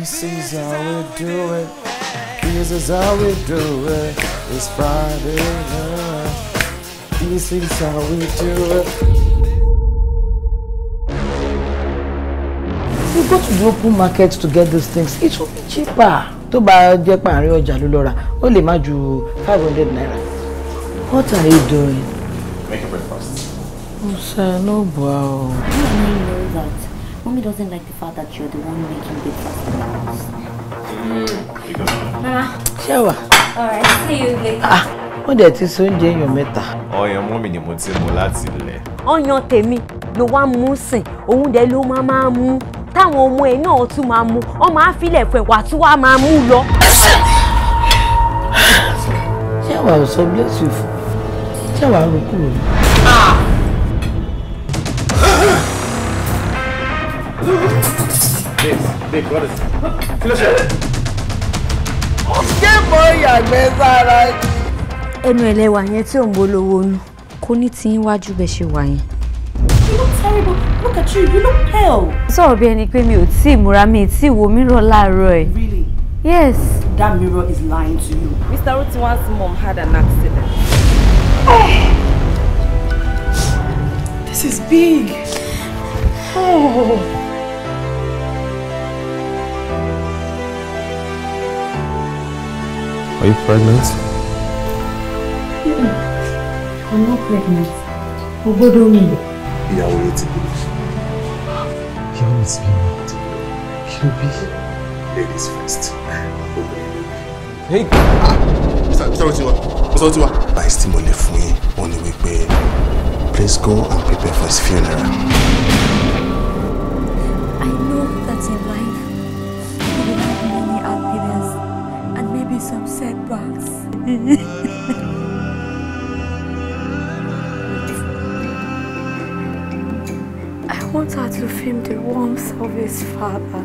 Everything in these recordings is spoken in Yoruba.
This is how we do it. This is how we do it. It's Friday night. This is how we do it. You go to the open market to get these things. It will be cheaper. To buy jẹ́ pàrin ọjà ló lọ rà, ó lè five hundred naira. What are you doing? Make a breakfast. Musa, no bow. How do know that? Mommy doesn't like the fact that you're the one making the house. Mm. Mama. Ṣẹ́wà. Alright, see you later. Ah, wọ́n dẹ̀ ti so oúnjẹ èèyàn mẹ́ta. Ọyàn mọ́mì ni mo ti mú láti ilẹ̀. Ọyàn tèmi ló wá mú sìn, òun dẹ̀ ló máa máa mú. Táwọn ọmọ ẹ̀ náà tún máa mú, wọ́n máa filẹ̀ fún ẹ̀ wà tún wá máa you fún. Ṣẹ́wà rò Babe, babe, what is it? Kí ló ṣẹlẹ̀? Ṣé mo yàgbẹ́ sára? Ẹnu ẹlẹ́wà yẹn tí ò ń bolówó nu, kò ní ti ń wájú bẹ́ẹ̀ ṣe wà yẹn. You look terrible. Look at you. You look pale. Sọ̀rọ̀ bí ẹni pé mi ò tí ì múra mi tí ì wo mírọ̀ láàárọ̀ ẹ̀. Really? Yes. That mirror is lying to you. Mr. Rotiwan's mom had an accident. Oh! This is big. Oh! Are you pregnant? No, hmm. I'm not pregnant. O gbọ́dọ̀ mi. Ìyàwó rẹ ti bímọ. Ìyàwó mi ti be. Ladies first. Hey! Sọ̀rọ̀ tiwa, sọ̀rọ̀ tiwa. I still mo lè fún yín, ó ní please go and prepare for his funeral. I want her to feel the warmth of his father.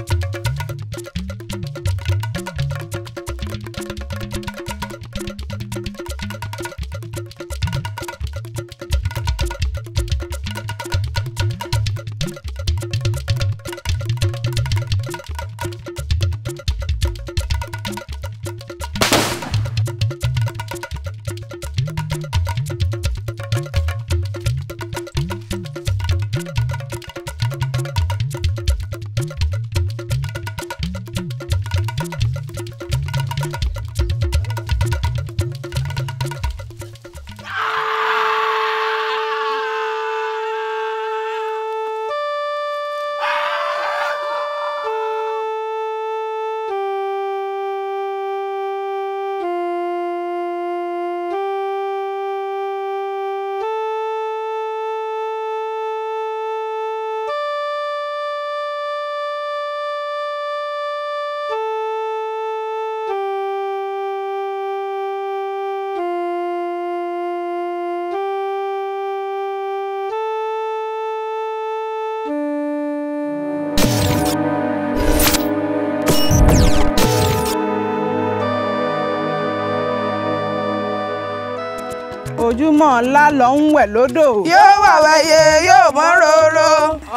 ọmọlá lọ ń wẹ̀ lódò. yóò wà wẹ̀yẹ yóò mọ́ róró.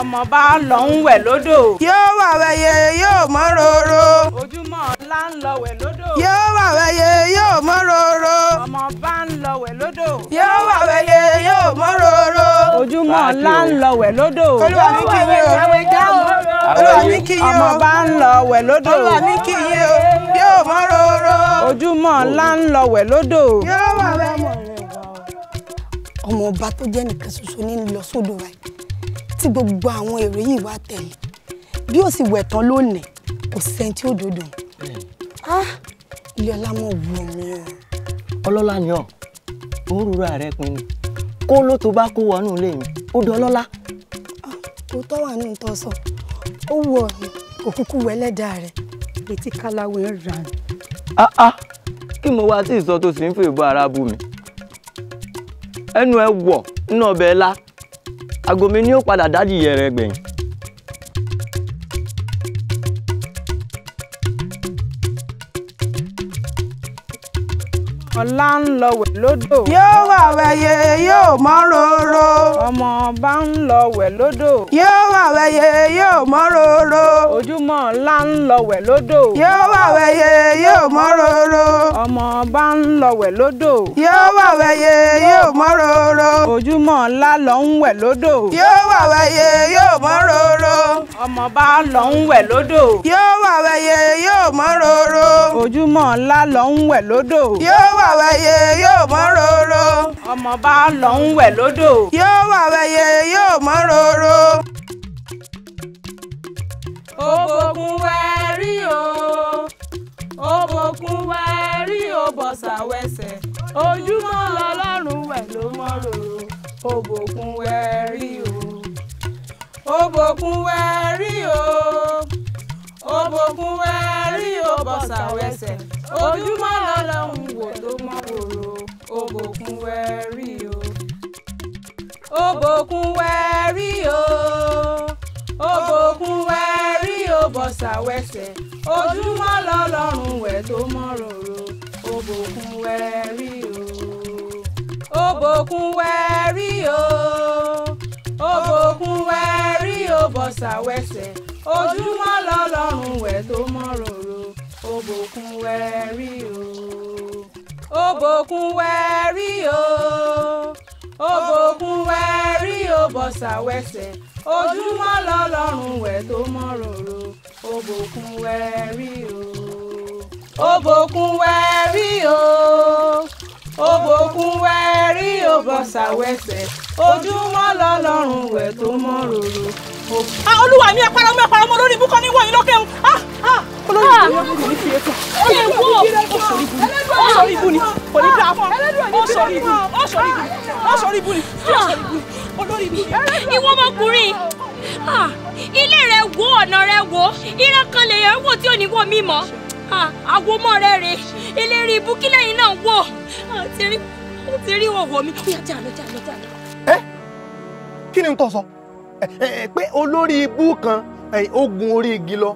ọmọba lọ ń wẹ̀ lódò. yóò wà wẹ̀yẹ yóò mọ́ róró. ojúmọ́ ọlá ń lọ wẹ̀ lódò. yóò wà wẹ̀yẹ yóò mọ́ róró. ọmọba ń lọ wẹ̀ lódò. yóò wà wẹ̀yẹ yóò mọ́ róró. ojúmọ́ ọlá ń lọ wẹ̀ lódò. olúwa mi kì í olúwa mi kì í ọmọba ń lọ wẹ̀ lódò. olúwa mi kì í yóò mọ́ róró. ojúmọ́ ọlá ń àwọn ọba tó jẹ́ nìkan ṣoṣo ní lọ sódò wa tí gbogbo àwọn èrò yìí wá tẹ̀lé bí ó sì wẹ̀ tán lónìí kò sẹ́ni tí ó dòdò ah, ilé ọlá mọ̀ wù mí o. ọlọ́lá ni ọ́ ń rúra rẹ pin ni kó ló tó bá kó wọnú ilé mi ó di ọlọ́lá. kò ah, tọ́ wà ní ìtọ́ sọ ó wù ọ́ òkúkú wẹlẹ́dà rẹ̀ etí káláwé ń ràn. Ah, kí mo wá sí ìsọ tó sì ń fèèbọ ara bù mí ẹnu ẹ wọ̀ nínú ọbẹ̀ ẹ̀la aago mi ni ó padà dádìí yẹrẹ gbẹ̀yìn. ọ̀la ń lọ wẹ̀ lódò. yóò wà wẹ̀yẹ yóò mọ́ róró. ọmọ ọba ń lọ wẹ̀ lódò. yóò wà wẹ̀yẹ yóò mọ́ róró. ojúmọ́ ọ̀la ń lọ wẹ̀ lódò. yóò wà wẹ̀yẹ yóò mọ́ róró. ọmọ ọba ń lọ wẹ̀ lódò. yóò wà wẹ̀yẹ yóò mọ́ róró. ojúmọ́ ọ̀la lọ ń wẹ̀ lódò. yóò wà wẹ̀yẹ yóò mọ́ róró. ọmọ ọba lọ ń wẹ̀ lódò. yóò wà wẹ̀yẹ yóò mọ́ róró. ojúmọ́ ọ̀la lọ ń wẹ̀ lódò. yóò wà wà wẹ̀yẹ yóò mọ róró. ọmọ bá lọ ń wẹ̀ lódò. yóò wà wẹ̀yẹ yóò mọ róró. òbòkun wẹ rí o òbòkun wẹ o bọ̀sà wẹsẹ̀ ojúmọ́ lọ́lọ́run wẹ̀ ló mọ́ róró òbòkun wẹ rí o òbòkun wẹ o. òbòkun wẹ rí òbọ̀sà wẹsẹ̀ ojúmọ́ lọ́lọ́run wò ló mọ́ wòrò òbòkun wẹ rí o òbòkun wẹ rí o òbòkun wẹ rí òbọ̀sà wẹsẹ̀ ojúmọ́ lọ́lọ́run wẹ̀ tó mọ́ ròrò òbòkun wẹ rí o òbòkun wẹ rí o òbòkun wẹ rí o ó bọ́ sàwẹ́sẹ̀ ojúmọ́ lọ́lọ́run wẹ̀ tó mọ́ ròrò ó bòkun wẹ̀ rí o ó bòkun wẹ̀ rí o ó bòkun wẹ̀ rí o bọ́ sàwẹ́sẹ̀ ojúmọ́ lọ́lọ́run wẹ̀ tó mọ́ ròrò ó bòkun wẹ̀ rí o ó bòkun wẹ̀ rí o òbòkun wẹ́ rí òbọ̀sà wẹsẹ̀ ojúmọ́ lọ́lọ́run wẹ̀ tó mọ́ roro. Ah, olúwa mi ẹ̀pára mi ẹ̀pára mo lórí ibùkọ́ níwọ̀nyí lókè ń. Ah, ah. olórí ibùkún ni fi ètò ó lè wú ó sọrí ibù ni ó sọrí ibù ni kò ní dáa fún ọ ó sọrí ibù ó sọrí ibù ó sọrí ibù ni ó sọrí ibù olórí ibù. ìwọ ọmọkùnrin ilé rẹ wo ọ̀nà rẹ wo ìran kan wò tí ò ní wọ mímọ́. àwòmọ́ rẹ̀ rè eléré ibú kí náà wò ti rí ọwọ mi kí ajá lọ jà lọ jà lọ. ẹ kí ni n sọ pé olórí ibú kan ogun orí igi lọ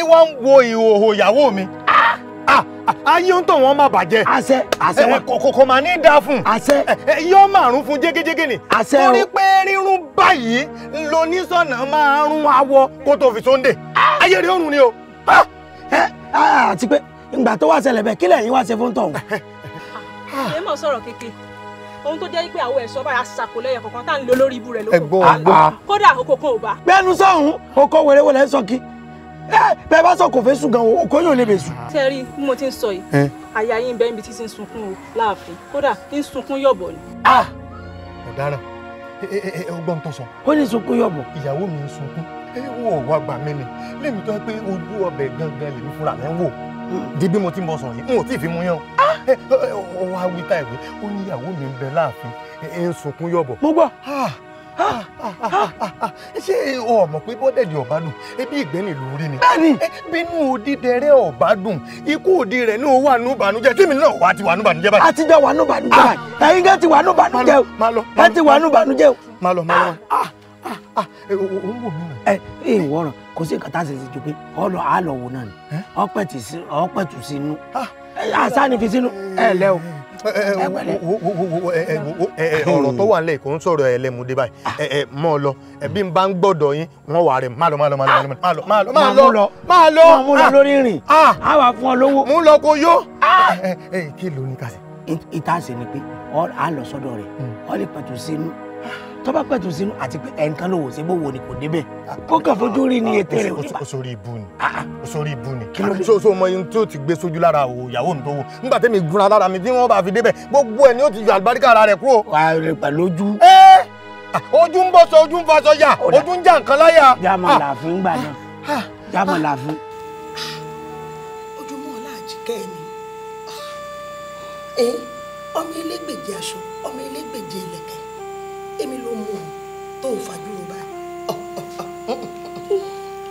ìwà ń wo ìhòòhò ìyàwó mi ayé ń tọ̀ wọ́n máa bàjẹ́. àṣẹ àṣẹ wọn. kòkòkò máa ní dáa fún. àṣẹ. yọ márùn fún jégéjégé ni. àṣẹ o. torí pé rírun báyìí lonísọ̀nà máa ń rún awọ kó tó fi sóńdè. Ah! ayé rí òrùn ni o. Ah! Ah, àti pé ìgbà tó wá ṣẹlẹ̀ bẹ́ẹ̀ kí lẹ́yìn wá ṣe fún tọ̀hún. ẹ mọ̀ sọ̀rọ̀ kéke ohun tó jẹ́ pé àwọn ẹ̀ṣọ́ bára ṣàkólẹ́yẹ kankan tá à ń lo lórí ibu rẹ̀ lóko kódà oko kan ò bá. gbẹ́nu sọ̀hún oko wẹrẹwẹrẹ ń sọ kí bẹ́ẹ̀ bá sọ kò fẹ́ sùn gan o kò yàn lè bẹ̀ sùn. sẹ́ẹ̀rì bí mo ti ń sọ yìí àyà yín bẹ́ẹ̀ níbi tí ti ń sunkún o láàfin kódà ń sunkún yọ̀bọ̀ ni. Ah! ọ̀daràn ó gbọ́n tó sọ. ó ní sunkún yọ̀bọ̀. ìyàwó mi ń sunkún wọn ò wá gbà mí ni lèmi tó yẹ pé ojú ọbẹ̀ gangan lèmi fúnra mi ń wò di bí mo ti ń bọ̀ sọ̀rọ̀ yìí n ò tí ì fi mú yán ọ wá wí tá ìwé ó ní ìyàwó mi ń bẹ láàfin ń sunkún yọ̀bọ̀. mo gbọ́. ṣé o mọ̀ pé bọ́dẹ̀dì ọ̀bá dùn ebi ìgbẹ́ nílùú rí ni. bẹ́ẹ̀ni. bínú òdìdẹrẹ́ ọ̀bá dùn ikú òdi rẹ̀ ní òun wà nù bànújẹ́ tèmi náà wà á ti wà nù bànújẹ́ báyìí. a ti jẹ́ wà nù bànújẹ́ báyìí ah! ẹ̀yin gẹ́ ti wà nù bànújẹ́ o. ẹ ti wà nù bànújẹ́ o. má lọ má lọ òun wò mí rẹ. ẹ kò sí nǹkan tá a ṣe sí ju pé ọlọ àlọ wò náà ni ọpẹtù sínú àṣàní fi sínú ẹ lẹ o. ọ̀rọ̀ tó wà nílẹ̀ kò ń sọ̀rọ̀ ẹ báyìí ẹ mọ́ ọ lọ bí n bá ń gbọ́dọ̀ yín wọ́n wà rẹ̀ má lọ má lọ má lọ má lọ má lọ má lọ má lọ mú lọ lórí rìn á wà fún ọ lówó. mú lọ kó yó. kí ló ní ká ìta ṣe ni pé a lọ sọ́dọ̀ rẹ̀ ọ lè pẹ̀tù sínú tó bá pẹ̀tù sínú àti pé ẹ̀ǹkan ló wò sí bó wo ni kò débẹ̀ kó kàn fojú rí ni ètè rẹ̀ òní. osori ibu ni osori ah, ah. ibu ni so so mọ ohun tí o ti gbé sójú lára o ìyàwó mi tó wò nígbà tẹ́mi gunra lára mi tí wọ́n bá fi débẹ̀ gbogbo ẹ̀ ni ó ti yọ àlùbáríkà ara rẹ̀ kúrò. wà á rẹ pẹ̀lú ojú. Ah, ojú ń bọ́ sọ ojú ń faṣọ yà ojú ń já nǹkan láyà. jámọ̀ làáfin gbà náà jámọ̀ làáfin. ojúmọ́ ọ̀la àjíkẹ́ mi eh, ọmọ elégbèje aṣọ èmi ló mú un tó ń fàjúrò báyìí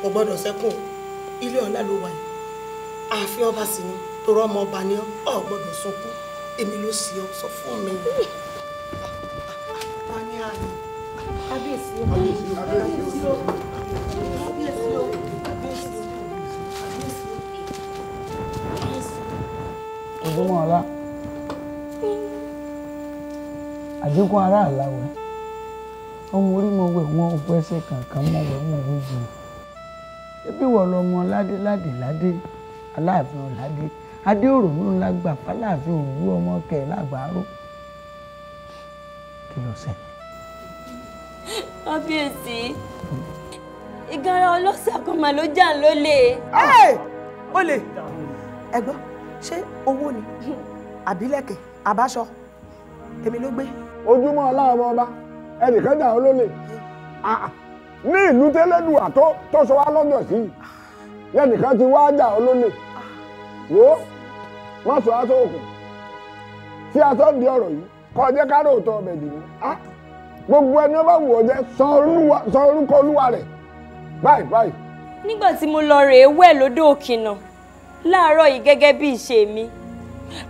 kò gbọ́dọ̀ sẹ́kùn ilé ọ̀la ló wà yìí ààfin ọba sì ni torọ ọmọ ọba ni ọ gbọ́dọ̀ sunkún èmi ló sì ọ sọ fún mi. Àdínkù ara àláwẹ̀ wọn orí wọn wẹ̀ wọn ò wọ ẹsẹ̀ kankan wọn wẹ̀ wọn ò jù ebi wọ̀ lọ́mọ ládé ládé ládé aláàfin ọ̀ládé adé òrònú ńlá gbà fáláàfin òwú ọmọ kẹ lágbàárò kí ló ṣe. kábíyèsí ìgara ọlọ́sà kan mà ló jà lólè. olè ẹ̀gbọ́n ṣé owó ni àbílẹ̀kẹ̀ àbáṣọ èmi ló gbé. ojúmọ́ ọlá ọmọ ọba ẹnìkan dà ọ́ lólè ah, ah. ní ìlú tẹ́lẹ́dùwà tó sọ wá lọ́dọ̀ sí lẹ́nìkan ti wá dà ọ́ lólè wò ó má sọ aṣọ òkun tí aṣọ ń di ọ̀rọ̀ yìí kọ́ ọjẹ́ kárò tó ọbẹ̀ dì mí ah, gbogbo ẹni ọba wù ọjẹ́ sọ orúkọ olúwa rẹ̀ báyìí báyìí. nígbà tí mo lọ rèé wẹ̀ lódò òkìnnà láàárọ̀ yìí gẹ́gẹ́ bí ìṣe mi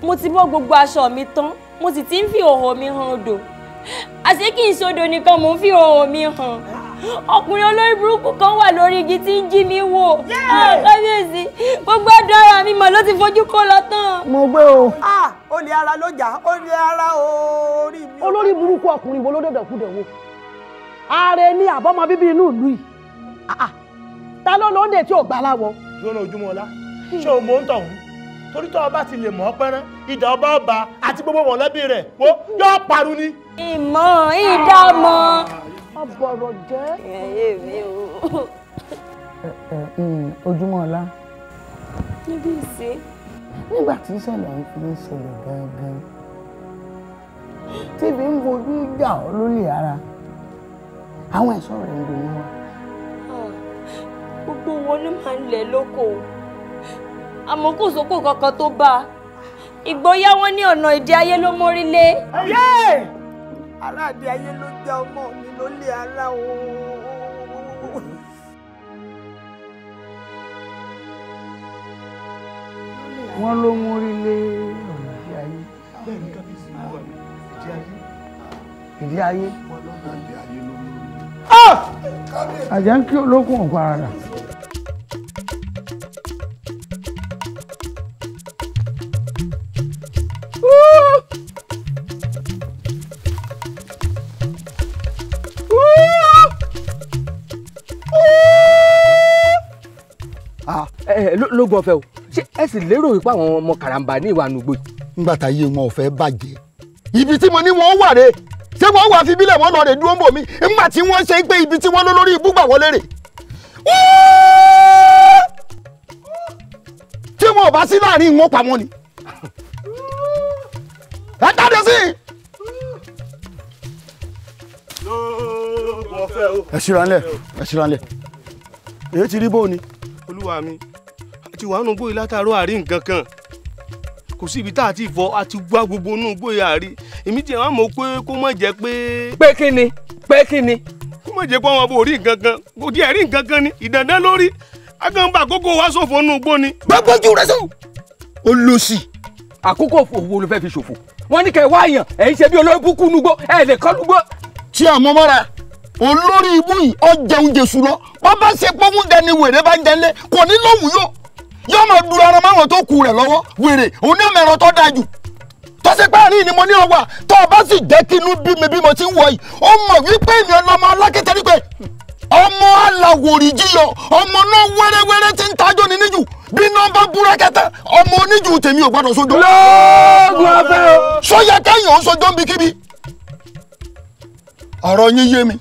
mo ti bọ́ gbogbo aṣọ mi tán mo sì ti ń fi òhò mi hàn odò àṣé kì í ṣodo nìkan mò ń fi ọ̀hún mi hàn ọkùnrin olórí burúkú kan wà lórí igi tí ń jí mi wò kábíyèsí gbogbo ọ̀dọ̀ ara mi mọ̀ ló ti fojú kó lọ tán. mo gbé o. olè ara ló jà olè ara orí mi. olórí burúkú ọkùnrin wo ló dọ̀dọ̀ kú dẹ̀ wo ààrẹ ni àbọ́mọ bíbí inú ìlú yìí ta ló lóde tí ò gbà láwọ. yóò lọ ojúmọ́ ọlá ṣé o mọ̀ ń tọ̀hún torí tó o bá ti lè mọ̀ ọ́ pẹ́rán ìdá ọba ọba àti gbogbo mọ̀lẹ́bí rẹ̀ wo yóò parun ni ìmọ̀ ìdámọ̀ ọ̀bọ̀rọ̀ jẹ́. ẹyẹ mi o. ojúmọ́ ọlá. níbi ìsè. nígbà tí ìṣẹ̀lẹ̀ ń fi ṣẹlẹ̀ gangan tí ibi ń bojú ìjà ọ́ lólè ara àwọn ẹ̀ṣọ́ rẹ̀ ń dùn wá. Ah, gbogbo wọn ló máa ń lẹ̀ lóko àmọ́ kò sóko kankan tó bá a ìgbóyà wọn ní ọ̀nà ìdí ayé ló mórí lé. yéè. Yeah! aráàdé ayé ló já ọmọ mi lólè ara òun. wọ́n ló mú orílẹ̀ ọ̀nà ìdí ayé. ìdí ayé. ìdí ah! ń kí olókùn ọ̀pá ara. balógun ọ̀fẹ́ o ṣé ẹ sì lérò wípé àwọn ọmọ karambà ní ìwà ànúgbò. nígbà tá iye wọn ọ̀fẹ́ bàjẹ́ ibi tí mo ní wọn wà rè ṣé wọn wà fi bílẹ̀ wọn lọ rè dúró ń bò mí nígbà tí wọ́n ṣe pé ibi tí wọ́n lọ lórí ibùgbà wọlé rè. tí wọn ò bá sí láàrin wọn pamọ́ ni ẹ jáde sí i. ẹ ṣíra ńlẹ̀ ẹ ṣíra ńlẹ̀ èyí ti rí bóun ni. olúwa mi àti wà nínú gbóyè látàárọ̀ àrí nǹkan kan kò sí ibi tá a ti fọ àti wá gbogbo nínú gbóyè àrí èmi tiẹ̀ wá mọ̀ pé kó má jẹ́ pé. pé kí ni pé kí ni. kó má jẹ́ pé àwọn ọmọ òrí nǹkan kan kò díẹ̀ rí nǹkan kan ni ìdàndán lórí agbọ̀nba àkókò wa ṣòfò nínú gbó ni. gbàgbọ́jú rẹ sọ. olóṣì. àkókò òwò ló fẹ́ fi ṣòfò wọ́n ní kẹ́ ẹ wá yàn ẹ̀yin ṣe bí olórí búkú nugbó ẹ̀ lè kọ́ nugbó. tí a mọ mọ́ra olórí ibú yìí ọ jẹun jésù lọ bàbá ṣe pọ́nmú dẹni wèrè bá ń jẹlé kò ní lóhùn yóò yóò máa dúró ara máwọn tó kù rẹ̀ lọ́wọ́ wèrè òun ní àmẹ́rọ tó dáa jù tọ́sí pé àárín ni mo ní ọwà tó o bá sì jẹ́ kí inú bí mi bí mo ti ń wọ yìí ó mọ̀ wípé ènìyàn lọ́mọ alákẹ́tẹ́ nípe ọmọ aláwòrì jíyọ ọmọ náà wẹ́rẹ́wẹ́rẹ́ ti ń tajọ́ ní níjù bí nọ́mbà búrẹ́kẹ́tẹ́ ọmọ oníjù tèmi ò gbọ́dọ̀ sójó. lọ́ọ̀gùn afẹ́ o. sọ́yà kẹ́yìn ò ń sojó níbikíbi. ọ̀rọ̀ yín yé mi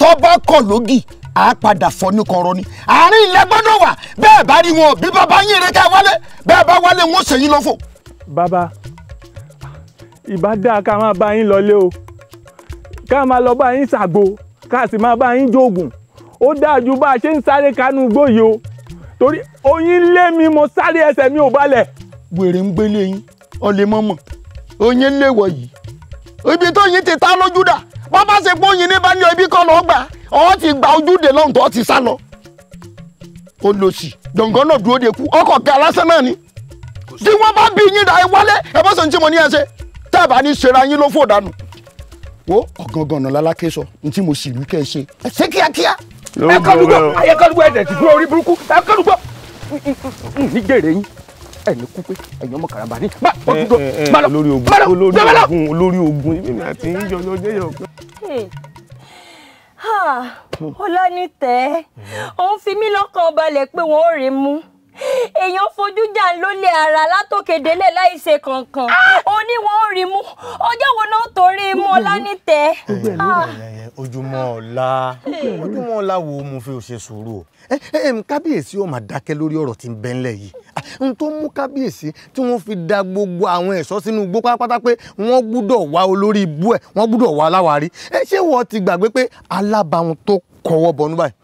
tọ́ bá kọ̀ lógì a padà fọnú kan rọ ni àárín ilẹ̀ gbọ́dọ̀ wà bẹ́ẹ̀ bá rí wọn bí bàbá yín rẹ wálé bẹ́ẹ̀ bá wálé wọn ṣèyí lọ́fọ̀. bàbá ìbá dáa ká máa bá yín lọlé o ká máa lọ bá yín ṣàgbo ká sì máa bá yín jogun ó dáa ju bá a ṣe ń sáré kanú gbòòyò torí oyin lé mi mo sáré ẹsẹ̀ mi ò balẹ̀. wèrè ń gbélé yín ọlẹ mọmọ oyin léwọ yìí ibi tó yin ti ta lójú dà bàbá ṣe gbóyin ní bá ní ibi kọ́ lọ́ọ́ gbà á ọ ti gba ojúde lọ́hùn tó ti sá lọ olòṣì gbọ̀ngàn náà dúró de kú ọkọ̀ kẹ náà ni tí wọ́n bá bí yín dáa wálé ẹ bá sọ mo ní ẹ ṣe tá bá ní ṣera yín ló fò dànù wo ọ̀gangan ọ̀nà lálákè sọ mo sì rí kẹ́ ẹ ṣe ẹ ṣe kíákíá. ẹ ayé ẹ̀dẹ̀ ti dúró orí burúkú ẹ ní yín kú pé ẹ̀yin ọmọ ọlánìtẹ́ òun fi mí lọ́kàn balẹ̀ pé wọ́n ò rí mú èèyàn fojú jà ń lólè ara látòkè délẹ̀ láìṣe kankan ó ní wọn ò rí mú ọjọ́ wo náà torí mú ọlánìtẹ́. Ah. ojúmọ́ ọ̀la ojúmọ́ ọ̀la wo mo fi ṣe sùúrù o kábíyèsí ó máa dákẹ́ lórí ọ̀rọ̀ tí ń bẹ ńlẹ̀ yìí n tó mú kábíyèsí tí wọ́n fi da gbogbo àwọn ẹ̀ṣọ́ sínú igbó pátápátá pé wọ́n gbúdọ̀ wá olórí ibú ẹ̀ wọ́n gbúdọ̀ wá aláwárí ẹ ṣé wọ́n ti gbàgbé pé alábàáhùn tó kọwọ́ bọnú báyìí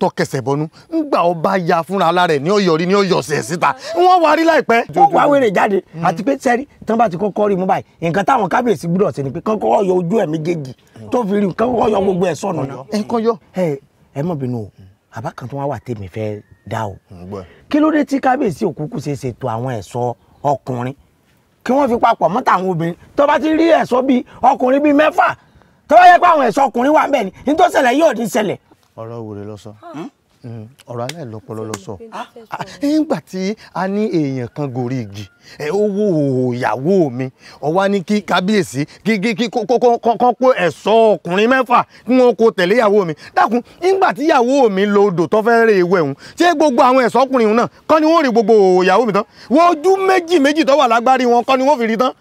tọkẹsẹ̀ bọnú ńgbà ọba ya fúnra ara rẹ̀ ní ọ̀yọ́ rí ní ọ̀yọ́ ṣẹ̀ síta wọ́n wá rí láìpẹ́. ó wá wèrè jáde àti pé sẹ́rí tán bá ti kọ́kọ́ rí mú báyìí nǹkan táwọn kábíyèsí gbúdọ̀ sí ni pé kọ́kọ́ yọ ojú ẹ̀ méjèèjì tó fi rí nǹkan kọ́kọ́ yọ gbogbo ẹ̀ sọ̀nà. ẹ kọ́ yọ. ẹ ẹ mọ̀ bínú o àbá kan tó wá wà tèmi fẹ́ dá o kí ló dé tí kábíyèsí òkúkú ṣe ṣètò àwọn ẹ̀ṣọ́ ọkùnrin kí wọ́n fi papọ̀ mọ́ta àwọn obìnrin tó bá ti rí ẹ̀ṣọ́ bíi ọkùnrin bíi mẹ́fà tó bá yẹ pé àwọn ẹ̀ṣọ́ ọkùnrin wà ń bẹ̀ ni ní tó ṣẹlẹ̀ yóò ní ṣẹlẹ̀. ọ̀rọ̀ wòlé lọ sọ. Mm-hmm. ọ̀rọ̀ aláìlọ́pọlọ lọ sọ ah, nígbà tí a ní èèyàn kan gorí igi ẹ ó wo ìyàwó mi ọwá ní kí kábíyèsí kí kí kí kọ́kọ́ kó ẹ̀ṣọ́ ọkùnrin mẹ́fà kí wọ́n kó tẹ̀lé ìyàwó mi dákun nígbà tí ìyàwó mi lo odò tó fẹ́ẹ́ rè ewé ẹ̀hún ṣé gbogbo àwọn ẹ̀ṣọ́ ọkùnrin náà kọ́ ni wọ́n rí gbogbo ìyàwó mi tán wọ́n ojú méjì méjì tó wà lágbárí wọn kọ́ ni wọ́n fi rí tán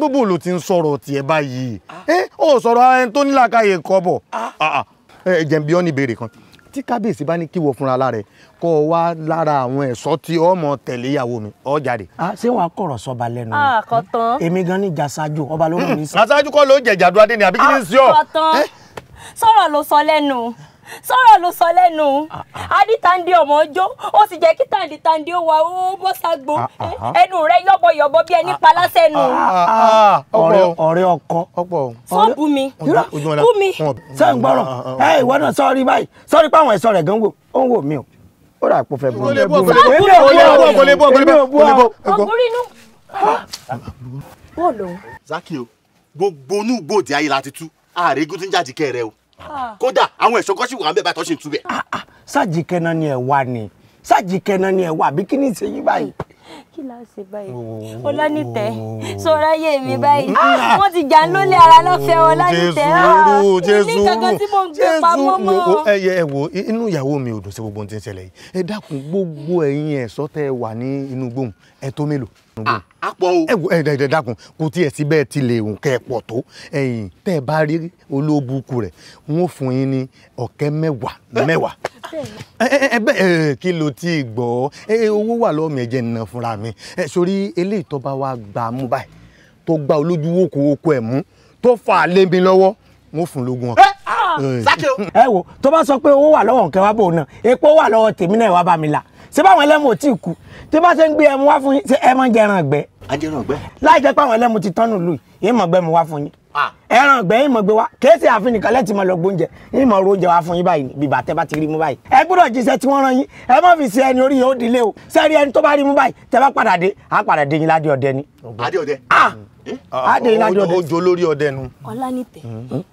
bóbó ló ti ń sọ̀rọ̀ tiẹ̀ báyìí ah. ó sọ̀rọ̀ ẹni tó nílàkàyè kọ́ bọ̀ ah. ẹ jẹ́ bí ọ́ ní ìbéèrè kan tí kábíyèsí bá ní kí wọ fúnra lára ẹ kó o wá lára àwọn ẹ̀ṣọ́ tí ọmọ tẹ̀lé ìyàwó mi ọ jáde. a ṣé wàá kọ̀rọ̀ sọba lẹ́nu mi kọ́tán èmi gan ni jàṣájú ọba ló rán mi sí. àṣájú kọ́ ló jẹ̀jà dúró adé ni àbí kí ni sí ọ. kọ́tán eh? sọ̀rọ̀ ló sọ lẹ́nu sọ̀rọ̀ ló sọ lẹ́nu ah, ah. adítàndé ọmọ ọjọ́ ó sì jẹ́ kí tàǹdítàǹdé ó wà ó bọ́ ságbó ah, ẹnu rẹ yọ̀bọ̀yọ̀bọ̀ bí ẹni palá sẹ́nu. ọ̀rẹ́ ọkọ sọ bú mi bú mi. ṣé ń gbọ́rọ̀ ẹ ìwọ náà sọ́ọ́rí báyìí sọ́ọ́rí pàwọn ẹ̀sọ́ rẹ̀ gan wò ó ń wò mí o ó rà pọ̀ fẹ́ bú mi. kò lè bú ọ kò lè bú ọ kò lè bú ọ. ọkùnrin inú. bọ́ọ̀lù. Zaki o gbogbo onúgbòdì ayé la ti tú ààrẹ igun ti ń jáde kẹrẹ o kódà àwọn ẹ̀ṣọ́ kan sì wà ń bẹ̀ bá ah, tọ́ ah, sí ìtúbẹ̀. sáàjì kẹna ni ẹ wà ni sáàjì kẹna ni ẹ wà bí kí ni ìṣe yí báyìí. kí la ṣe báyìí ọlọ́nìtẹ̀ sọ̀rọ̀ yé mi báyìí ah! wọ́n ti jà ń lólè ara náà fẹ́ ọlọ́nìtẹ̀ ní kankan tí mo ń gbé pamọ́ mọ́. ẹyẹ ẹ wo inú ìyàwó mi ò dùn sí gbogbo ohun tí ń ṣẹlẹ̀ yìí ẹ dákun gbogbo ẹ̀yin ẹ̀ṣọ́ tẹ́ wà ní inú gbòhùn ẹ tó mélòó. àpọ̀ o. ẹ ẹ dákun kò tiẹ̀ sí bẹ́ẹ̀ ti lè hùn kẹ́ ẹ pọ̀ tó ẹ̀yìn tẹ́ ẹ bá rí olóbùkù rẹ̀ wọ́n fún yín ní ọ̀kẹ́ mẹ́wàá mẹ́wàá. ẹ ẹ kí ló ti gbọ́ ẹ owó wà lọ́ọ̀mì ẹ̀jẹ̀ nìyẹn fúnra mi ẹ sórí eléyìí tó bá wa gbà á mú báyìí tó gba olójú o oko ẹ̀ mú tó fà á lé mi lọ́wọ́ wọ́n fún lógún ọ̀kẹ́ ah, ẹ wo tó bá sọ pé owó wà lọ́wọ́ nǹkan wá bò náà epo wà lọ́wọ́ tèmi náà wá bá mi là ṣé báwọn ẹlẹ́mu ò tí ì kú tí bá ṣe ń gbé ẹmu wá fún yín ṣé ẹmọ jẹ ẹran ọ̀gbẹ́. ajẹran ọ̀gbẹ́. láì jẹ́ pé àwọn ẹlẹ́mu ti tán nílùú yìí yín mọ̀ gbẹ́ mu wá fún yín. ẹran ọ̀gbẹ́ yín mọ̀ gbé wá kéèsì àfin nìkan lẹ́tì mọ̀ lọ gbóúnjẹ yín mọ̀ oúnjẹ wá fún yín báyìí bí bàtẹ́ bá ti rí mú báyìí. ẹ gbọ́dọ̀ jíṣẹ́ tí wọ́n rán yín ẹ má fi ṣe ẹni orí yóò dílé o sẹ́rí ẹni tó bá rí mú báyìí tẹ́ bá padà dé á padà dé yín ládé ọdẹ ni. adé ọdẹ. adé ọdẹ. ó jọ lórí ọdẹ nu. ọlá ní tẹ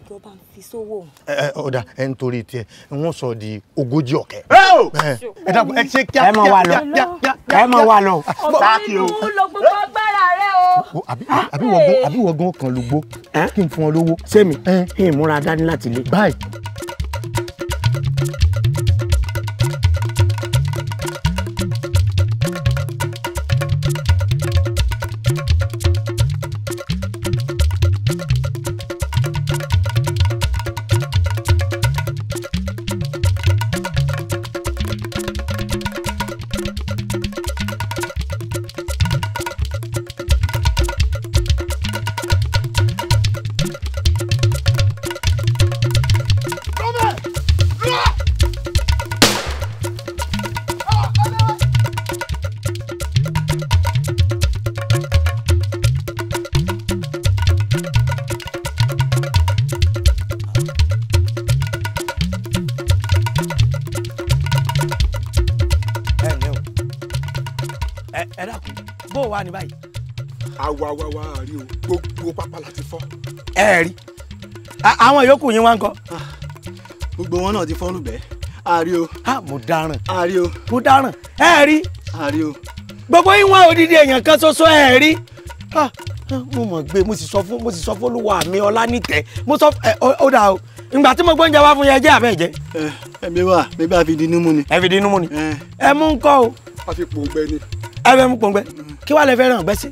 tó bá fi sówó. ẹ ẹ ọ̀dà ẹ ń torí tiẹ̀ wọ́n sọ di ogójì ọ̀kẹ́. ẹ dàgbọ́ ẹ ṣe kíá kíá kíá kíá. ẹ mọ wa lọ. ọ̀gbìn ìlú ló gbogbo agbára rẹ o. àbí wọ́n gan kan ló kí n fún ọ lówó. sẹ́mi kí múra dání láti lé. báyìí àwọn yòókù yín wá ń kọ́. Ah, gbogbo wọn náà ti fọ́nrù bẹ́ẹ̀ àrí o. mo dáràn. àrí o. mo dáràn. ẹ rí. àrí o. gbogbo yín wá odidi èèyàn kan ṣoṣo ẹ rí. mo mọ̀ gbé mo sì sọ fún mo sì sọ fún olúwa mi ọlá nìtẹ̀ mo sọ ẹ ó dà o ìgbà tí mo gbọ́ oúnjẹ wá fún yẹn jẹ́ àbẹ́ jẹ́. ẹ ẹ wà mi bá fi di inú mu ni. ẹ fi di inú mu ni. ẹ mú ń kọ́ o. a fi pòǹgbẹ ni. ẹ fẹ́ mú pòǹgbẹ kí wàá lè fẹ́ràn ọ̀gbẹ́ sí.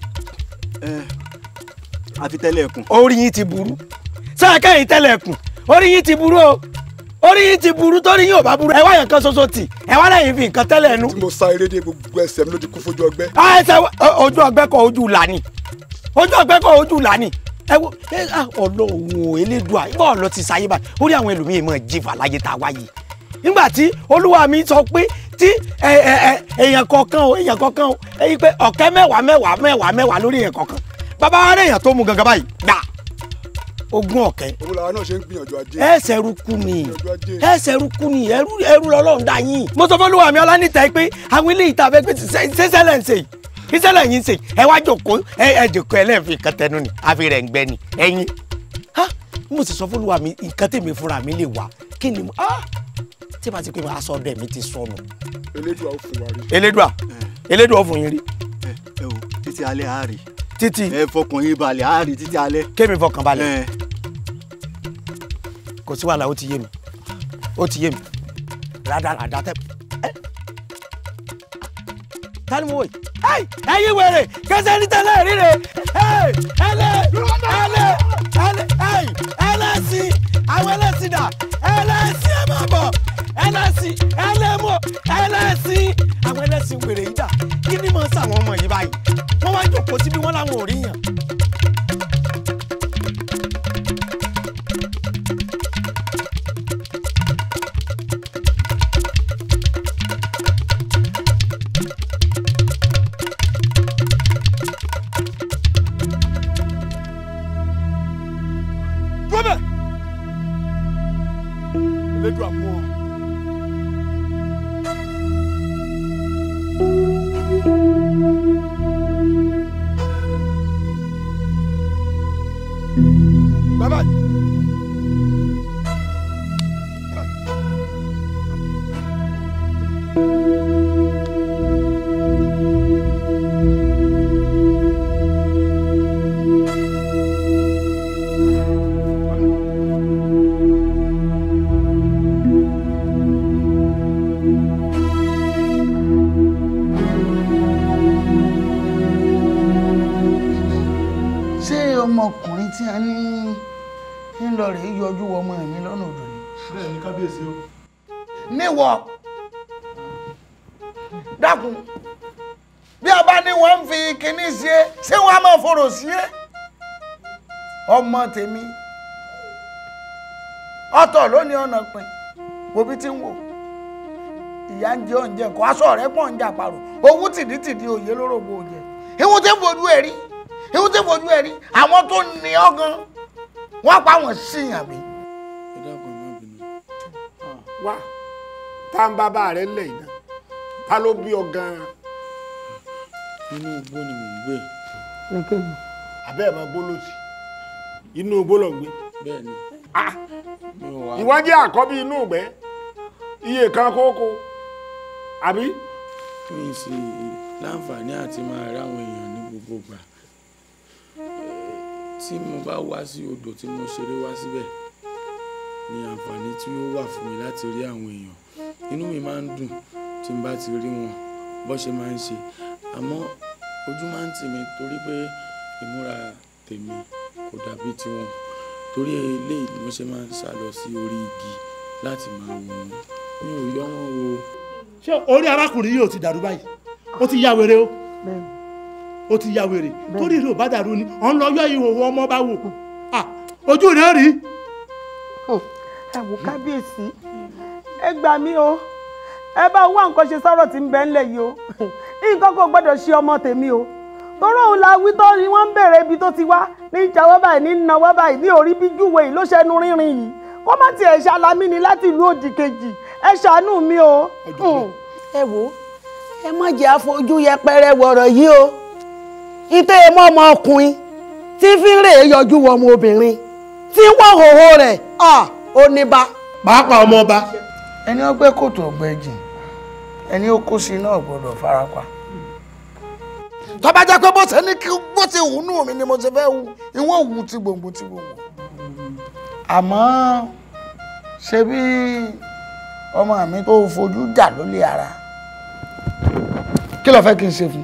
ẹ tẹ́lẹ̀ ẹ̀kún. orí yín ti burú sáàkẹ́ ìtẹ́lẹ̀kùn orí yín ti burú o orí yín ti burú torí yín ò bá burú ẹ wá yẹn kan ṣoṣo tì ẹ wá lẹ́yìn fi nǹkan tẹ́lẹ̀ nu. tí mo sá eré dé gbogbo ẹsẹ̀ mi ló ti kú fojú ọgbẹ́. Ah, ẹsẹ̀ ojú ọgbẹ́ kọ ojú là ni ojú ọgbẹ́ kọ ojú là ni ẹ wo ọlọ́run ò elédùá bọ́ọ̀ lọ ti sáyé báyìí orí àwọn ẹlòmíì mọ̀ jìfà láyé tá a wáyé nígbà tí olúwa mi sọ pé tí èèyàn kọ̀ọ̀kan o èèyàn kọ̀ọ̀kan o èyí pé ọ̀kẹ́ mẹ́wàá mẹ́wàá mẹ́wàá mẹ́wàá lórí èèyàn kọ̀ọ̀kan bàbá wa rẹ̀ èèyàn tó mu gangan báyìí gbà ogún ọ̀kẹ́. òun làwọn náà ṣe ń gbìyànjú ajé. ẹsẹ̀ rúkú ni ẹsẹ̀ rúkú ni ẹrú ẹrú lọ́lọ́run dá yín. mo sọ fọlọ́wọ́ àmì ọlánìta pé àwọn ilé ìta fẹ́ pé ṣẹṣẹlẹ̀ ń ṣe ṣẹṣẹlẹ̀ yìí ṣe ẹ wá jòkó ẹ ẹ jòkó ẹlẹ́ẹ̀fì kan tẹnu ni àfi rẹ̀ ń gbẹ ni ẹ̀yin. mo sì sọ fọlọ́wọ́ àmì nǹkan tèmi fúnra mi lè wá kí ni tí bá ti pé aṣọ ọdẹ mi ti sọnù. elédùà ó fún wa rí. elédùà eh. elédùà ó fún yín rí. ẹ eh, ẹ eh o títí alẹ́ àárẹ̀ Titi, ẹ fọkàn yín balẹ̀ á rí titi alẹ́. kémi fọkàn balẹ̀. kò sí wàhálà ó ti yé mi ó ti yé mi rádaràdà tẹ. tani mo wò yìí. ẹyin wèrè kẹsẹ́ ní tẹ́lẹ̀ rí rè ẹlẹ́ ẹlẹ́ ẹlẹ́ ẹlẹ́sìn àwọn ẹlẹ́sìn dà ẹlẹ́sìn ẹ̀ máa bọ̀ ẹlẹ́sìn ẹlẹ́mọ̀ ẹlẹ́sìn àwọn ẹlẹ́sìn wèrè yìí dà kí ni mo ń sàwọn ọmọ yìí báyìí wọ́n wá jókòó síbi wọ́n láwọn ò rí yàn ọ̀rọ̀ lónìí ọ̀nà pin wo bí ti ń wò ìyá ń jẹ oúnjẹ kọ aṣọ rẹ pọ̀ ń jà parò owó tìdítìdí òye lórògbò òjẹ ìwọ́n tẹ́ fojú ẹ̀ rí ìwọ́n tẹ́ fojú ẹ̀ rí àwọn tó ní ọ̀gán wọ́n pa wọ́n síyàn mi. ẹ dákun ẹ má bínú. wá tá ń bá bá rẹ lẹ̀ iná ta ló bí ọ gan-an. inú igbó ni mò ń gbé. abẹ́ ẹ̀ máa gbó lọ́sì inú igbó lọ gbé. bẹ́ẹ̀ ni. Ah! ìwọ jẹ́ àkọ́bí inú ìgbẹ́ iye kan kókó àbí. mi sì láǹfààní àti máa ráwọn èèyàn ní gbogbo gbà tí mo bá wá sí odò tí mo ṣeré wá síbẹ̀ ni àǹfààní tí ó wà fún mi láti rí àwọn èèyàn inú mi máa ń dùn tí n bá ti rí wọn bó ṣe máa ń ṣe àmọ́ ojú máa ń tì mí torí pé ìmúra tèmi kò dàbí tiwọn torí eléyìí ni wọ́n ṣe máa ń sá lọ sí orí igi láti máa wò wọ́n mi ò yọ wọn o. ṣé orí arákùnrin yìí ò ti dàrú báyìí ó ti ya wèrè o ó ti ya wèrè torí rẹ̀ bá dàrú ni ọ̀ ń lọ yọ ìhòòhò bá wò ojú rẹ̀ rí. ẹ kábíyèsí ẹ gbà mí o ẹ bá wá nǹkan ṣe sọ̀rọ̀ tí ń bẹ ńlẹ̀ yìí o nǹkan kò gbọ́dọ̀ ṣe ọmọ tèmi o tọ́rọ̀ òun la wí tọ́ ni wọ́n ń bèrè ibi tó ti wá ní ìjàwọ́ báyìí ní ìnáwọ́ báyìí ní orí bí júwe yìí ló ṣẹnu rínrin yìí kó má tiẹ̀ ṣàlámì ni láti ìlú òdì kejì ẹ ṣàánú mi o. ẹ hmm. wo ẹ má jẹ́ àfojú yẹpẹrẹ wọ̀rọ̀ yìí o ìtẹ́ ẹ mọ́ ọmọ ọkùnrin tí fi ń rè é yọjú wọ ọmọ obìnrin tí ń wọ òhòhò rẹ̀ ó ní ba. pàápàá ọmọ ọba. ẹni ọgbẹ́ kòtò ọgbẹ́ jìn ẹni ó kó sí náà gbọ́dọ̀ farapa tó bá jẹ́ pé bó ṣe ní kí bó ṣe wù nù mí ni mo ṣe fẹ́ wù ìwọ wù ti gbòǹgbò ti gbòǹgbò àmọ́ ṣe bí ọmọ mi tó fojú jà lólè ara kí ló fẹ́ kí n ṣe fún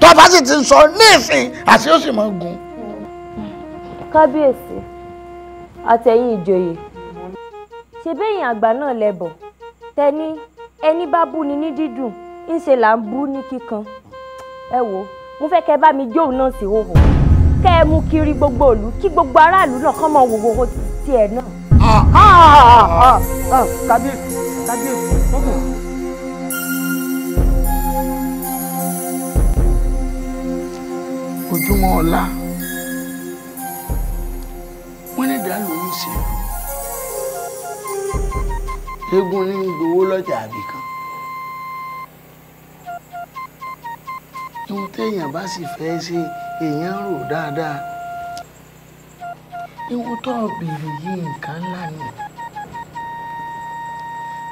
tó bá sì ti sọ ní ìsìn àti ó sì máa gun. kábíyèsí àtẹ̀yìn ìjòyè ṣe bẹ́yìn àgbà náà lẹ́bọ̀ tẹ́ni ẹni bá bú ni ní dídùn ńṣe là ń bú ní kíkan ẹ wò ó mo fẹ́ kẹ́ bá mi jó òun náà sí hòhò kẹ́ ẹ mú kiri gbogbo òlu kí gbogbo aráàlú náà kàn mọ̀ wòwòwò tiẹ̀ náà. Ah. Ah, ah, kábíyèsí kábíyèsí ọgbọ̀n. ojúmọ́ ọ̀la ní ìdá lòún ṣe eégún ní gbowó lọ́jà àbíkan. ní téèyàn bá sì fẹ́ ṣe èèyàn rò dáadáa ewu tó ń bèrè yìí nǹkan ńlá ni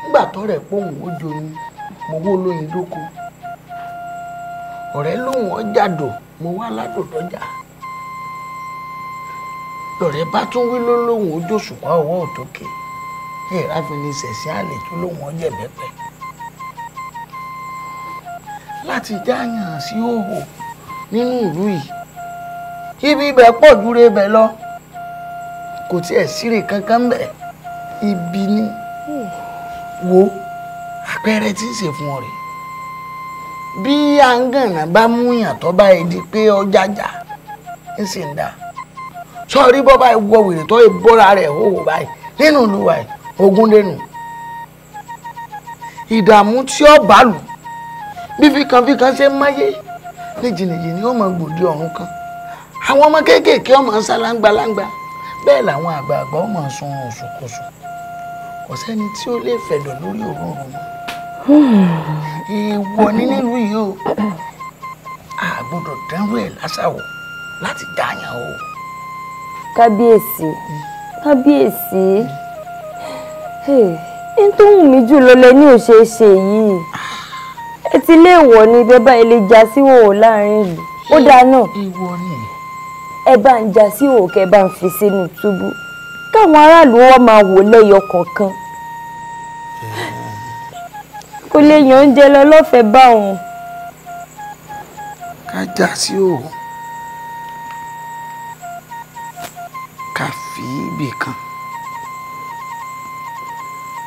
nígbà tọrẹ pòun ó joyin mo wó lóyin lóko ọjà mo wá lọrẹ bá tún wí ó jòṣùpá ọwọ́ òtókè láti jáyàn sí òhò nínú ìlú yìí ibi ibẹ̀ pọ̀ júre ibẹ̀ lọ kò tiẹ̀ síre kankan bẹ̀ ibi ni wo àpẹẹrẹ tí ń ṣe fún ọ rè bí àǹgànà bá múyàn tó bá yẹ di pé ọjà jà ń sì ń dà sọ́ọ́rí bọ́ báyìí wọ wèrè tó rẹ̀ hòhò báyìí nínú ìlú wa yìí lẹ́nu ìdààmú tí ó bá lù bí fíkanfíkan ṣe ń máyé ní jìnnìjìnnì ó mọ gbòdì ọ̀run kan àwọn ọmọ kéékèèké ọmọ ń sálángbalangba bẹ́ẹ̀ làwọn àgbààgbà ọmọ sun òṣùkòṣù kò sẹ́ni tí ó lè fẹ̀dọ̀ lórí òróró mọ́ ìwọ ní nílùú yìí o a gbọ́dọ̀ dánwò ẹ̀ lásàwọ̀ láti dáyàn o. kábíyèsí hmm. kábíyèsí ẹni tó wù mí jù lọ lẹ ní òṣèṣe yìí. Ah ẹ ti lé ìwọ ni bẹ́ẹ̀ bá ilé já sí òwò láàrin ìlú ó dáa náà ẹ bá ń já sí òwò kẹ bá ń fi sínú túbú káwọn aráàlú wọn máa wò lẹ́yọ kọ̀ọ̀kan kò lè yàn oúnjẹ lọ lọ́fẹ̀ẹ́ bá òun. ká já sí òwò ká fi ibì kan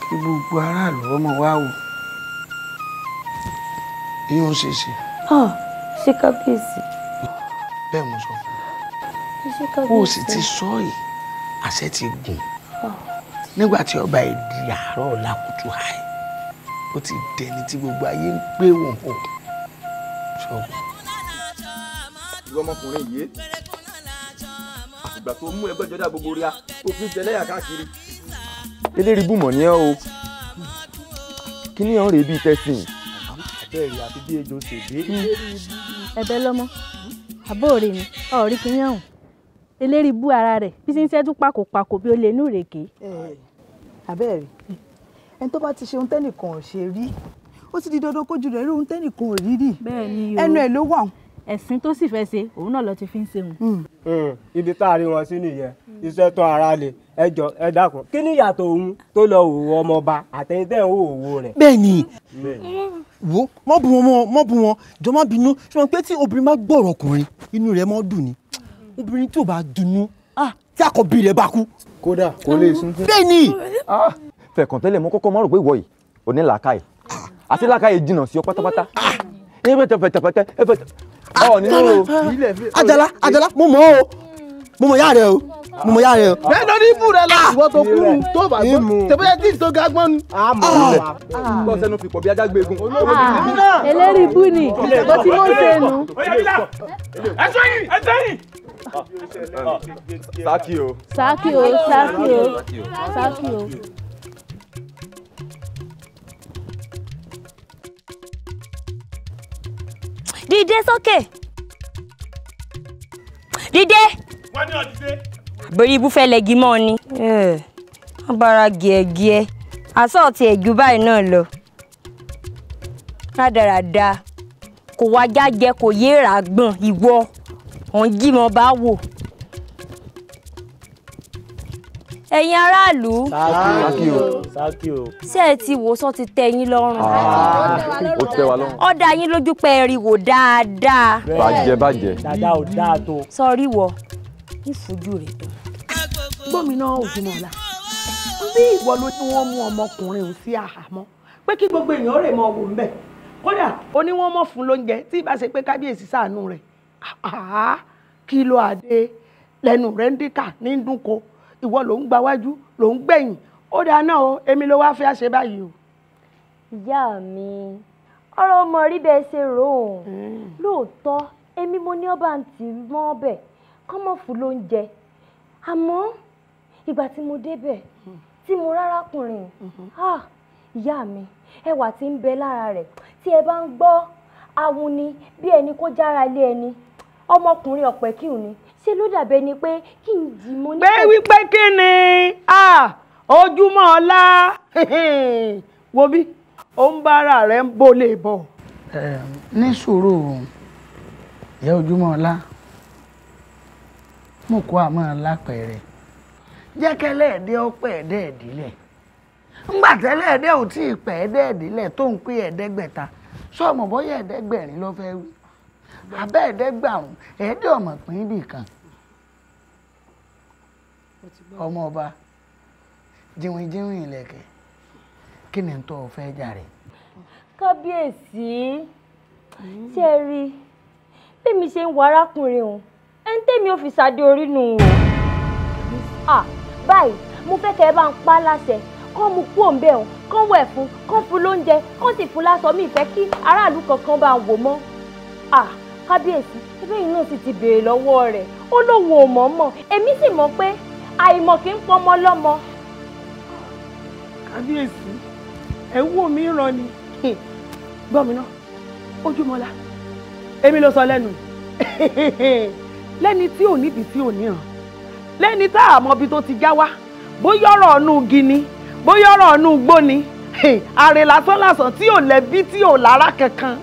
kí gbogbo aráàlú ọmọ wa wò yíyan ṣe ṣe. Ah, ṣé kábíyèsí. bẹ́ẹ̀ mo sọ fún un o sì ti sọ yìí àṣẹ ti gùn ah. nígbà tí ọba ìdí àárọ̀ ọ̀la kùtù háì ó ti dẹni tí gbogbo ayé ń pé wọn o ṣọgbọ́n. ìwọ ọmọkùnrin yìí ìgbà tó mú ẹgbẹ́ jọdá gbogbo ríà tó fi jẹlẹ́yà káàkiri. eléríbùmọ̀ ni ẹ o kí ni ọ̀rẹ́ bíi tẹ́sìn bẹ́ẹ̀ rí àfi bí ejò ṣe dé. Hmm. ẹ̀bẹ̀ lọ́mọ àbóòrè ni ọ̀rí kìíní ọ̀hún eléri bú ara rẹ̀ bí ti ń ṣẹ́jú pàkópàkó bí ó lè nú ìrèké. àbẹ́ẹ̀rẹ̀ ẹni tó bá ti ṣe ohun tẹ́nìkan ṣe rí ó ti di dandan kójú rẹ̀ rí ohun tẹ́nìkan rí rí ẹnu ẹ̀ ló wà ẹ̀sìn tó sì fẹ́ ṣe òun náà ló ti fi ń ṣe òun. Hmm. Hmm. ibi tá a rí wọn sí nìyẹn iṣẹ́ tó ara lè ẹ jọ ẹ dákun kí ni ìyàtọ̀ òun tó lọ òwò ọmọọba àtẹ̀yìn ń wò òwò rẹ̀. bẹ́ẹ̀ni wo mọ bu wọn mọ bu wọn jọ má bínú ṣùgbọ́n pé tí obìnrin bá gbọ́rọ̀ ọkùnrin inú rẹ̀ mọ́ dùn ni obìnrin tí ò bá dunnú tí àkọ́bí rẹ̀ bá kú. kódà kò lè sún. bẹ́ẹ̀ni. fẹ̀kàn tẹ́lẹ̀ mo kọ́kọ́ mọ́ rò pé ìwọ yìí ò ní làákàyè àti làákàyè jìnnà sí ọ pátápátá ẹ fẹ̀tẹ̀fẹ̀tẹ̀ ẹ fẹ̀tẹ̀ ọ̀ nínú o. Àjàlá Àjàlá mo mọ̀ ọ́ mo mọ̀ yá rẹ o mo mọ̀ yá rẹ o. bẹ́ẹ̀ lórí ibù rẹ la ah! ìwọ tó kú tó bá gbọ́ tẹ̀bẹ́yẹ tí tó ga gbọ́n. a mọ̀ ọ́ la kọ́ sẹ́nu fi pọ̀ bí ajá gbé egun. Ah! eléri ibù ni o ti mọ̀ sẹ́nu. ẹ̀sọ́ yìí ẹ̀sọ́ yìí. sáàkì o. sáàkì o sáàkì o sáàkì o. dìde sókè dìde wọ́n ní ọ̀dídé. borí ibú fẹ́ mọ́ ni eh, wọ́n bára gẹ̀ẹ́gẹ́ àsọ̀tì ẹ̀jú báyìí náà lọ rádaràda kò wá jájẹ kò yé ràgbọ̀n ìwọ òun jímọ̀ bá wò ẹ̀yin aráàlú ṣé ẹ ti wòsàn ti tẹ́ yín lọ́rùn ah, ó yín lójú pé ẹ wò dáadáa bàjẹ́ bàjẹ́ sọrí wọ ìfojú rẹ̀ tán gómìnà ògùnmọ̀lá bí ìwọ ló ní wọ́n mú ọmọkùnrin òun sí àhámọ́ pé kí gbogbo èèyàn rẹ̀ mọ wò ń bẹ̀ kódà ó ní wọ́n mọ̀ fún lóúnjẹ tí ìbá ṣe pé kábíyèsí ṣàánú rẹ̀ kí ló àdé lẹ́nu rẹ̀ ń dìkà ní dúnko ìwọ ló ń gbáwájú ló ń gbẹ̀yìn ó dáa náà o èmi ló wáá fẹ́ ṣe báyìí o. ìyá mi ọ̀rọ̀ ọmọ rí bẹ́ẹ̀ ṣe rò ó hmm. lóòótọ́ èmi mo ní ọba ń tì mọ́ kọ́mọ̀ fún lóúnjẹ àmọ́ ìgbà tí mo débẹ̀ tí mo rárákùnrin ah, ìyá mi ẹwà tí ń bẹ lára rẹ̀ tí ẹ bá ń gbọ́ ahun ni bí ẹni kó jára lé ẹni ọmọkùnrin ọ̀pẹ̀ kí ni ṣe ló dàbẹ́ ni pé kí n jì mo ní. pé wípé kí ni ah, ojúmọ́ ọlá wo bí ó ń bára rẹ̀ ń bó lè bọ̀. ní sùúrù ìyá ojúmọ́ ọlá mokowa ma la pere jekele ede opo ede edile mbateleede oti ipo ede edile to n pi ede so omo boye ede gberin lofe abe ede gba won eti omo pinibi kan omo ba jiwinjiwin ile ke kineto ofe jare ko bi esi ti e mi se n wara kunre won ẹni tèmi ò fi ṣàdé orí nù o. báyìí mo fẹ́ kẹ́ ẹ bá ń pa á láṣẹ kọ́ mu kú òǹbẹ̀ ọ̀hún kọ́ wẹ̀ fún kọ́ fún lóúnjẹ kọ́ sì fún láṣọ mi ìfẹ́ kí aráàlú kankan bá wò mọ́. kábíyèsí ẹgbẹ́ yìí náà sì ti béèrè lọ́wọ́ rẹ̀ ó lóun ò mọ̀ mọ̀ èmi sì mọ̀ pé àìmọ̀ kì í pọmọ lọ́mọ. kábíyèsí ẹ wò mí ràn ni gbọ́ mi náà ojúmọ́lá èmi ló sọ lẹ́nu lẹ́ni tí ò nídìí tí ò níran lẹ́ni tá a mọbi tó ti já wá bóyá ọ̀rọ̀ ọ̀nù gini bóyá ọ̀rọ̀ ọ̀nù gbóni àrè lásán lásán tí ò lẹ́bí tí ò lára kankan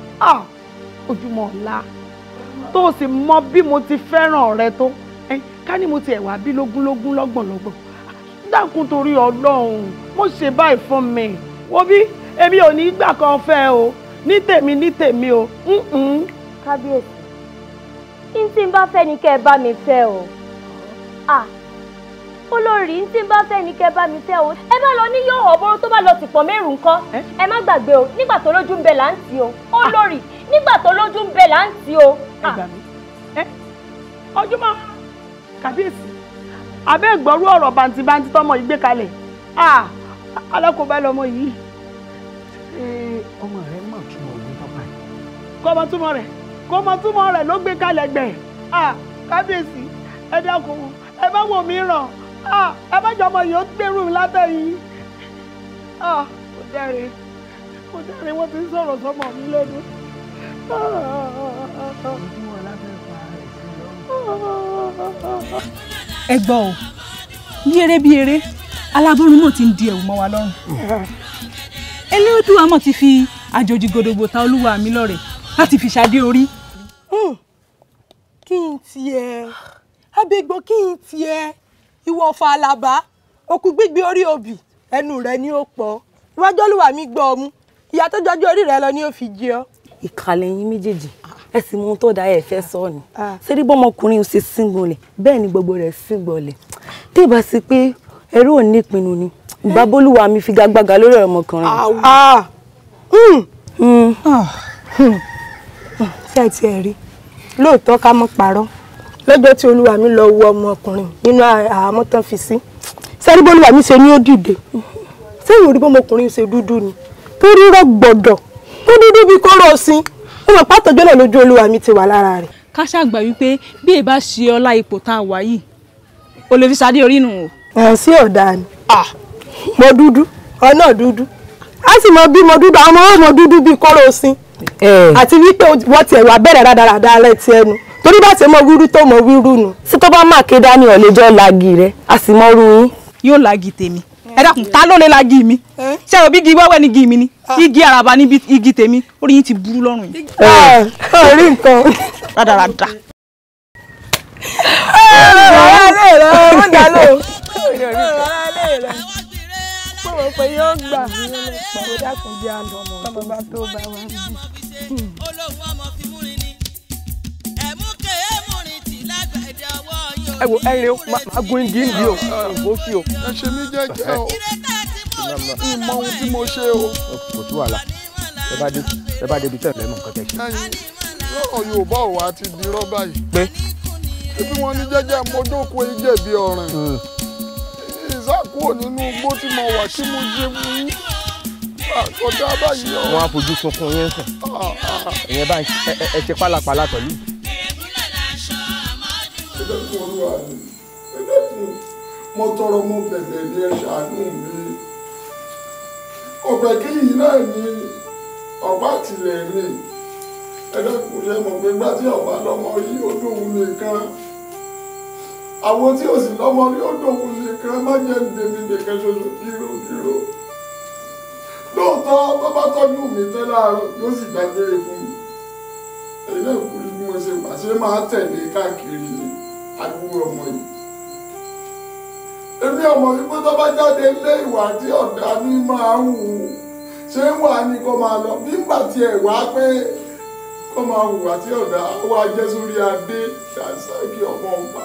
ojúmọ́ ọ̀la tó o sì mọ bí mo ti fẹ́ràn rẹ tó ká ní mo tiẹ̀ wá bí lógúnlógún lọ́gbọ̀nlọ́gbọ̀n dákun torí ọlọ́run mo ṣe báyìí fún mi wo bí èmi ò ní gbà kan fẹ́ o ní tèmi ní tèmi o. kábíyèsí n tí n bá fẹ́ ni kẹ́ ẹ bá mi fẹ́ o olórí n tí n bá fẹ́ ni kẹ́ ẹ bá mi fẹ́ o ẹ bá lọ ní yóò ọ̀bọ̀rọ̀ tó bá lọ tìpọ̀ mẹ́rù ńkọ́ ẹ má gbàgbé o nígbà tó lójú ń bẹ là ń tì o olórí nígbà tó lójú ń bẹ là ń tì o. ẹ gbà mí ẹ ọjọ́mọ́ kàbíyèsí abẹ́ ìgbọ́rú ọ̀rọ̀ bàǹtìbàǹtì tọmọ yìí gbé kalẹ̀ alákòóbá lọmọ yìí. ṣé ọmọ rẹ mọ̀ túmọ̀ ìlú kó mọ túmọ̀ rẹ̀ ló gbé kalẹ̀ gbẹ̀ kábíyèsí ẹ dákun ẹ bá wò mí ràn ẹ bá jọmọ yìí ó gbèrú mi látẹ̀yìn kò dẹ́rẹ̀ kò dẹ́rẹ̀ wọ́n ti sọ̀rọ̀ sọmọ mi lẹ́nu. ẹ gbọ́ o bí eré bí eré aláboyún náà ti ń di ẹ̀wù mọ́ wa lọ́rùn eléwédú àmọ́ ti fi àjòjì gòdògbò ta olúwa mi lọ́rẹ̀ láti fi ṣadé orí Hmm. kí n tiẹ̀ abẹ́gbọ́ kí n tiẹ̀ ìwọ ọ̀fà àlàbá òkú gbígbé orí òbí ẹnu rẹ ni ó pọ̀ iwájú olúwa mi gbọ́ ọmú ìyá tó jọjú orí rẹ lọ ni ó fi jẹ ọ. ìkàlẹ̀ yín méjèèjì ẹ sì mú ohun tó da ẹ fẹ́ sọ ni sẹ́rí ah. bọ́mọkùnrin ṣe síngbọ̀lẹ̀ bẹ́ẹ̀ ni gbogbo rẹ̀ síngbọ̀lẹ̀ tí ì bá sí pé ẹrú ò ní ìpinnu ni ìgbà eh. bólúwa mi fi gagbága lórí ọmọkùnrin. Ah. Hmm. Hmm. Ah. ṣé ẹ ti ẹ̀ rí lóòótọ́ ká mọ́ parọ́ lọ́jọ́ tí olúwa mi lọ wo ọmọkùnrin nínú àhámọ́ tán fi sí sẹ́rí bólúwa mi ṣe ní ó dìde sẹ́yìn orí bọ́mọkùnrin ṣe dúdú ni tó rírọ̀ gbọ̀dọ̀ tó dúdú bíi kóró sin ó mọ̀ pátọ́jọ́ náà lójú olúwa mi ti wà lára rẹ̀. ká ṣàgbà wípé bí èbá ṣe ọlá ipò tá a wà yìí o lè fi ṣadé orí nù o. ẹ̀ sí ọ̀dà ni mo dúdú ọ náà dúdú a sì mọ bí mo dúdú àwọn ọmọ dúdú bíi kóró sin Eh. àti wípé wọ́n ti ẹ̀wà bẹ̀rẹ̀ rádaràda alẹ́ ti ẹnu torí bá ṣe mọ wíru tó mọ wíru nu. sí tó bá máa ké dání ọ̀lẹ́jọ́ lagi rẹ a sì mọ ru yín. yóò lagi tèmi ẹ dákun ta ló lè lagi mi eh? ṣé òbí igi wẹ́wẹ́ ni igi mi ni ah. igi araba níbi igi tèmi orí yín ti burú lọ́rùn yìí. ẹ eh. ah, ẹ rí nǹkan. rádaràda. ẹ ẹ rọra lè rọ ọ mọ dàlọ wò pé yóò gbà mo dákun jẹ́ àlọ́ ọmọ bá tó bá wà níbí. ẹ wo ẹ máa gun igi ń di o kò fi o. ẹ ṣe mí jẹ́jẹ́ o ìmọ̀ ohun tí mo ṣe o. kò sí wàhálà ẹ bá débi tẹ̀lé mọ̀ nǹkan tẹ̀ ṣe. yorùbá ò wá ti di rọ́bà yìí. pé. ṣé bí wọ́n ní jẹ́jẹ́ mojó kó ọ̀rìn ti sá kúrò nínú igbó tí mo wà tí mo jẹ mu yín kọjá báyìí o. wọn á fojú sunkún yẹn sàn ìyẹn bá ẹ ṣe pálapàla pẹ̀lú. mo tọrọ mo bẹ̀bẹ̀ ní ẹ ṣàánú mi ọbẹ kéyìí náà ni ọba tilẹ̀ mi ẹ dẹ́kun mọ̀ pé gbá tí lọ́mọ yìí ó dóhun nìkan àwọn tí ò sì lọ́mọ rí ó dòun nìkan má jẹ́ ndèmi nìkan ṣoṣo kíró kíró lóòótọ́ bó bá tọ́jú mi tẹ́ láàárọ̀ yóò sì dágbére fún mi ẹ̀yìn ìkúrí bí wọ́n ṣe mà ṣe máa tẹ̀lé káàkiri àdúgbò ọmọ yìí èmi ọmọ wípé tó bá jáde ilé ìwà tí ọ̀dà ni máa ń wù ú ṣé ń wà ní kó máa lọ nígbà tí ẹ̀ wá pé kó máa wù wá tí ọ̀dà wá jẹ́ sórí adé ṣàṣàkì ọmọ ọba.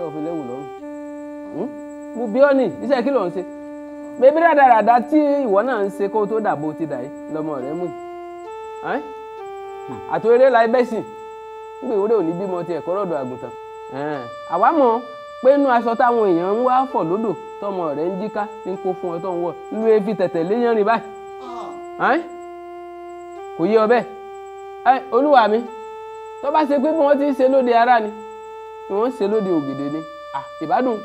tó fi léwu lọ́rùn hmm? mo bí ọ́ ní iṣẹ́ kí ló ń ṣe bébí rádaràda tí ìwọ náà ń ṣe kó tó dàbò ti dà yìí lọmọ rẹ mú yìí hmm. àti eré la ẹbẹ sìn nígbà ìwúrẹ́ òní bímọ ti ẹ̀kọ́ rọ̀dọ̀ àgùntàn àwa mọ̀ pé inú aṣọ táwọn èèyàn ń wá fọ̀ lódò tọmọ rẹ ń jíká ní kó fún ọ tó ń wọ̀ lu efi tẹ̀tẹ̀ léyàn rìn báyìí kò yé ọ bẹ́ẹ̀ olúwa mi tó bá ṣe pé bí wọ́n ti ń ṣe lóde ara ni ni wọ́n ṣe lóde ògèdè ni ìbádùn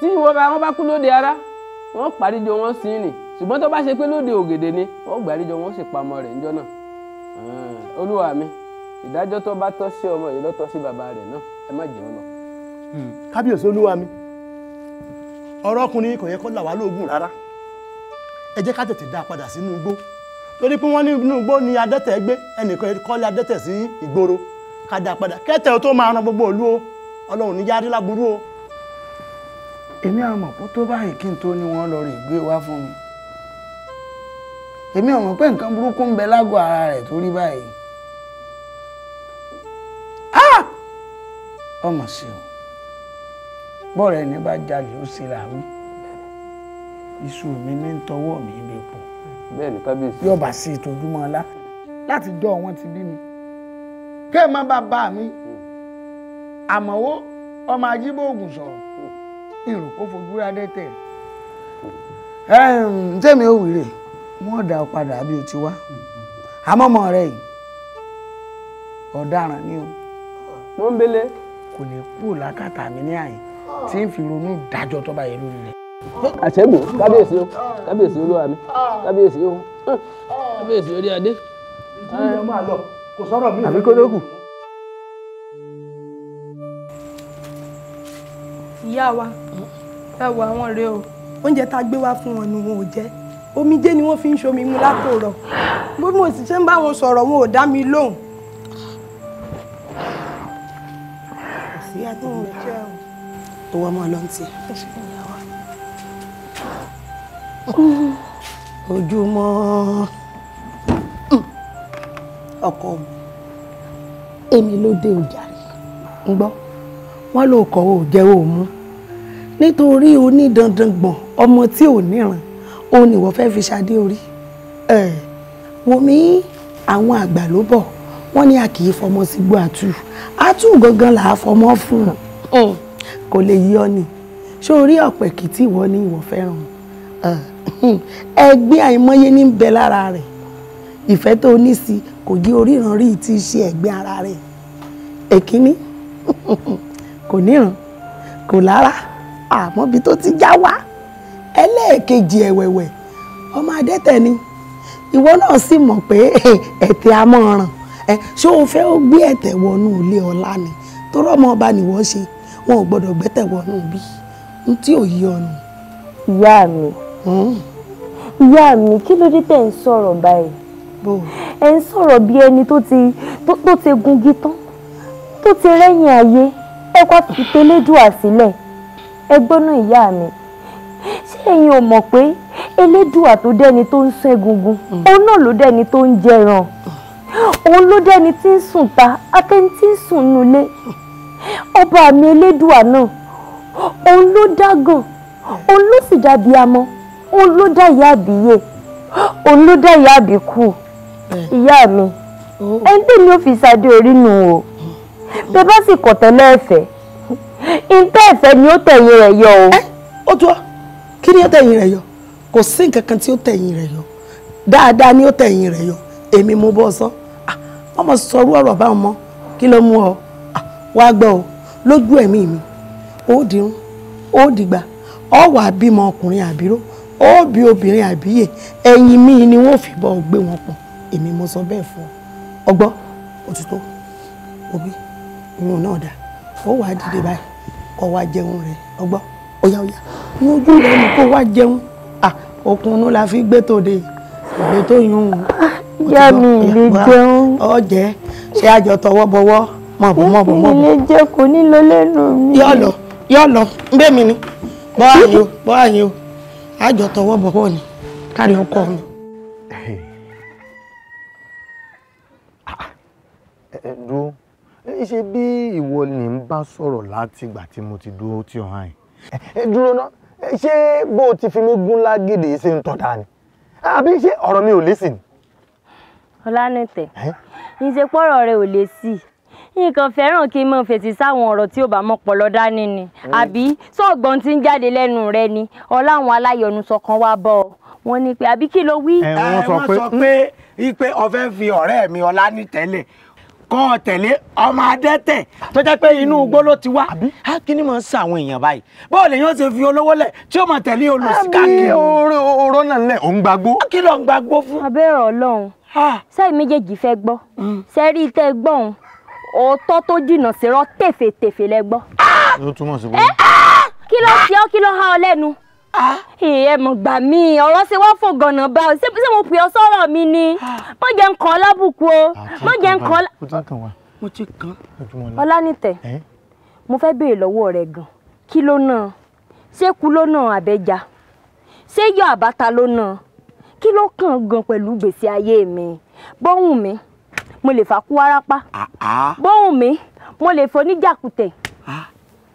tí wọ́n bá wọ́n bá kú lóde ara wọ́n paríjọ wọ́n sí ni ṣùgbọ́n tó bá ṣe pé lóde ògèdè ni wọ́n gbàríjọ wọ́n sì pamọ́ rẹ̀ níjọ́ náà olúwa mi ìdájọ́ tó bá tọ́ sí ọmọ yìí ló tọ́ sí bàbá rẹ̀ náà ẹ má jẹun lọ. Hmm, kábíyèsí olúwa mi ọ̀rọ̀ ọkùnrin kò yẹ kó là wá lóògùn rárá ẹ jẹ́ ká tètè dá a padà sínú igbó torí pé wọ́n ní inú igbó ni adẹ́tẹ̀ gbé ẹnìkan kọ́lé adẹ́tẹ̀ sí ìgboro. Si kàdà padà kẹtẹ tó máa ran gbogbo òlu o ọlọ́run ní yára láburú o. èmi àmọ̀ kó tó báyìí kí n tó ní wọ́n lọ rè gbé wá fún mi èmi ò mọ̀ pé nǹkan burúkú ń bẹ lágọ̀ọ́ ara rẹ̀ tó rí báyìí. ọmọ ah! sí o bọ́ọ̀rọ̀ ẹni bá jalè ó ṣe làwí iṣu mi ní ń tọwọ́ mi bẹ́ẹ̀ pọ̀ bẹ́ẹ̀ ni kábíyèsí yọba sí ìtọ́jú mọ́ ọlá láti dọ́ wọn ti bí mi kí ẹ má bàbá mi àmọ́wó ọmọ ajíbòògùn sọ̀rọ̀ ìrò kó fojú adé tẹ̀. tẹ́mi ò wí rè wọ́n dá ọ padà bí o ti wá àmọ́mọ́ rẹ yìí ọ̀daràn ni o. mo ń belé. kò lè kú làkàtà mi ní àyè tí ń fi ronú ìdájọ́ tó bá yẹ lórí rẹ̀. àṣẹ́gun kábíyèsí o kábíyèsí olúwa mi kábíyèsí o kábíyèsí orí adé. ìdílé ọmọ àlọ́ kò sọ̀rọ̀ mi. àbí kó ló kù. ìyá wa ẹ wo àwọn rèé o oúnjẹ tá a gbé wá fún wọn ni wọn ò jẹ omijé ni wọn fi ń ṣomi mu látòrọ bó mo sì ṣe ń bá wọn sọ̀rọ̀ wọn ò dá mi lóhùn. sí àtúntò jẹ́ o. owó ọmọ ló ọkọ mi èmi ló dé ọjà rẹ ń gbọ́ wọn ló kọ ò jẹ ò mú nítorí onídandangbọ̀n ọmọ tí ò níran òun ni wọ́n fẹ́ẹ́ fi ṣadé orí ẹ wò mí àwọn àgbà ló bọ̀ wọ́n ní a kì í fọmọ sí gbọ́ àtú àtú gangan là á fọmọ fún un kò lè yí ọ ni ṣó rí ọ̀pẹ̀kì tí ìwọ ní ìwọ fẹ́ràn ẹgbẹ́ àìmọye ní bẹ lára rẹ̀ ìfẹ́ tó ní sí i kò jí oríran rí ti ṣe ẹ̀gbin ara rẹ̀ èkínní kò níran kò lára àmọ́ bí tó ti já wá ẹlẹ́ẹ̀kejì ẹ̀wẹ̀wẹ̀ ọmọ adẹ́tẹ̀ ni ìwọ náà sì mọ̀ pé ẹ̀tẹ̀ a mọ̀ ràn ẹ̀ ṣé o fẹ́ gbé ẹ̀tẹ̀ wọnú ilé ọlá ni tọrọ ọmọ ọba nìwọ ṣe wọn ò gbọdọ̀ gbẹ́tẹ̀ wọnú bí n tí ò yí ọ̀nà. ìyá mi ìyá mi kí ló dé tẹ̀ ń sọ̀rọ̀ báyìí ẹ ń sọ̀rọ̀ bí ẹni tó ti tó ti gungi tán tó ti rẹ́yìn ayé ẹ kọ́ fi tẹ́lẹ́dùà sílẹ̀ ẹ gbọ́nà ìyá mi ṣé ẹ̀yin ò mọ̀ pé elédùà tó dẹ́ni tó ń sún egungun òun náà ló dẹ́ni tó ń jẹran òun ló dẹ́ni tí ń sùn ta akẹ́ni tí ń sùn nulẹ̀ ọba mi elédùà náà òun ló dágàn òun ló sì dàbí amọ òun ló dá ìyá àbíyè òun ló dá ìyá àbíkú ìyá mi oh. ẹni tèmi ò fi ṣàdé orí nù o bẹ bá sì kọ̀ tẹ́lẹ̀ ẹ̀fẹ́ ìtẹ́ ẹ̀fẹ́ ni ó tẹ̀yìn rẹ̀ yọ o. ẹ ó tó kí ni ó tẹ̀yìn rẹ̀ yọ kò sí nǹkan kan tí ó tẹ̀yìn rẹ̀ yọ dáadáa ni ó tẹ̀yìn rẹ̀ yọ èmi mo bọ́ sọ ọmọ sọrú ọ̀rọ̀ bá wọn kí ló mú ọ wá gbọ́ ọ lójú ẹ̀mí mi ó dirun ó dìgbà ọ wà bímọ ọkùnrin àbíró ó bí obìnrin àbíyè ẹ̀yìn mi ni wọ́n fi bọ́ gbé wọn pọ̀ èmi mo sọ bẹ́ẹ̀ fún ọ ọgbọ́ òtítọ́ òbí irun náà dà ó wàá dìde báyìí kó wá jẹun rẹ ọgbọ́ ọ̀yà ọ̀yà ní ojú rẹ ni kó wá jẹun à okun inú la fi gbé tòde ìgbé tó yún un. Ah, ìyá mi ìlè jẹun. ọjẹ ṣé àjọ tọwọ́ bọwọ́ mọ̀bọ̀ mọ̀bọ̀ mọ̀bọ̀. ìlè jẹ kò ní lọ lẹ́nu mi. yọ lọ yọ lọ nbẹ mi ni bọ́ àyè o bọ́ àyè o àjọ tọwọ́ bọwọ́ ni kárí ọkọ mi. ẹ dúró ṣe bí ìwọ ni ń bá sọ̀rọ̀ látìgbà tí mo ti dúró tí ọ̀hán yìí. ẹ dúró ná ṣé bó o ti fi mí gún lágídé ṣe ń tọ́da ni àbí ṣé ọ̀rọ̀ mi ò lésì ni. ọlánìtẹ̀ ìṣepọ̀rọ̀ rẹ ò lè sí nǹkan fẹ́ràn kí n mọ̀ fèsì sáwọn ọ̀rọ̀ tí ò bá mọ̀ pọ̀lọ́ dání ni mm. àbí sọ̀gbọ́n tí ń jáde lẹ́nu rẹ ni ọláwọn aláyọ̀nusọ kan wá bọ̀ wọ́n ní pé àbí kí ló wí. ẹ wọ́n sọ pé ipe ọfẹ fi ọ̀rẹ́ mi ọlá ní tẹ́lẹ̀ kọ́ tẹ̀lé ọmọ adẹ́tẹ̀ tó jẹ́ pé inú igbó ló ti wá á kí ni mò ń sa àwọn èèyàn báyìí bọ́ọ̀lù èèyàn ṣe fi olówó lẹ̀ tí ó mọ̀ tẹ̀lé olùsí káàkiri. àbí náà lẹ̀ ò ń gbagbó. kí ló ń gbagbó fún. abẹ́rẹ́ ọlọ́run sẹ́yìn méjèèjì fẹ́ gbọ́ sẹ́rí mm. tẹ́ gbọ́ òun òótọ́ tó jìnnà sírọ́ tèfètèfè lẹ gbọ́. kí ló ṣe ọ́ kí ló há ọ lẹ́nu Ah. ẹ mọ̀ gbà mí ọ̀rọ̀ ṣe wá fò gànà bá ọ ṣé mo pè ọ sọ̀rọ̀ mi ni ah. ah, mo jẹ́ nǹkan ọlábùkù o mo jẹ́ nǹkan mo ti kàn ọlánìtẹ̀ mo fẹ́ béèrè lọ́wọ́ rẹ̀ gan kí ló náà ṣé kú ló náà àbẹ́jà ṣé yọ àbáta ló náà kí ló kàn gan pẹ̀lú gbèsè ayé mi bóhùn mi mo lè fà kú wárápá bóhùn mi mo lè fọ níjàkútẹ̀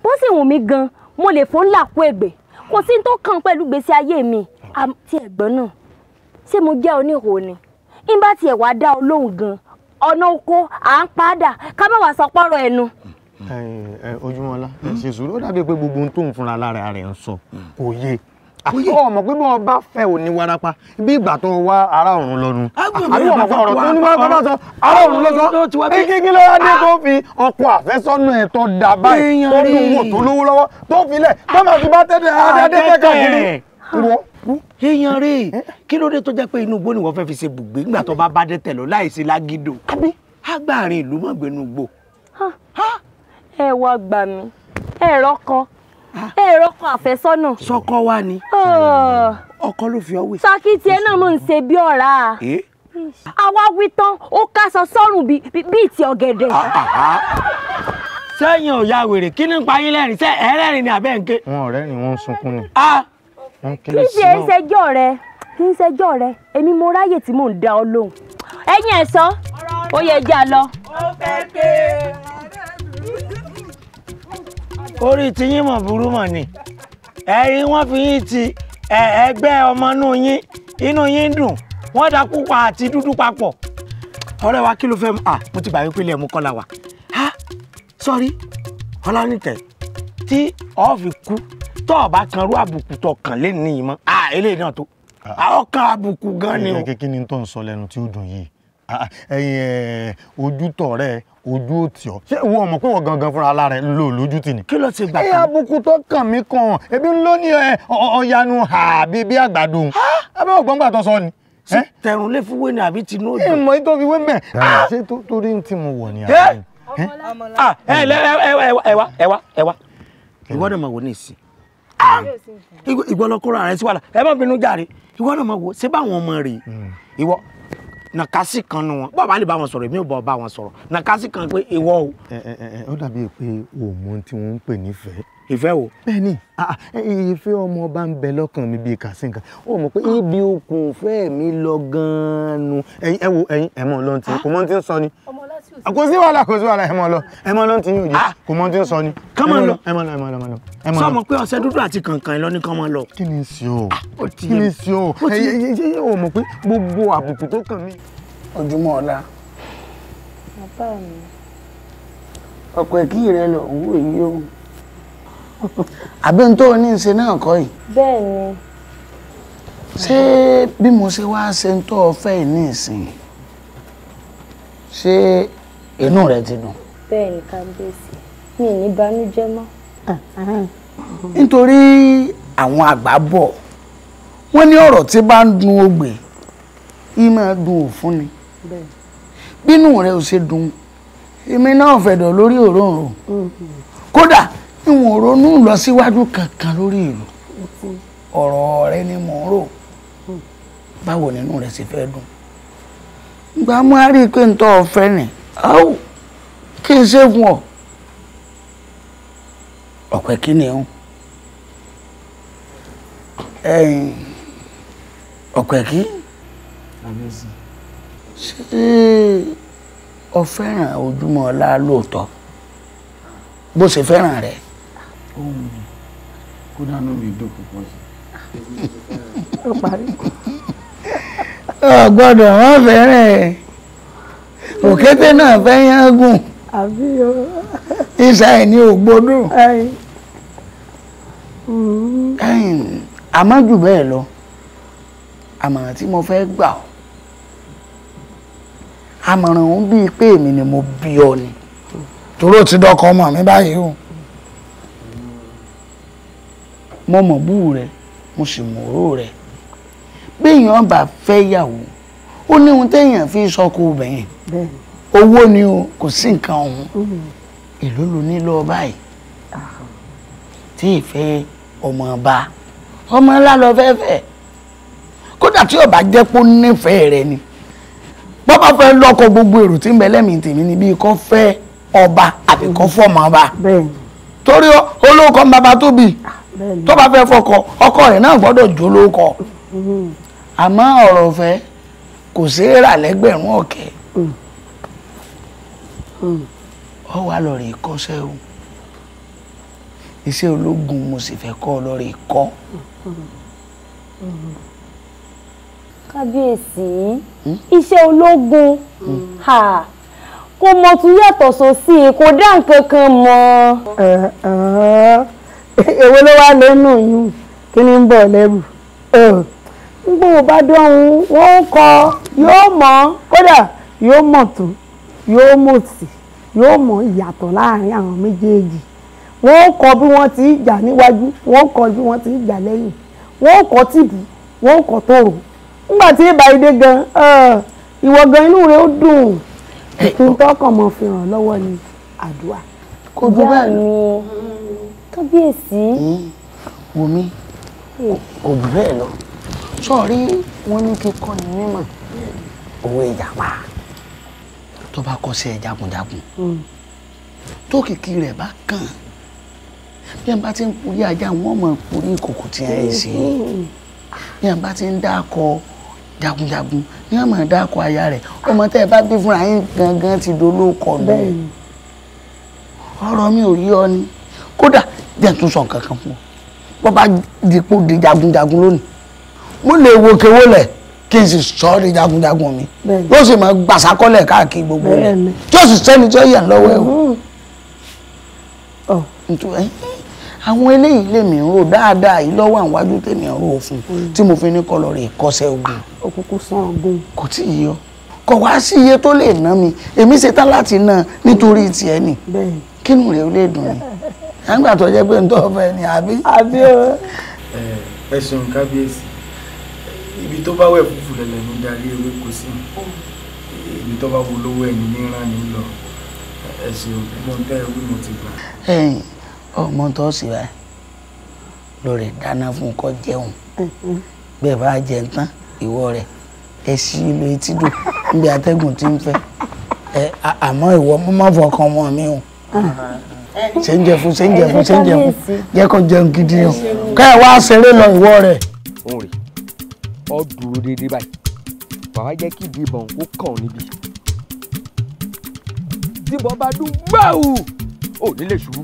bó sì wù mí gan mo lè fọ ńlá kú ègbè kò sí tó kàn pẹ̀lú gbèsè ayé mi àti ẹ̀gbọ́n náà ṣé mo jẹ́ oníhòòhò ni n bá tiẹ̀ wá dá olóhùn gan ọ̀nà oko à ń padà ká má wàá sọpọ́rọ̀ ẹnu. ojúmọ́lá ẹ ṣe sùúrù ó dàbí pé gbogbo ohun tó ń fúnra lára rẹ̀ ń sọ kò yé ọmọ pé bọ́ọ̀ bá fẹ́ ò ní warapa bí ìgbà tó wá ara ọ̀run lọ́nu àbí ọmọ pé ọ̀rọ̀ tó ní wá bá sọ ara ọ̀run lọ́sọ bí kíkí lọ́wọ́ dé ah. tó fi ọkọ̀ àfẹ́sọ́nà ẹ̀ tó dà báyìí tó ní wò tó lówó lọ́wọ́ tó filẹ̀ tó máa fi bá tẹ́tẹ́ ah, adẹ́dẹ́ káàkiri èèyàn rè é eh, eh. kí ló dé tó jẹ́ pé inú igbó ni wọ́n fẹ́ fi ṣe bùgbé nígbà tó bá bá dẹ́tẹ̀ lọ láìsí lágídò agbáàrin ìlú mọ̀gbẹ́nu gbò. ẹ wá gbà mí ẹ rọ́kọ ẹ rọkọ àfẹ́sọ́nà. sọkọ wa ni ọkọ ló fi ọwé. sakiti ẹ náà mò ń ṣe bí ọ̀rá. àwa wí tán ó kásọ sọ́rùn bíi ti ọ̀gẹ̀dẹ̀. Ah, ah, ah. sẹ́yìn ọ̀ya wèrè kí ni pa yín lẹ́rìn sẹ́ ẹ rẹ́rìn ni àbẹ́ ń ké. wọn ọ̀rẹ́ ni wọ́n ń sunkún ni. kí ṣe é ṣẹjọ́ rẹ kí ń ṣẹjọ́ rẹ èmi mo ráyè tí mò ń dá ọ lóhùn. ẹ̀yin ẹ̀sán ó yẹ jẹ́ lọ. ó fẹ́ pé orí tiyín mọ̀ burú mọ̀ ni ẹ̀yin wọ́n fi yín ti ẹgbẹ́ ọmọ inú yín inú yín dùn wọ́n da pupa àti dúdú papọ̀ ọ̀rẹ́ wa kí ló fẹ́ mu mo ti gbà wípé ilé ẹ̀mú kọ́ la wà sọ́rí ọlọ́nìtẹ̀ tí ọ fi kú tọ́ ọ bá kan rú àbùkù tọ̀ kàn lẹ́nu nìyí mọ́ eléyìí náà tó ọkàn àbùkù gan ni o. kí ni tó ń sọ lẹ́nu tí ó dùn yìí Ah, ah, ojú tọ̀ rẹ ojú òtí ọ ṣé ìwọ ọmọ pé wọn gangan fúnra ara rẹ ń lò lójú tì ní. kí ló ti gbà kan. ẹ abùkù tó kàn mí kan ebi ń lọ ní ọyanu àbí bí àgbàdo abẹ́ ògbọ́n gbà tó sọ ni. ṣé tẹ̀rùn lè fi wé ni àbí tinú òjò. ìmọ̀ yìí tó fi wé mẹ́. Ah, ṣé torí ti mo wọ̀ ni àbí. ẹ ẹ wá ẹ wá ẹ wá ìwọ náà máa wò ní ìsìn ìwọ lọ kóra rẹ sí wàhálà ẹ má bínú jàre ìwọ náà máa wò ṣé báwọn ọmọ rèé hmm. ìwọ nàkásì kan nu wọn bọ́ọ̀ bá lè bá wọn sọ̀rọ̀ èmi ò bọ̀ bá wọn sọ̀rọ̀ nàkásì kan pé ìwọ o. ẹ ẹ ẹ ó dàbí pé òun tí wọ́n ń pè nífẹ̀ẹ́ ìfẹ́ o. bẹ́ẹ̀ni ah, ah, ìfẹ́ ọmọ bá ń bẹ lọ́kàn mi bíi kàṣínkà ó mọ̀ pé ibi okùn fẹ́ mi lọ gan-an nu ẹ wo ẹ̀yin ẹ mọ lọ ti kò mọ ti ń sọ ni ah, kò sí wàhálà kò sí wàhálà ẹ mọ lọ ẹ mọ lọ ti yóò jẹ kò mọ ti ń sọ ni. ká máa lọ ẹ mọ lọ ẹ mọ lọ ẹ mọ lọ. sọmọ pé ọṣẹ dúdú àti kànkàn lọ ní ká máa lọ. kí ni sí o kí ni sí o ẹ ẹ ò mọ̀ pé gbogbo àbùkù tó kàn mí. ojúmọ́ ọ̀la. bàbá mi. rẹ lọ òwú èyí o. àbí n tó ní í se náà kọ́ yìí. bẹ́ẹ̀ ni. ṣé bí mo ṣe wá ṣe ń tọ́ ọ fẹ́ ní ìsìn ṣé inú rẹ ti dùn. bẹ́ẹ̀ ni kábíyèsí mi ò ní banújẹ́ mọ́. nítorí àwọn àgbà bọ̀ wọ́n ní ọ̀rọ̀ tí bá ń dun ogbè yìí máa dun òfun ni bínú rẹ ò ṣe dùn èmi náà fẹ̀dọ̀ lórí òróǹro mm-hmm. kódà n ò ronú ìlọsíwájú kankan lórí ìlú ọ̀rọ̀ rẹ ni mò ń rò báwo nínú rẹ sì fẹ́ dùn gbà mú a rí i pé n tọ́ ọ̀fẹ́ nì áwò kí n ṣe fún ọ ọ̀pẹ kí ni ẹ̀hún ẹ̀yìn ọ̀pẹ kí ṣé o fẹ́ràn ojúmọ́ ọlá lóòótọ́ bó ṣe fẹ́ràn rẹ̀ ohun kódà náà mi dùn púpọ̀ sí. ó parí. ọ gbọ́dọ̀ wọn fẹ́rẹ̀ òkété náà fẹ́ yán gùn ìṣá ẹ ní ògbódò àmọ́ jù bẹ́ẹ̀ lọ àmọ̀ràn tí mo fẹ́ gbà ọ́ àmọ̀ràn òun bíi pé èmi ni mo bí ọ ni tòró ti dọkọ ọmọ mi báyìí o mo mọ̀ bú rẹ̀ mo sì mọ̀ òró rẹ̀ béèyàn bá fẹ́ yàwó ó ní ohun téèyàn fi sọkò obìnrin owó ni o kò sí nǹkan ọ̀hún èló ló ní lọ báyìí tí ìfẹ́ ọmọ ọba ọmọ ńlá lọ fẹ́fẹ́ kódà tí ọba jẹ́ pé ó nífẹ̀ẹ́ rẹ ni bọ́bá fẹ́ lọ́kọ gbogbo èrò tí ń bẹ lẹ́mìí tèmi ni bíi kọ́ fẹ́ ọba àbí kọ́ fọ́ọ̀mù ọba torí olóòkọ́ bàbá tó bì í tó bá fẹ́ fọkọ ọkọ rẹ̀ náà gbọ́dọ̀ jó lóko mm-hmm. àmọ́ ọ̀rọ̀ ọ̀fẹ́ kò ṣeé rà lẹ́gbẹ̀rún ọ̀kẹ́ mm. Mm. ọ wà lọ́ọ̀rẹ́ kọ́ṣẹ́ o iṣẹ́ ológun mo sì fẹ́ kọ́ lọ́ọ̀rẹ́ kọ́. Mm-hmm. kábíyèsí hmm? iṣẹ́ ológun hmm. kò mọ̀ tún yàtọ̀ sósì kò dá nǹkan kan mọ́ èwo ló wá lẹ́nu yìí kí ni ń bọ̀ lẹ́rù nígbà wo bá dọ́hun wọ́n ń kọ yóò mọ̀ kódà yóò mọ̀ tó yóò mọ̀ sí yóò mọ̀ ìyàtọ̀ láàrin àwọn méjèèjì wọ́n kọ bí wọ́n ti ń jà níwájú wọ́n kọ bí wọ́n ti ń jà lẹ́yìn wọ́n kọ tìbú wọ́n kọ tòrò nígbà tí ìbá ìdè gan ìwọ gan inú rẹ ó dùn kí n tọkàn mọ fi ràn lọ́wọ́ ní àdúrà. kò jù bẹ́ẹ̀ lọ kábíyèsí. wùmí kò jù bẹ́ẹ̀ lọ sọ̀rí wọn ní kíkọ́ ni mímọ̀ owó ìjàpá tó bá kọ́ sí ẹ jagunjagun hmm. tó kìkì rẹ̀ bá kàn bí ẹ bá ti ń purí ajá wọn mọ̀ purí ìkòkò tí ẹ ṣe hmm. bí ẹ bá ti ń dákọ̀ jagunjagun ní àmọ́ dákọ̀ aya rẹ̀ ọmọ tẹ́ ẹ bá bí fúnra yín gangan ti dolóko bẹ́ẹ̀ hmm. ọ̀rọ̀ mi ò yí ọ ni kódà jẹ́ tún sọ nǹkan kan fún ọ wọ́n bá dìpọ̀ di jagunjagun lónìí mo lè wo kewó lẹ̀ kí n sì sọ ọ́ di jagunjagun mi yóò sì máa gbàsákọ́lẹ̀ káàkiri gbogbo rẹ̀ tí yóò sì sẹ́ni tí ó yẹ̀ lọ́wọ́ ẹ̀ o mm-hmm. àwọn eléyìí lèmi ń rò dáadáa yìí lọ́wọ́ àwọn wájú tèmi ń rò fún mm. tí mo fi ní kọlọ̀ rẹ̀ kọsẹ̀ ogun ah, òkùnkùn sàn ogun kò tí ì yọ kọ̀ wá sí iye tó lè ná mi èmi ṣetán láti ná nítorí tiẹ̀ nì kínú rẹ̀ ó lè dùn mí. nígbà tó jẹ́ pé n tó fẹ́ ni àbí. àbí o. ẹ ṣeun kábíyèsí ibi tó bá wẹ̀ fúfú lẹ̀lẹ̀ ní darí ewé kò sí ibi tó bá wo lówó ẹni ní ràn ní lọ ẹ ṣeun mo tẹ ewé mo ti gbà. ẹ̀yin ọmọ tó sì wá lórí dáná fún kó jẹun bẹ́ẹ̀ bá jẹ tán ìwọ rẹ̀ ẹ sí ilé tídò níbi atẹ́gùn tí ń fẹ́ àmọ́ ìwọ mọ́ fọkàn mọ́ mi o ṣe ń jẹ fún ṣe ń jẹ fún ṣe ń jẹ fún jẹ́ kó jẹun gidi o káyọ̀ wá ṣeré lọ ìwọ rẹ̀. òun rè ọ dúró déédéé báyìí bàbá jẹ́ kí ìdìbọn kó kàn níbi ìdìbọn bá dún gbáù ò nílé ṣubú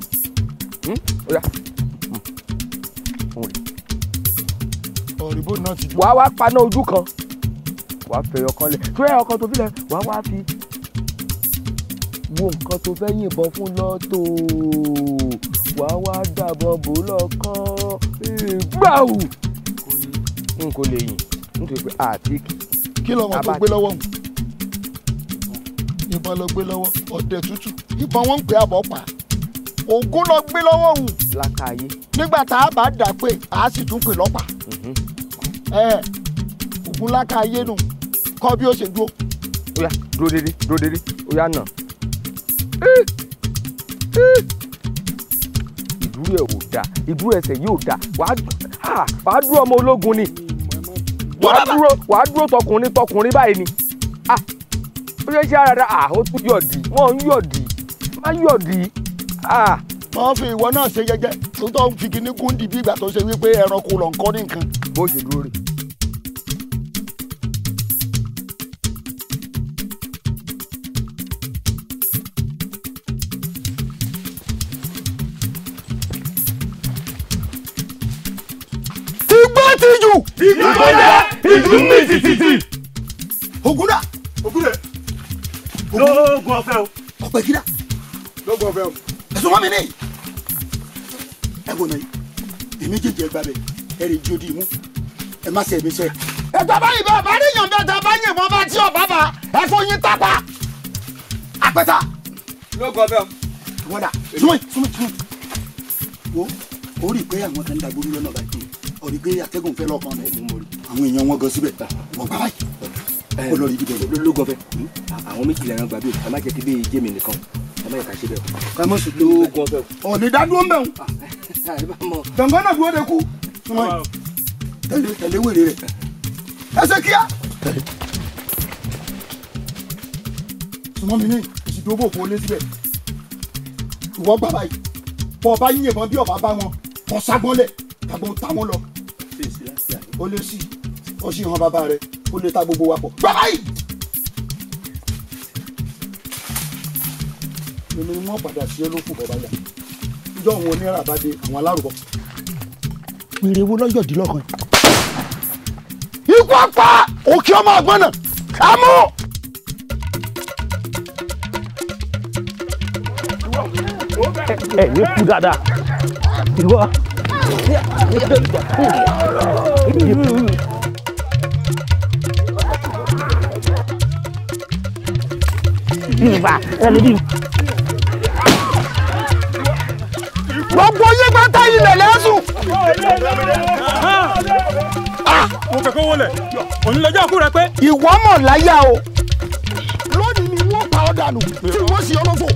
wàá wá paná ojú kan wàá fẹ̀yọ̀ kan lẹ̀ tó yẹ ọkàn tó fi lẹ̀ wàá wá fi wo nǹkan tó fẹ́ yìnbọn fún lọ́tò wàá wá dàbọn bò lọ́kàn gbàù. n kò lè yìn nítorí pé àtíkì. kí lọmọ tó gbé lọ́wọ́ mu ìbọn ló gbé lọ́wọ́ ọ̀dẹ tútù ìbọn wọn ń pè àbọ̀ pa ògún ló gbé lọ́wọ́ mu. lákàáyé. nígbà tá a bá dà pé a sì tún pè lọ́pàá. Mhm. ẹ ògún lákàáyé nù kọ́ bí ó ṣe dúró. ó yá dúró dédé dúró dédé ó yá náà ìdúró ẹ̀ ò dáa ìdúró ẹsẹ̀ yìí ò dáa wàá dúró ọmọ ológun ni wàá dúró tọkùnrin tọkùnrin báyìí ni ó ṣe ṣe ara rẹ ó tún yọ̀dì wọ́n ń yọ̀dì má yọ̀dì. wọ́n fi ìwọ náà ṣe jẹ́jẹ́ tó tọ́ fi kíní gúndì bí ìgbà tó ṣe wípé ẹranko lọ́nkọ́ nìkan. bó ṣe dúró rè tìjú. ìlú tó jẹ́ ìlú mi tìtìtì. ogun dà. ogun dẹ. lóògùn ọ̀fẹ́ o. ọ̀pẹ gíga. lóògùn ọ̀fẹ́ o. ẹ̀sùn mọ́ mi ní. ẹ wò náà èmi jẹjẹ ẹ gbàgbé ẹ rè jí odi mú ẹ má ṣe èmi ṣe. ẹ̀tọ́ báyìí bá bá yàn bẹ́ẹ̀ tá a bá yìnbọn bá tí ọ̀bá bá ẹ fún yín tápá. àpẹta. lóògùn ọ̀fẹ́ o. wọ́n dà súnmọ́ súnmọ́ ọ̀rí pé atẹ́gùn fẹ́ lọ́ọ̀kan rẹ̀ àwọn èèyàn wọn gan síbẹ̀ wọ́n gbà báyìí ó lọ rí ibi bẹ̀rẹ̀ ló gọbẹ. àwọn méjìlá ẹran gbàgbé ká má jẹ́ kí bíi jẹ́mi nìkan ká má yẹ ká ṣe bẹ́ẹ̀ o. ká má sùn ló gọbẹ o. ọ̀nì dádúró ń bẹ̀ wọn. Ah, gbọ̀ngàn náà dúró de kú. tẹ̀lé tẹ̀lé wèrè rẹ̀ ẹsẹ̀ kíá. sùnmọ́ mi ní ìṣìdóbò fún olé síbẹ̀ ìwọ gbà báyìí bọ̀ ọba yíyẹ̀bọn bí ọba bá wọn kọ̀ ságbọ́n lẹ̀ àgbo táwọn lọ o le si, o si hàn bàbá rẹ o lè ta gbogbo wa pọ̀ bàbá yìí. èmi ni wọ́n padà sí olókùn bàbá yà ìjọ òun onírà bá dé àwọn alárùbọ. wèrè wo lọ́jọ́dínlọ́kan. ikú apá òkè ọmọ àgbọ̀n náà kámú. ẹ ẹ ní kú dáadáa ìwọ gbogbo yín pátá ilẹ̀ lẹ́sùn. Ah! mo fẹ́ kó wọlé òun lọ́jọ́ kú rẹ pé. ìwọ mọ̀ láyà o lónìí ni wọ́n pa ọ́ dànù tí wọ́n sì ọ́ lọ́fọ̀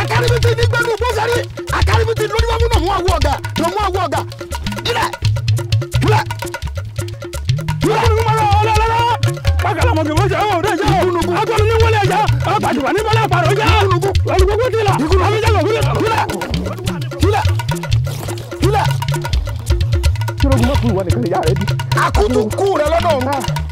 akademi ti ní gbẹ́nu gbọ́sẹ̀rí akaributi lóníwájú náà mú àwọ ọ̀gá náà mú àwọ ọ̀gá jílẹ̀ jílẹ̀ jílẹ̀. ọlọ́run ọlọ́run bákàlà mọ̀gẹ́ wọ́n ṣe àwọn ọ̀rẹ́ ṣe ìkúnnugún akọni ní wọlé ẹ̀yà àpàtìwà ní bọ́lá àpàrọ̀ ṣe ìkúnnugún olùgbogbo ti là ìkúnnugún jílẹ̀ jílẹ̀ jílẹ̀. kí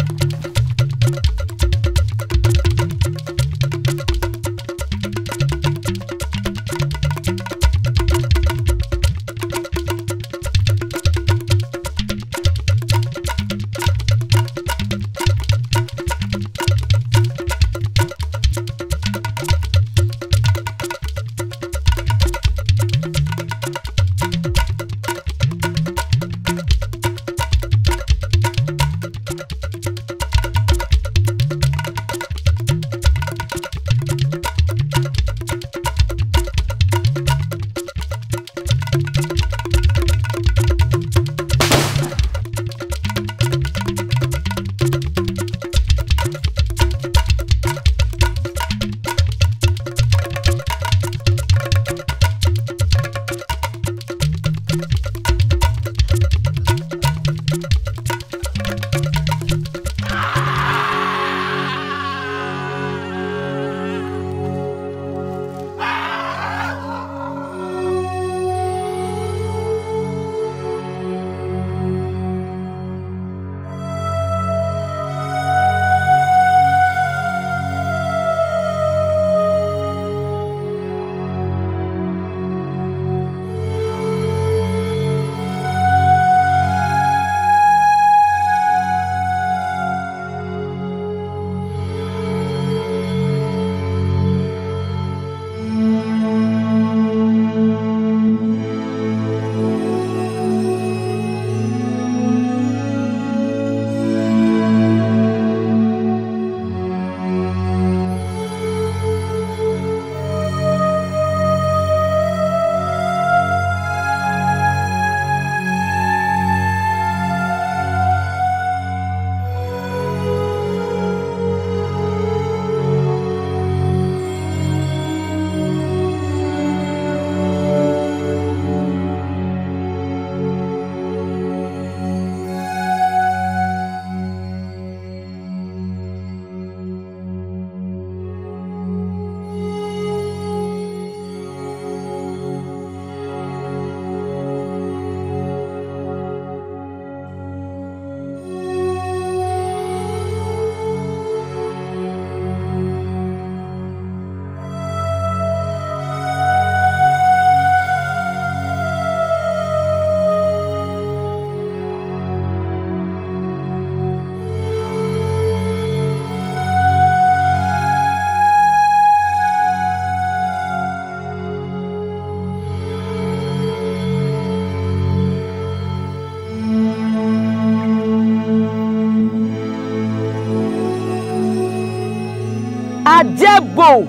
adébò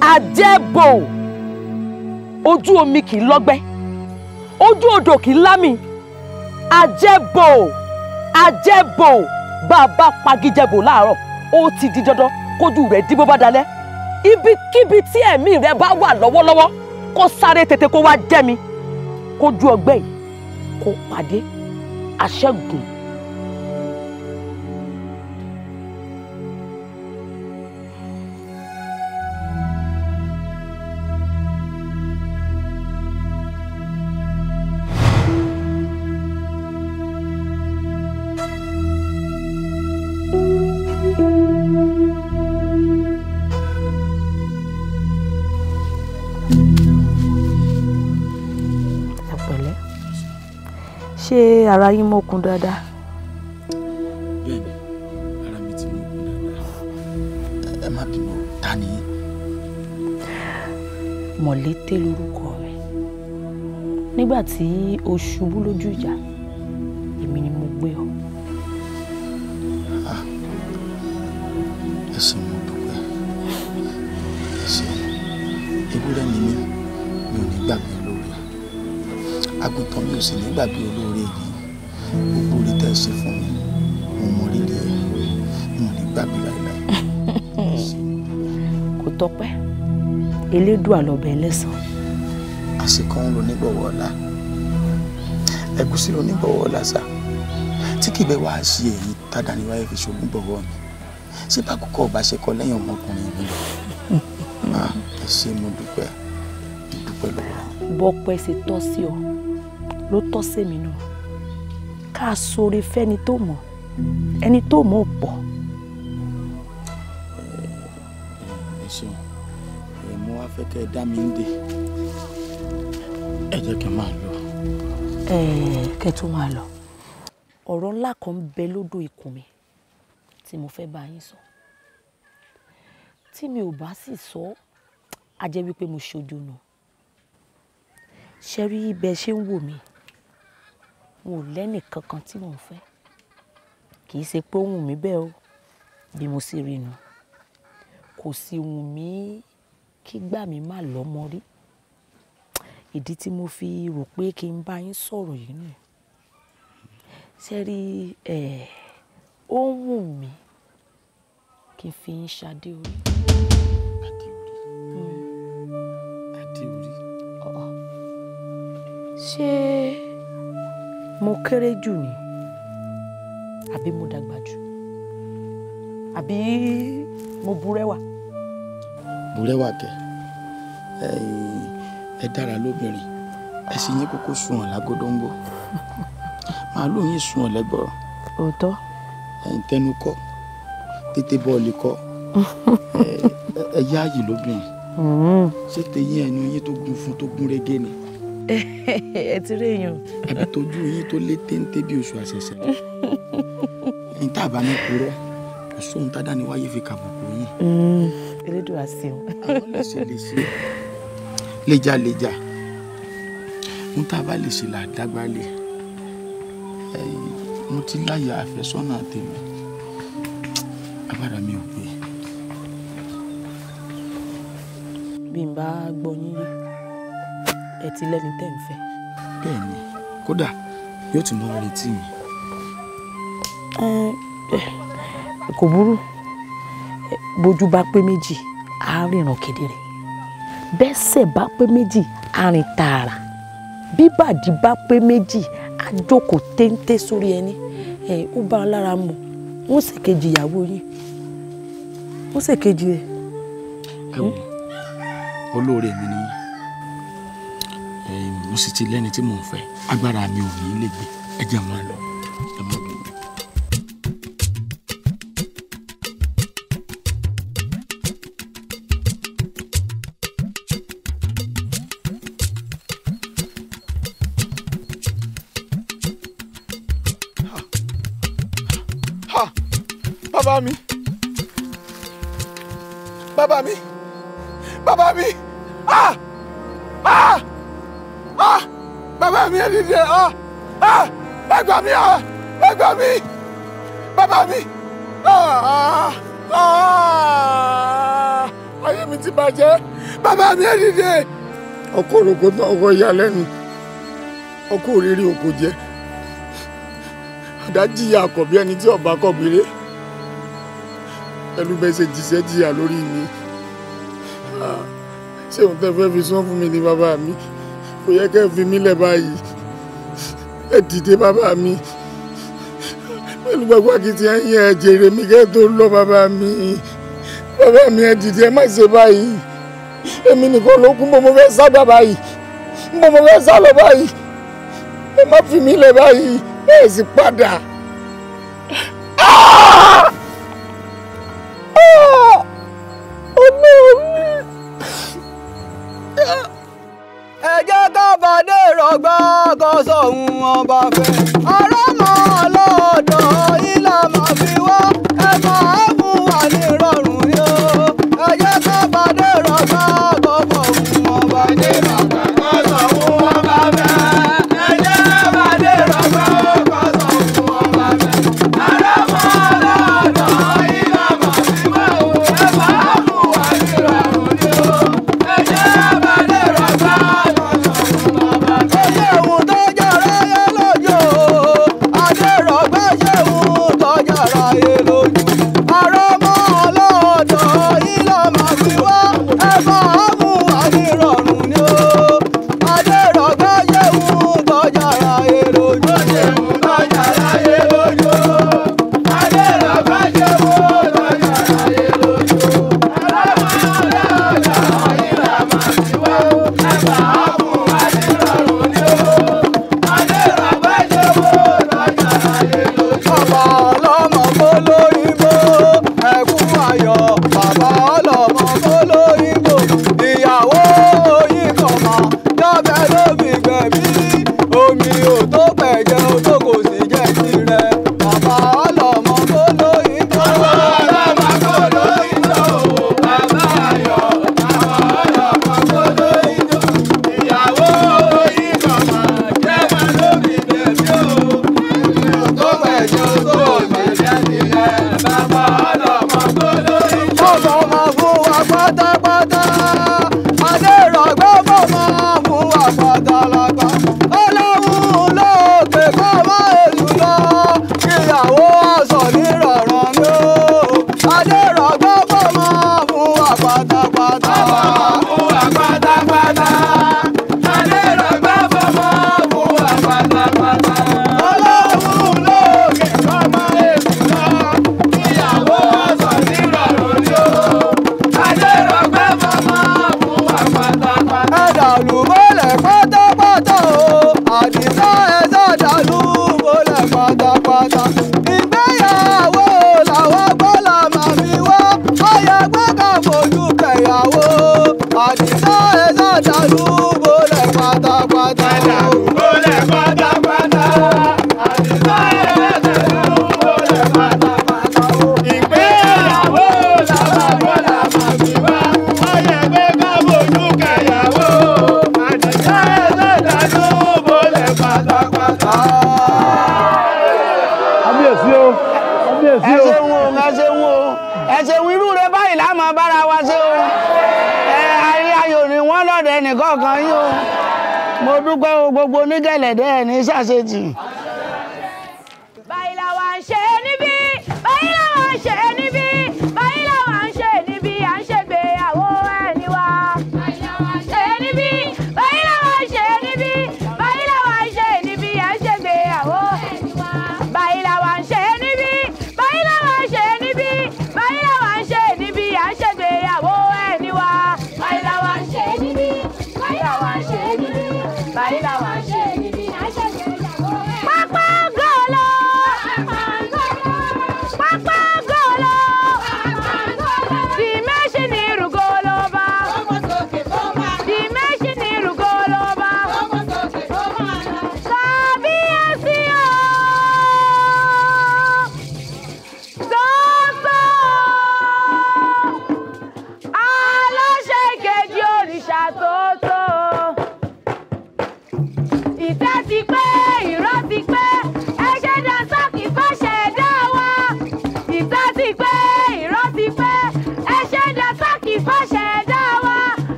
adébò ojú omi kì í lọ́gbẹ́ ojú odò kì í lámì ajẹ́bò ajẹ́bò bàbá pagijẹ́bò láàárọ̀ ó ti di dandan kójú rẹ̀ dí bó bá dalẹ̀ ibikíbi tí ẹ̀mí rẹ̀ bá wà lọ́wọ́lọ́wọ́ kó sáré tètè kó wá jẹ́ mi kójú ọgbẹ́ yìí kó pàdé àṣẹ́gun ara yín mọ̀kun dáadáa. bẹ́ẹ̀ni ara mi ti mọ̀kun dáadáa ẹ má bínú ta ni. mọ̀lété lorúkọ mi nígbà tí o ṣubú lójú ìjà. Mm -hmm. elédùà lọ́bẹ̀ ẹlẹ́sàn. àsìkò ń ronígbọ̀wọ́ ọ̀la ẹ̀gúsí ronígbọ̀wọ́ ọ̀la sá tí kì í bẹ́ẹ̀ wáá ṣe èyí tádàníwáyé fi ṣoògùn gbọ̀wọ́ mi ṣé bákòókò ọba ṣe kọ lẹ́yìn ọmọkùnrin mi lọ. Ah, ẹ ṣé mo dúpẹ́ dúpẹ́ lọ́wọ́. bọ́pẹ́ ṣe tọ́ sí ọ ló tọ́ sẹ́mi náà ká a sóore fẹ́ni tó mọ̀ ẹni tó mọ̀ pọ̀. tẹ́ ẹ dá mi ń de ẹ jẹ́ kí n máa lọ. ẹ kẹ́ tó máa lọ ọ̀rọ̀ ńlá kan ń bẹ lódò ikùn mi tí mo fẹ́ bá yín sọ tí mi ò bá sì sọ á jẹ́ wípé mo ṣojú nù ṣe rí ibẹ̀ ṣe ń wò mí mo lẹ́nì kankan tí mò ń fẹ́ kì í ṣe pé ó wù mí bẹ́ẹ̀ o bí mo sì rí nu kò sì wù mí kí gbà mí má lọ́mọ rí ìdí tí mo fi rò pé kí n bá yín sọ̀rọ̀ yìí nù ṣe rí ẹ ó ń wù mí kí n fi ń ṣadé orí. Hmm. ṣé mo kéré jù ni àbí mo dàgbà jù àbí mo burẹ́wà mo rẹwà kẹ ẹ dára lóbìnrin ẹ sì yín kókó sùn ọ̀la gòdóńgbò màálù yín sùn ọ̀lẹ́gbọ̀rọ̀. òótọ́. ẹ ń tẹnu kọ tètè bọ́ọ̀lì kọ ẹ yáàyè lóbìnrin mm-hmm. ṣé tẹ̀yìn ẹnu yín tó gun fún tó gún régé ni. ẹ ti rí èèyàn. àbí tójú yín tó lé téńté bí oṣù àṣẹ̀ṣẹ̀ ní tá a bá ní kúrò kò sóhun tá a dá ní wáyé fi kàbùkù yín. Mm elédùà sí o. àwọn lè ṣe lè ṣe léjàléjà ń tá a bá lè ṣe là dágbálẹ̀ mo ti láyà àfẹ́sọ́nà tèmi agbára mi ò pé. bí n bá gbọ́ yín yé ẹ ti lẹ́ni tẹ́ ń fẹ́. bẹ́ẹ̀ kódà yóò tún mọ́ retí mi. kò burú bójú bá pé méjì á ríran kedere bẹ́sẹ̀ bá pé méjì á rìn tààrà bíbàdí bá pé méjì á téńté sórí ẹni ẹ ó bá a lára mu wọn sì kejì ìyàwó yìí wọn sì kejì ẹ. ẹ wò olóore mi ni mo sì ti lẹ́ni tí mò ń fẹ́ agbára mi ò ní lè gbé ẹ máa lọ. ọkọ òrògbò náà wọ ìyá lẹ́nu ọkọ òrèrè òkò jẹ àdájìyà àkọ́bí ẹni tí ọba kọ̀gbére ẹnu bẹ́ẹ̀ ṣe jìṣẹ́ jìyà lórí mi ah, ṣé òun tẹ́ fẹ́ fi sún fún mi ni bàbá mi kò yẹ kẹ́ ẹ fi mí lẹ̀ báyìí ẹ dìde bàbá mi pẹ̀lú gbogbo akitiyan yẹn ẹ jèrè mi kẹ́ ẹ tó lọ bàbá mi bàbá mi ẹ dìde ẹ má ṣe báyìí èmi nìkan ló kún bó mo fẹ́ sá gbà báyìí bó mo fẹ́ sá lọ báyìí ẹ má fi mí lẹ̀ báyìí bẹ́ẹ̀ sì padà. ẹ jẹ́ ká bàdé rọgbà kó sóhun ọba fẹ́. lórúkọ gbogbo onígẹ̀lẹ̀dẹ́ ẹ̀ ní sàṣetì.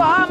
far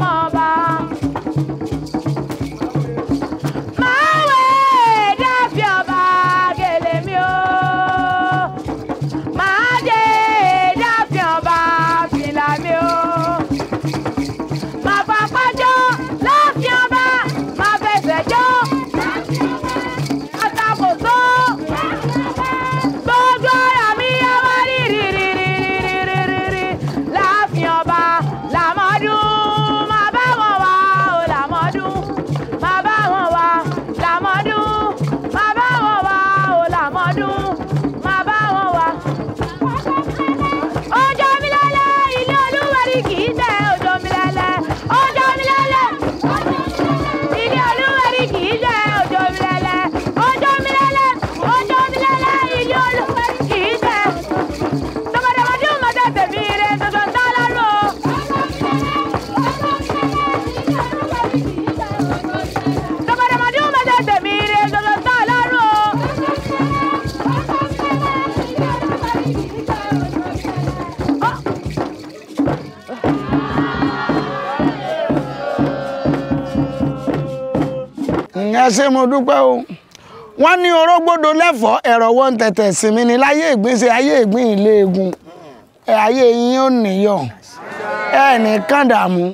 ẹ ṣé mo dúpẹ́ o wọ́n ní orógbódo lẹ́fọ̀ọ́ ẹ̀rọ wọn tẹ̀tẹ̀ sinmi ni láyé ìgbésẹ̀ ayé ìgbín ilé egun ayé yín ò níyọ̀ ẹnì kan dààmú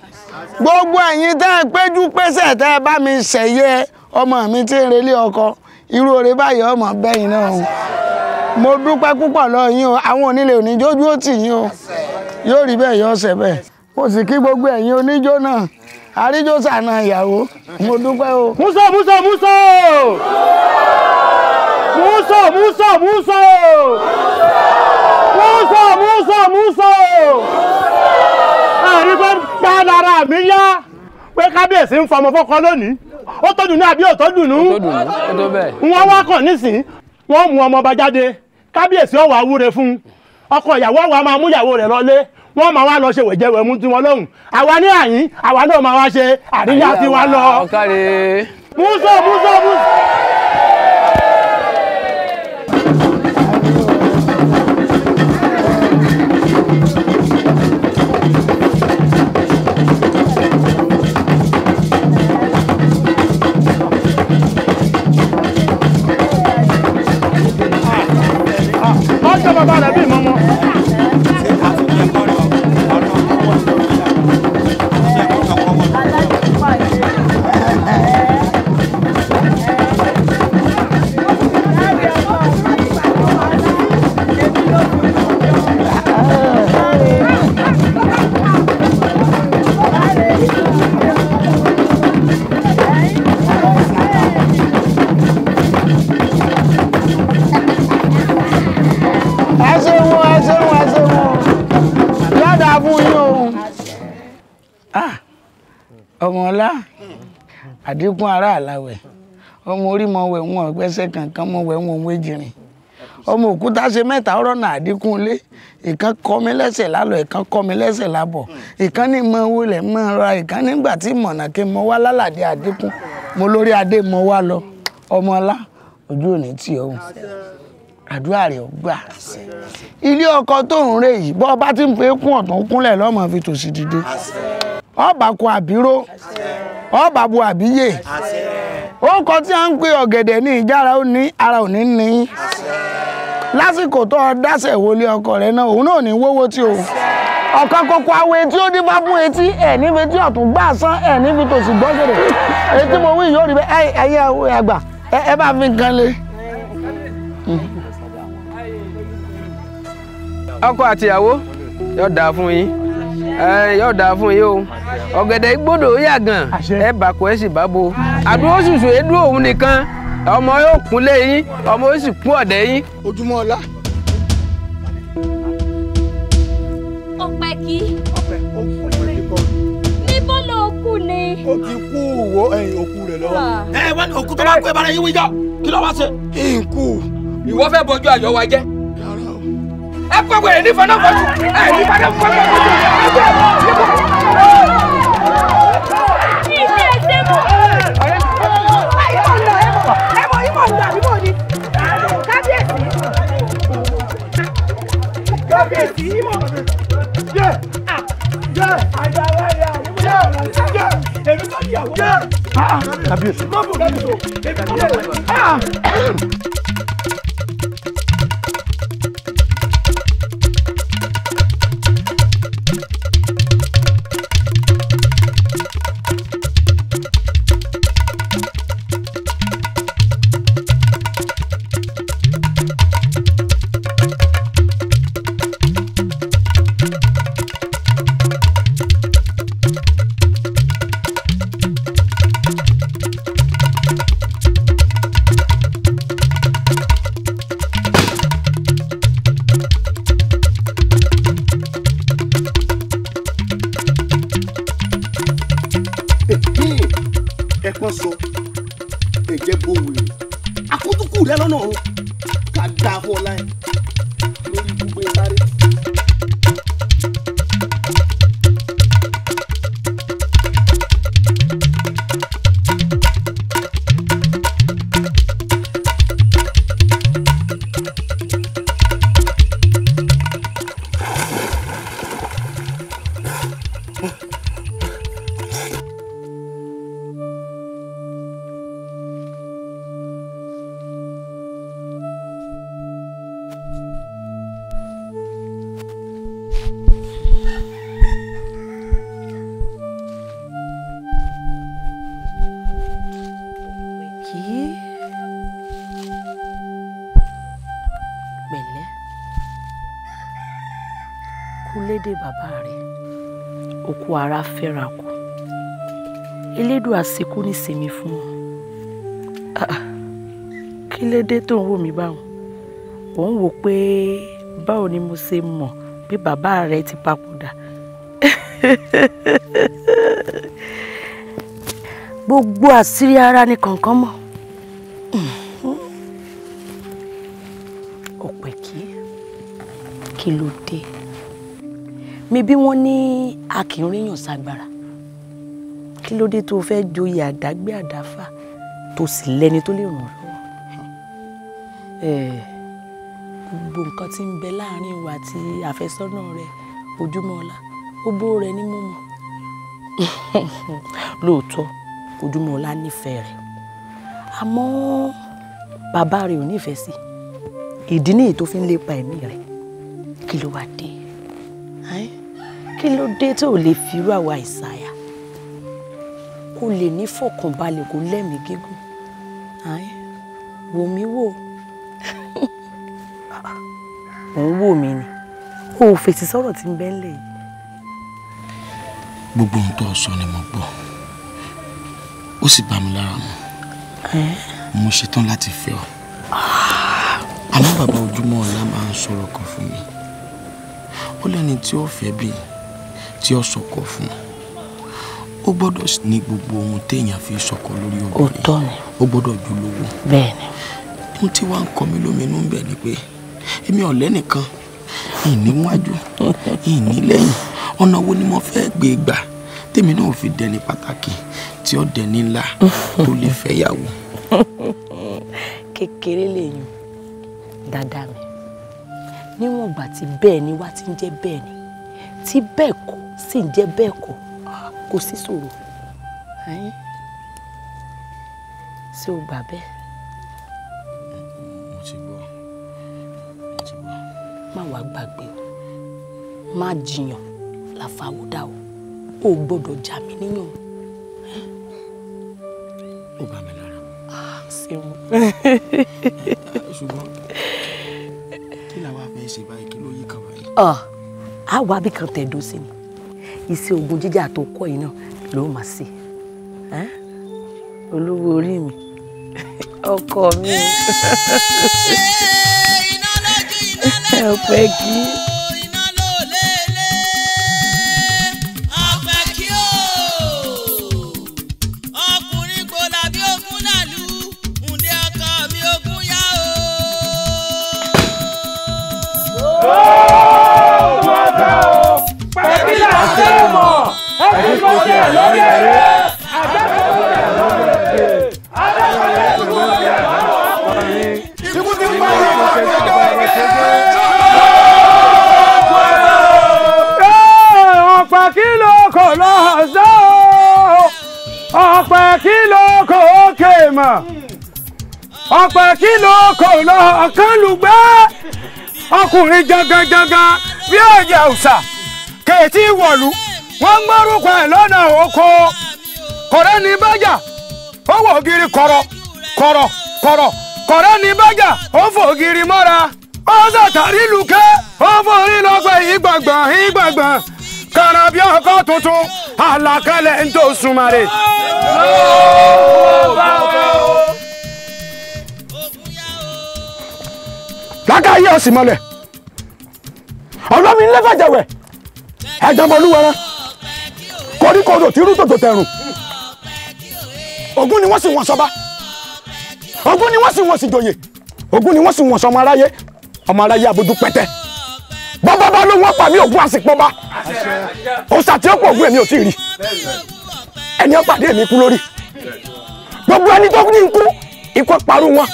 gbogbo ẹ̀yin tẹ́ ẹ péjú pésẹ̀ tẹ́ ẹ bá mi ṣẹ̀yẹ ọmọ mi tí ń relé ọkọ irú oore báyìí ọmọ bẹ́yìn náà o mo dúpẹ́ púpọ̀ lọ́ọ́ yín o àwọn onílé oníjójú ó tì yín o yóò rí bẹ́ẹ̀ yọ ọ̀sẹ̀ bẹ́ẹ̀ mo sì kí gbogbo ẹ̀yin oníjó náà àríjọ́sà náà ìyàwó mo dúpẹ́ o. Muso! Muso! Muso! Muso! Muso! Muso! Muso! Muso! Muso! àrí Muso! Muso! gbá Muso! mi yá pé kábíyèsí ń fọmọ fọkọ lónìí ó tó dùnú àbí ó tó dùnú wọn wá kàn Muso! wọn mú ọmọ ọba jáde kábíyèsí ọwọ awúre fún ọkọ ìyàwó ọwọ Muso! Muso! Muso! Muso! Muso! lọlé wọ́n máa wá lọ ṣe wẹ̀jẹ̀wẹ̀ mú tiwọn lóhùn àwa ní àyín àwa náà máa wá ṣe àríyá tiwa lọ. múso múso múso. ọjọ́ bàbá rẹ̀ bí àdínkù ara àláwẹ̀ ọmọ orí mọ wẹ̀ wọn ọ̀gbẹ́sẹ̀ kankan mọ wẹ̀ wọn wéjìrìn ọmọ òkúta ṣe mẹ́ta ọ̀rọ̀ náà àdínkù lé ìkan kọ́ mi lẹ́sẹ̀ lálọ́ ìkan kọ́ mi lẹ́sẹ̀ lábọ̀ ìkan ní mọ owó lẹ̀ mọ ra ìkan nígbà tí mọ̀nà kí mọ wá lálàdé àdínkù mo lórí adé mọ wá lọ ọmọ ọlá ojú òní tì ọ̀hún àdúrà rẹ̀ gbà ilé ọkọ tó ń rè yìí bọ́ ọba tí ń pe kún ọ̀tún kúnlẹ̀ lọ́mọ fi tòsí dìde. ọ̀bàkù àbíró ọ̀bàbù abiye o tí a ń pe ọ̀gẹ̀dẹ̀ ní ìjára ara ò ní lásìkò tó o dáṣẹ̀ wọlé ọkọ rẹ náà òun náà ní wówó tí o ọ̀kan kọkọ awo etí ó dín fún etí ẹ̀ níbi tòsí etí mo wí yóò rí bẹ́ẹ̀ ẹ̀yẹ ẹ bá fi yóò dáa fún yín o ọ̀gẹ̀dẹ̀ igbódò yàgàn ẹ bàkọ ẹ sì bá bo àdúró sùsù èédú òun nìkan ọmọ yóò kúnlé yín ọmọ yóò sì kún ọ̀dẹ̀ yín. ojúmọ́ ọlá. ọpẹ kí. ọpẹ ó fún mi níbọ. níbo ló kú ni. ó ti kú wo ẹyin òkú rẹ lọ́wọ́. ẹ wá ní òkú tó bá kú ẹ yín wíjọ kí ló wá ṣe. nkú. ìwọ fẹ́ bójú àyọ̀wá jẹ́ ẹ kọ́ wẹ̀rẹ̀ ní fanáà fọ́tù ẹ ní fanáà fọ́tù ẹ kọ́ ẹ kọ́. kábíyèsí mọ̀ jẹ́ jẹ́ àjàláyà jẹ́ jẹ́ èmi tó yàwó. kábíyèsí. mọ̀ bò kábíyèsí. èmi tó yàwó. ara fẹ́ra kù elédùn àṣekú nísìmí fún wọn ah, ah. kí ló dé tó ń wò mí báwọn òun wò pé báwo ni mo ṣe mọ̀ pé bàbá rẹ ti papòdà gbogbo àṣírí ara ni kọ̀ọ̀kan mọ̀ ọ̀pẹ̀ kí kí ló dé mi bí wọ́n ní ságbára kí ló dé tó fẹ́ joyè àdágbé àdáfà tó sì lẹ́ni tó lè ràn ọ́ lọ́wọ́ gbogbo nǹkan tí ń bẹ láàrin ìwà àti àfẹ́sọ́nà rẹ ojúmọ́ gbogbo rẹ ni mo mọ̀ lóòótọ́ ojúmọ́ ọlá nífẹ̀ẹ́ rẹ àmọ́ bàbá rẹ ò nífẹ̀ẹ́ sí ìdí nìyí tó fi ń lépa ẹ̀mí rẹ kí ló wá dé kí ló dé tó o lè firú àwa ìsàyà kó lè ní fọkànbalẹ̀ kó lẹ́mìí gígùn wò mí wò ò ń wò mí ni o ò fèsì sọ̀rọ̀ tí ń bẹ́ ń lẹ̀ yìí. gbogbo ohun tó sọ ni mo gbọ́ ó sì bá mi lára mu mo ṣetán láti fẹ́ ọ àmọ́ bàbá ojúmọ́ ọ̀la máa ń sọ̀rọ̀ kan fún mi ó lẹ́ni tí ó fẹ́ bíi tí ó sọkọ fún ó gbọ́dọ̀ ní gbogbo ohun téèyàn fi sọkọ lórí obìnrin ó gbọ́dọ̀ ju lówó bẹ́ẹ̀ni ohun tí wàá ń kọ mí lóminú ń bẹ ni pé èmi ọ̀lẹ́ nìkan ìníwájú ìnílẹ́yìn ọ̀nà wo ni mo fẹ́ gbé gbà tèmi náà fi dẹni pàtàkì tí ó dẹni ńlá tó lè fẹ́ yàwó. kékeré lèyàn dáadáa mi níwọ̀n ìgbà tí bẹ́ẹ̀ ni wá ti ń jẹ́ bẹ́ẹ̀ ni tí bẹ́ẹ̀ kọ́ sì ń jẹ́ bẹ́ẹ̀ kọ́ kò sí ṣòro ṣé o gbà bẹ́ẹ̀. mo ti gbọ́ mo ti gbọ́. má wàá gbàgbé o má jiyàn láfàwọ́dà o ò gbọ́dọ̀ jà mí níyàn. ó bá mi lára. ṣùgbọ́n kí làwa fẹ́ ṣe báyìí kí ló yí kàn á wá bí kan tẹ̀dó sí ni iṣẹ́ ogun jíjà tó kọ́ yìí náà ló mà sí olówó orí mi ọkọ mi ò fẹ́ kí. yẹ lórí ẹ̀rẹ́ àgbẹ̀kọ̀wé yẹ lórí ẹ̀rẹ́ àgbẹ̀kọ̀wé yẹ lórí ẹ̀rẹ́ ikú ti pa ọ̀rọ̀ ọ̀rọ̀ ẹ̀rẹ́. ọ̀pẹ̀ kí ló kò lọ́sọ̀ ọ̀pẹ̀ kí ló kò ókè mà ọ̀pẹ̀ kí ló kò lọ́ kánlùgbẹ́ ọkùnrin jangan jangan bí ọ̀yà ọ̀sà kèétí wọ̀lú wọ́n gbórúkọ ẹ̀ lọ́nà oko kọ̀rẹ́ ní bájà ó wò ògiri kọ̀rọ̀ kọ̀rọ̀ kọ̀rọ̀ kọ̀rẹ́ ní bájà ó fò ògiri mọ́ra ó sàtàrí lùkẹ́ ó forí lọ́pẹ́ ìgbàgbọ̀n ìgbàgbọ̀n kàràbí ọkọ̀ tuntun àlàkalẹ̀ ń tó sùnmọ́re. lákàáyé ọ̀sìn mọ́lẹ̀ ọlọ́mi ńlẹ́fàjẹ̀wẹ̀ ẹ̀jọ̀mọ̀lúwẹ̀rán koríkorò tí rútòtò tẹrùn ogún ni wọ́n sì wọ̀n sọba ogún ni wọ́n sì wọ̀n sì jòyè ogún ni wọ́n sì wọ̀n sọmọ aráyé ọmọ aráyé abojú pẹ́tẹ́ bàbá bá ló wọ́n pa mí ògún àsìpọ́ba ó pọ̀ ògún èmi ò tí ì rí ẹni ó èmi kú lórí gbogbo ẹni tó ní ikú ikú parú wọn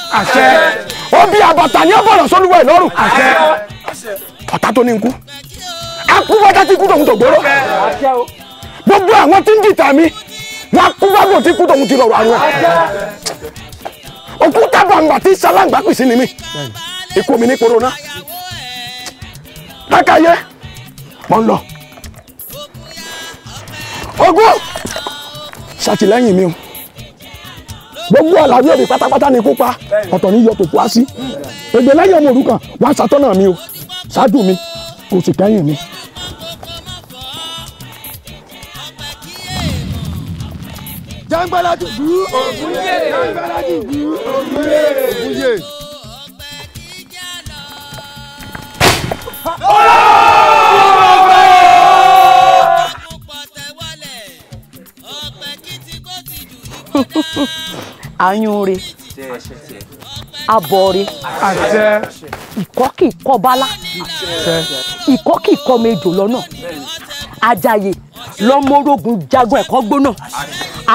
obi àbàtà ni ó bọ̀rọ̀ sólúwẹ̀ lọ́rùn ọ̀tá tó ní ikú akú wọ́n dá tí ikú tòun tó gbóró gbogbo àwọn tí ń dìtà mi wọn kú bábò tí kú tòun ti rọrùn àrùn òkúta bàǹbà tí ṣaláǹgbá pèsè ni mi ikú mi ní korona lákàyé mọ̀ ń lọ ogún ṣàtìlẹ́yìn mi o gbogbo àlàyé òbí pátápátá ni kópa ọ̀tọ̀ ní yọ tòkú á sí èdè lẹ́yìn ọmọ òrukàn wàá ṣàtọ́nà mi o ṣáájú mi kò sì kẹ́yìn mi. lágbára ti bú ògúnyè lágbára ti bú ògúnyè ògúnyè. ayúnre abọre ìkọ́kìkọ́ bálá ìkọ́kìkọ́ mejò lọ́nà ajayi lọ́mọ́rógun jagun ẹ̀kọ́ gbóná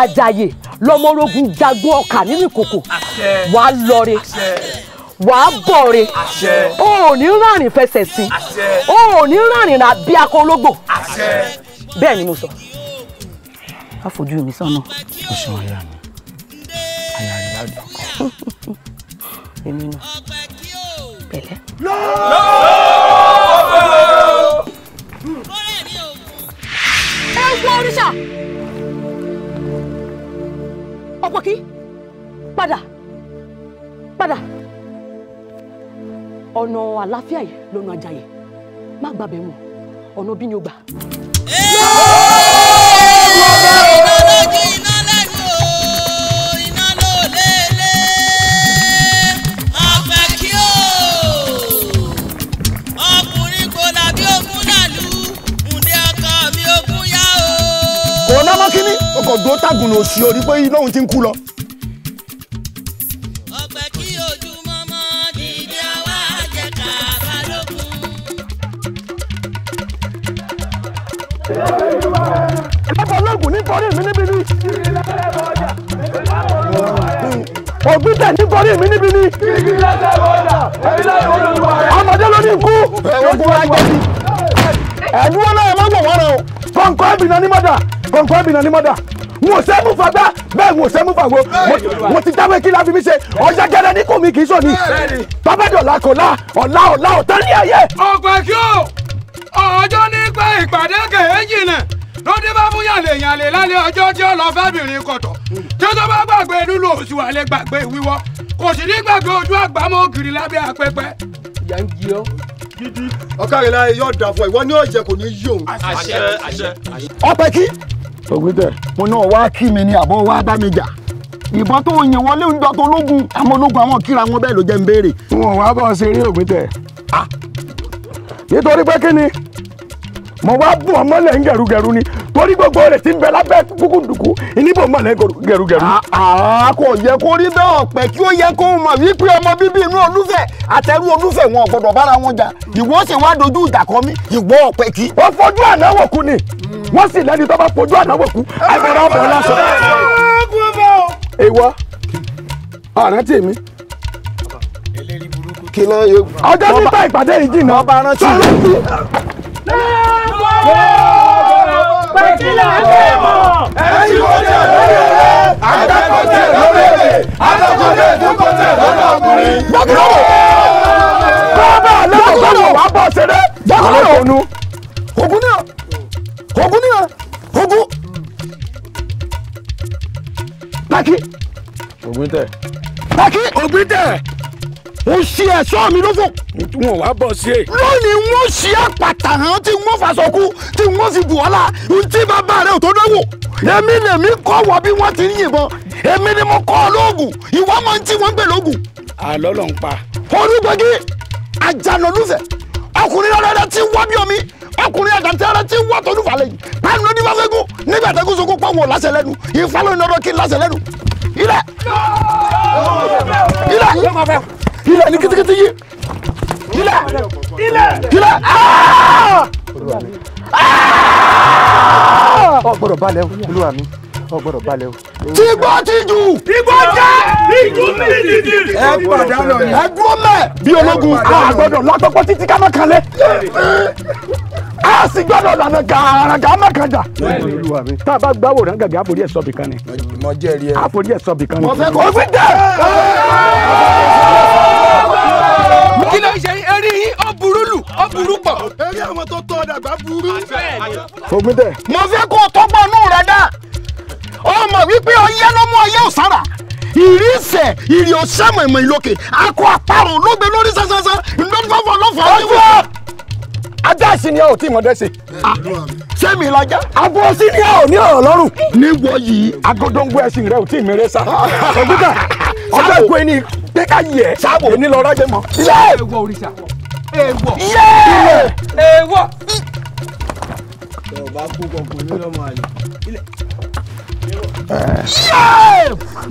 àjàyè lọmọ orogun jagun ọkà nínú ìkòkò wà á lọre wà á bọ̀re o rárìn fẹsẹ̀ sí o rárìn rà bí akọ ológbò bẹ́ẹ̀ ni mo sọ. a fojú mi sọ́nà. o ṣe wọn yá mi àyà rẹ bá dùn kọ. èmi náà pẹ̀lẹ́. lọ́ọ́ ẹ wọ oríṣà. Pọ́kí padà padà ọ̀nà àlàáfíà yìí lọ́nà àjàyè má gbàbẹ̀ mọ́ ọ̀nà bí ni ó gbà. ọ̀dọ́ tàgùn lò sí orí pé iná òun ti ń kú lọ. ọ̀pẹ̀ kí ojú mọ́mọ́ dìde àwa jẹ́ ká balógun. ìlẹ́kọ̀ọ́ lóògùn nítorí mi níbi ni. ògbítẹ̀ nítorí mi níbi ni. ọmọdé ló ní ikú. ogun ajé náà ẹ̀ má gbọ̀n wọ́n rẹ̀ o. kọ̀ǹkọ̀ ẹ̀bìnà ní mọ́dà kọ̀ǹkọ̀ ẹ̀bìnà ní mọ́dà wò sẹ́ mú fagbá bẹ́ẹ̀ wò sẹ́ mú fàwo mo ti dáwé kí la fi mi ṣe ọ̀yà gẹ́rẹ́ ní kò mí kì í sọ ni bábẹ́dọ̀lá kò lá ọ̀la ọ̀la ọ̀tá ní ayé. ọ̀pẹ kí o ọjọ́ ní pé ìpàdé kèéjì náà lóde bá mú yànlè yànlè lálẹ́ ọjọ́ tí ó lọ fẹ́bìnrin kọ̀tọ̀ tí tó bá gbàgbé lúlò oṣù àlẹ́ gbàgbé wíwọ́ kò sì ní gbàgbé ojú àgbámọ́ gírí lábẹ́ apẹ́pẹ́. ìyá ń jí ọ gidi. ọkàrẹ̀lá yóò dà fún ẹ ìwọ ni yóò jẹ kò ní yí òun. àṣẹ àṣẹ. ọpẹ kí ògùntẹ̀ mo náà wá kí mi ni àbọ̀ wá bá mi jà ìbọn tó yìn wọlé ń dọ́tọ̀ ológun àwọn ológun àwọn kíra wọn bẹ́ẹ̀ ló jẹ́ ń béèrè. wọn wá bọ́ ṣeré ògùntẹ̀ ah! nítorí pé kí ni mo wá bù ọmọlẹ̀ ń gẹ̀rúgẹ̀rú ni torí gbogbo rẹ̀ ti ń bẹ lábẹ́ dúkúdùkú ìníbò mọ̀lẹ́ gẹrugẹru. àá ah, ah, kò yẹ kó rí bẹ́ẹ̀ ọ̀pẹ kí ó yẹ kó mọ̀ wípé ọmọ bíbí inú olúfẹ̀ àtẹrú olúfẹ̀ wọn gbọdọ̀ bára wọn jà ìwọ sì wá dojú ìjà kọ mí ìwọ ọ̀pẹ kí. wọ́n fojú ànáwó kú ni wọ́n sì lẹ́ni tó bá fojú ànáwó kú àgbẹ̀rẹ̀ ọ̀bọ̀ lásán. ìwọ ah, àrántí mi kìnnà yóò. ọjọ́ nípa ìpàdé yìí jìnnà. ọba rántí pé kí lè dé mọ̀. ẹtí kò tẹ̀ lórí ẹ̀rẹ́ akẹ́kọ̀ọ́ tẹ̀ lórí ẹ̀rẹ́ akẹ́kọ̀ọ́ tẹ̀ dúkọ̀ tẹ̀ lórí ọkùnrin. gbàgbọ́dọ̀ bàbá lẹ́kọ̀ọ́ wà bọ̀ ṣeré jẹ́kọ̀ọ́ kogun náà kogun náà kogun. paki. ògùn tẹ. paki ògùn tẹ ń ṣe ẹ̀ṣọ́ mi lófò. wọn wá bọ̀ sí è. lónìí wọn ṣe àpàtà hàn tí wọn fàṣọkú tí wọn sì bù ọ́lá tí bàbá rẹ ò tó dánwò. èmi lèmi kọ́ wọ bí wọ́n ti ń yìnbọn èmi ni mo kọ́ ọ lóògùn ìwọ máa ń tí wọ́n ń gbè lóògùn. àlọ́ ló ń pa. olùgbègì àjànà olùfẹ́ ọkùnrin rárá tí wọ́n bí omi ọkùnrin àdàntẹ́rẹ́ tí wọ́n tọ́jú falẹ̀ yìí báyìí ló ní bá fẹ́gùn nígbà tẹ́gùn sókó pọ́nwó lásẹ̀ lẹ́nu ìfalóyìn ọdọ́ kí lásẹ̀ lẹ́nu ilẹ̀ ilẹ̀ ilẹ̀ ní kitikiti yìí ilẹ̀ Gila, gila, ọgbọ́dọ̀ balẹ̀ o olúwa mi ọgbọ́dọ̀ balẹ̀ o. tí gbọ́ ti jù. igbó jẹ́ ìlú mìlìdì. ẹ pàdánù ni. ẹ dúró mẹ́ bí ológun a gbọ́dọ̀ lápapọ̀ títí ká má kalẹ̀ a sì gbọ́dọ̀ lànà gàràgà má kàn jà. tá a bá gbáwò rán gàgà àforí ẹ̀ sọ́bì kan ni. mo jẹ́rìí ẹ. àforí ẹ̀ sọ́bì kan ni. mo fẹ́ kó o fi burú pọ̀. eré àwọn tó tọ́ dàgbà burú. fogun tẹ. mo fẹ́ kó o tọ́gbọ́n inú rẹ dá ọmọ wípé ọyẹ́ ló mú ọyẹ́ òsára ìrísẹ̀ ìrì ọ̀sẹ̀mọ̀ ìmọ̀ ìlókè akọ àparò olóògbé lórí sásásá ńlọ́fọ̀fọ̀ lọ́fọ̀ ọ̀dẹ́wọ̀. ajá sí ni a ò tí mọ̀ dẹ́sẹ̀. sẹ́mi lajá. abo sí ni a ò ní ọ̀rọ̀ lọ́rùn. níwọ̀ yìí agodongo ẹ̀sìn rẹ ò tí ì mèrè sa. kọ̀m̀pútà ọ̀bẹ̀ kò ní pé ká yẹ. sáàbò ní lọ rájẹ mọ. ṣé ìwọ òrìṣà èèwọ̀ èèwọ̀. ọba kú kọkùn ní lọ́mọ àlè.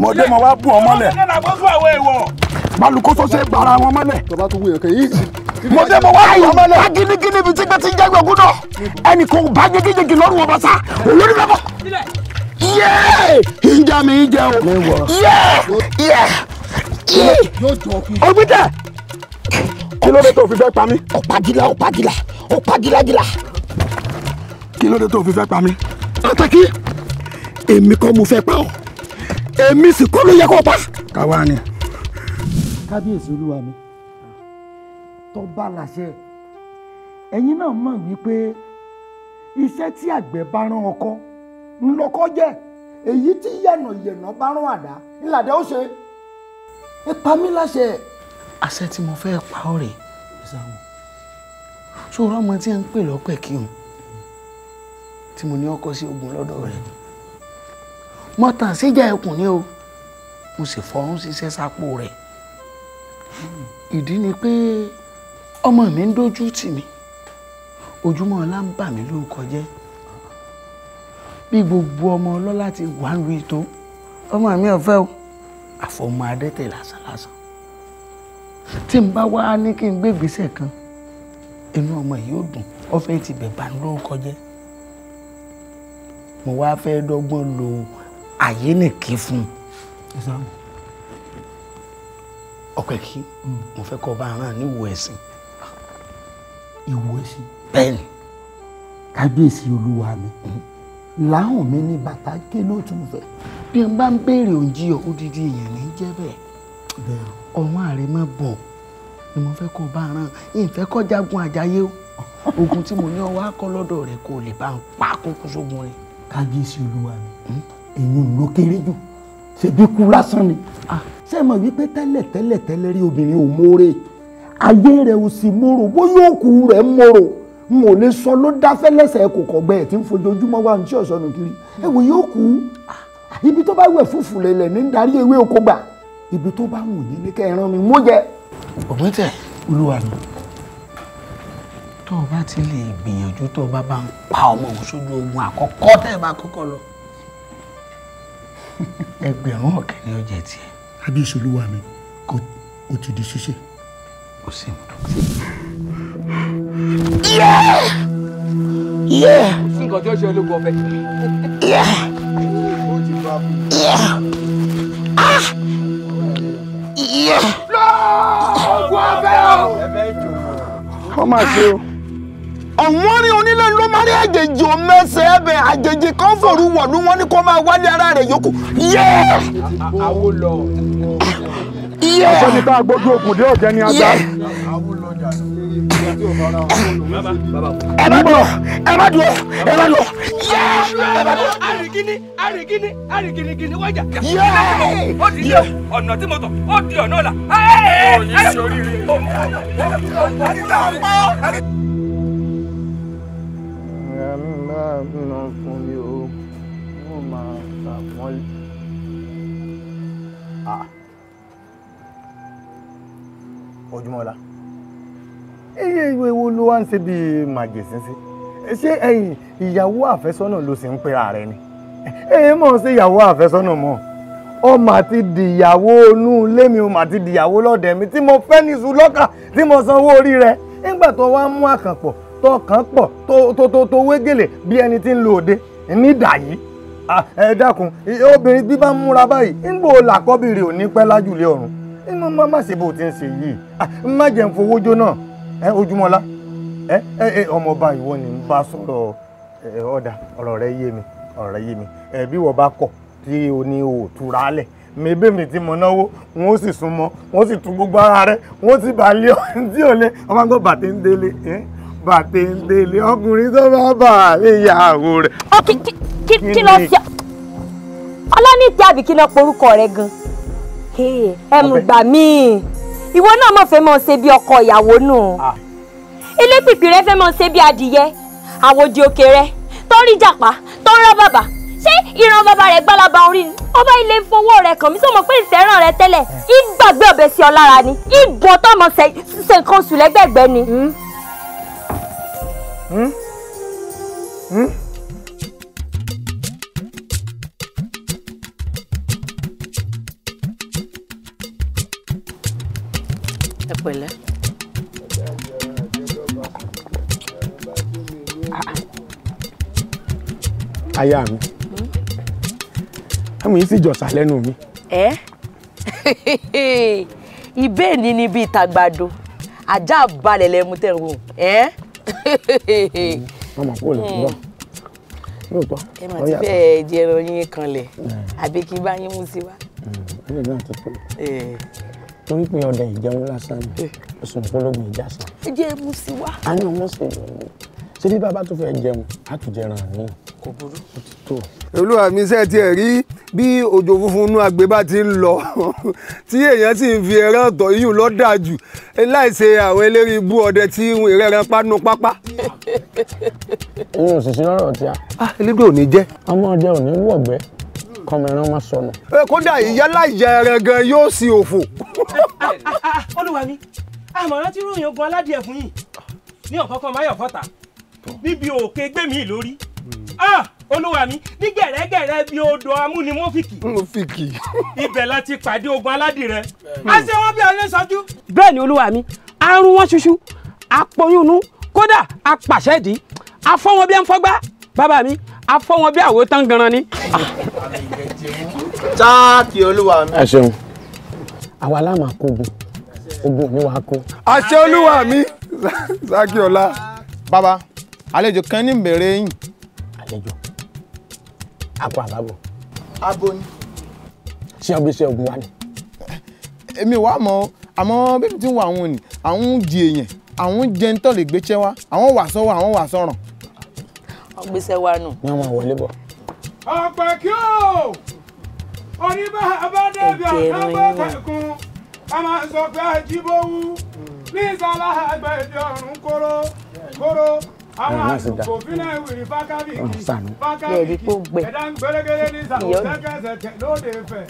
mo dé mo wá bù ọ mọ́lẹ̀. balùkóso ṣe gbàrà wọn mọ́lẹ̀. tọ́ba tó wúyàn kẹ́yìn mo dé mo wá bù ọ mọ́lẹ̀. agínigíní bíi tígbẹ́ ti jẹ́ gbẹ̀gùn náà ẹnì kan bá jégéjégé lọ́rùn ọba sá olórí lọ́bọ̀ yéé ìjà mi jẹ o yéé yéé yéé ògbítẹ kí ló dé tó fi fẹ́ pa mí. ọ̀pá-gíla ọ̀pá-gíla ọ̀pá-gíla-gíla. kí ló dé tó fi fẹ́ pa mí. Àtàkì èmi kọ́ mo fẹ́ pa ọ́ èmi sì kọ́ ló yẹ kó pa. káwa ni. kábíyèsí olúwa mi tọ́ba làṣẹ ẹ̀yin náà mọ̀ wípé iṣẹ́ tí àgbẹ̀ bá rán ọkọ́ ńlọkọ́ jẹ́ èyí tí yànnà yẹ̀nà bá rán àdá ńlàdá ó ṣe é pa mí láṣẹ àṣẹ tí mo fẹ́ pa ọ́ rèé ṣòro ọmọ tí ń pè lọ́pẹ̀ kí n tí mo ní ọkọ sí ogun lọ́dọ̀ rẹ̀ mọ́tàn síjà ẹkùn ni o mo sì fọrún ṣiṣẹ́ sápò rẹ̀ ìdí ni pé ọmọ mi ń dójú tì mí ojúmọ́ ọlá ń bà mí lórúkọ jẹ́ bí gbogbo ọmọ ọlọ́lá ti wà ń lu ìtò ọmọ mi ọ̀fẹ́ o àfọmọ adẹ́tẹ̀ lásán lásán tí n bá wá ní kí n gbé ìgbésẹ̀ kan inú ọmọ yìí ó dùn ó fẹ́ ti bẹ̀ bá lórúkọ jẹ́ mo wá fẹ́ dọ́gbọ́n lo àyè nìkí fún un ọpẹ kí mm. mo fẹ́ kọ́ bá aran ní ìwò ẹ̀sìn. ìwò ẹ̀sìn. bẹ́ẹ̀ni. kábíyèsí olúwa mi mm-hmm. láhùn mi ní bàtà ké ló tún bí n bá ń béèrè òǹjiyàn odidi èèyàn ní jẹ́ bẹ́ẹ̀. bẹ́ẹ̀ o ọ̀run àrèmọ bọ̀ ni mo fẹ́ kó bá ràn ìfẹ́ kó jagun àjàyè o ogun tí mo ní ọwọ́ akọ́ lọ́dọ̀ rẹ̀ kó lè bá ń pa kókó sógun rẹ̀. kábíyèsí olúwa mi èyí hmm? ló kéré jù ṣèbí kú lásán ni ah. ṣé mọ̀ wípé tẹ́lẹ̀ tẹ́lẹ̀ tẹ́lẹ̀ rí obìnrin ò mórè ayé rẹ̀ ò sì mórò bóyá òkú rẹ̀ mórò n ò lè sọ ló dáfẹ́ lẹ́sẹ̀ kò kọ̀gbẹ́ ẹ̀ tí ń fojoojúmọ́ wà ní tí ọ̀sán nù kiri ẹ wò yóò kú ah. ibi tó bá wẹ̀ fúfú lẹ̀lẹ̀ ní darí ewé oko gbà ibi tó bá wù yín ní kẹ́ ẹ rán mi mú jẹ. òun tẹ olúwa mi tó o bá ti lè gbìyànjú tó o bá bá ń pa ọmọ òun sójú ogun àkọ́kọ́ tẹ́ ẹ bá kọ́kọ́ lọ ẹgbẹ̀rún ọ̀kẹ́ ni ó jẹ tiẹ̀. abíyèsí olúwa mi kò ó ti di ṣíṣe. kò sí mi dùn. nǹkan tí ó ṣe ológun ọbẹ̀. ó ti lọ́ọ̀gùn ọbẹ̀ o. wọ́n máa ṣe o. ọ̀wọ́n rí onílé ló máa rí àjèjì òmẹ́sẹ̀ ẹ̀bẹ̀ àjèjì kan fòru wọ̀lú wọn ni kó máa wálé ara rẹ̀ yòókù. yẹ́ẹ̀ aṣọ ní ká gbójú okùn dé ọ̀jẹ̀ ní ajá. ẹ má dúró ẹ má dúró ẹ má dúró yẹ ẹ má dúró. arigini arigini arigini gini wájà. yẹ ó di ilé ọ̀nà tí mo tọ̀ ó di ọ̀nà ọ̀la. ọ̀yìn sí oríire. Nínú fún mi o, mo máa ṣàpọ́nlé. Mojúmọ́lá iye ìwé wo ló wá ń ṣe bíi màjèṣin sí ṣé ẹ̀yin ìyàwó àfẹ́sọ́nà ló sì ń pera rẹ ni ẹ̀yin mọ̀ sí ìyàwó àfẹ́sọ́nà mọ̀ ọmọ àti dìyàwó inú ilé mi ọmọ àti dìyàwó lọ́dẹ̀ mi tí mo fẹ́ ní iṣu lọ́kà tí mo sanwó orí rẹ nígbà tó wá mú àkànpọ̀ tó kàn pọ̀ tó tó tó wégele bí ẹni tí ń lo òde ní ìdàyí ẹ dákun obìnrin bí bá ń múra báyìí ńgbò làkọ́bìrì ò ní pẹ́ lájùlé ọ̀run má má má ṣe bó ti ń ṣe yìí má jẹ́ ń fowó jóná ẹ Eh, eh, ẹ ọmọọba ìwọ ni ń bá sọ̀rọ̀ ẹ ọ̀dà ọ̀rọ̀ rẹ yé mi ọ̀rọ̀ rẹ yé mi ẹ bí wọ́n bá kọ̀ tí o ní o túra lẹ̀ mèbè mi ti mọ̀ náwó wọn ó sì sún mọ́ wọn ó sì tún gbogbo ara rẹ wọn ó sì bá lé ọ̀hún tí ò lé ọmọ àgbọ̀ bàtẹ́ ń délé bàtẹ́ ń délé ọkùnrin tó bá bà á lè yàwó rẹ̀. kí ló ń fi ọlọ́ni tí àbí kí ló rẹ gan-an ẹmu gbà mí ìwọ náà mọ̀ fẹ́ mọ̀ ṣe bí ọkọ ìyàwó nù ah. ilé pìpì rẹ fẹ́ mọ̀ ṣe bí adìyẹ àwòdì òkè rẹ tó rí jàpá tó ń rán bàbà ṣé ìran bàbá rẹ gbálaba orí ni ọba ilé fowó rẹ kàn mí sọmọ pé ìfẹ́ràn rẹ tẹ́lẹ̀ eh. ìgbàgbé ọbẹ̀ sí ọ lára ni ìbọn tọmọ ṣe nǹkan oṣù lẹ́gbẹ̀gbẹ́ ni. Hmm? Hmm? Hmm? pẹ̀lẹ́. aya mi ẹmu yìí sì jọ̀sà lẹ́nu mi. ẹ ibẹ̀ ni ni bíi tàgbàdo ajá balẹ̀ lẹ́mu tẹ̀ wò ẹ́. mama kúrò lè fi bọ́ lóòótọ́. ẹ mà ti fẹ́ jẹran yín kanlẹ̀ hmm. àbí kí bá yín mú sí wa. ẹ ẹ náà ti pẹ́ torí pé ọdẹ ìjẹun lásán ni oṣù eh. ìpolówó ìjàsá. ẹ jẹ́ ẹmu sí wa. a ní ọmọ sí ìjẹun ṣé bí bàbá tó fẹ́ jẹun á tún jẹran mi. kò burú. ó ti tó. olúwa mi ṣe tiẹ̀ rí bí òjò funfun inú agbe bá ti ń lọ tí èèyàn sì ń fi ẹran ọ̀tọ̀ yìí lọ dáa jù àwọn eléré ibú ọdẹ tí ìwé rẹ̀ rẹ̀ pánú pápá. ìyẹn òṣìṣẹ́ lọ́rọ̀ tí a. ah elédè ò ní jẹ́. ọmọ ọdẹ ò ní wọ̀gbẹ́ kọ́mọ ẹran má sọnù. ẹ kódà ìyálà ìyá rẹ gan yóò sì òfò. olúwa mi àmọ̀ràn tí ròyìn ogun aládìẹ fún yìí ní ọ̀kọ́kọ́ máyọ̀ fọ́ta níbi òkè gbẹ̀mí lórí hmm. ah, olúwa mi ní gẹ̀rẹ́gẹ̀rẹ́ bíi odò amúnimófìkì. mófìkì. ibẹ̀ la ti pàdé ogun aládìrẹ. Hmm. a ṣe wọn bí alẹ́ sọ́jú. bẹ́ẹ̀ ni olúwa mi arún wọn ṣuṣu apoyúnú kódà apàṣẹ́dì afọwọ́n bí ẹ ń fọgbá bàbá mi afọ wọn bí àwo tán ganan ni. táàkì olúwa mi. ẹ ṣeun. àwa láàmà kó ogun ogun mi wàá kó. àṣẹ olúwa mi Ṣakíọlá. bàbá àlejò kan ní mbèrè yín. àlejò àpò àbábọ. abo ni. ṣé ọbẹ̀ ṣe ogun wa ni. èmi wàá mọ àmọ́ bíbí tí ń wọ àwọn òní àwọn ń di èèyàn àwọn jẹun tó lè gbéṣẹ́ wa àwọn wàásọ wa àwọn wàásọ ràn gbèsè wa nù. ní àwọn àwọlé bọ̀. ọ̀pẹ̀ kí o oníbà abádẹ́bí àtàgbọ́kẹ̀kùn a máa sọ pé àjíbówú ní ìsàlá àgbẹ̀dẹ ọ̀run kóró kóró àwọn àsìkò fílẹ̀ ìwìrì fákàbíkì fákàbíkì ẹ̀dá gbẹ̀rẹ̀gẹ̀rẹ̀ ní ìsàlọ̀ sẹ́kẹ̀sẹ̀kẹ̀ lóde fẹ̀.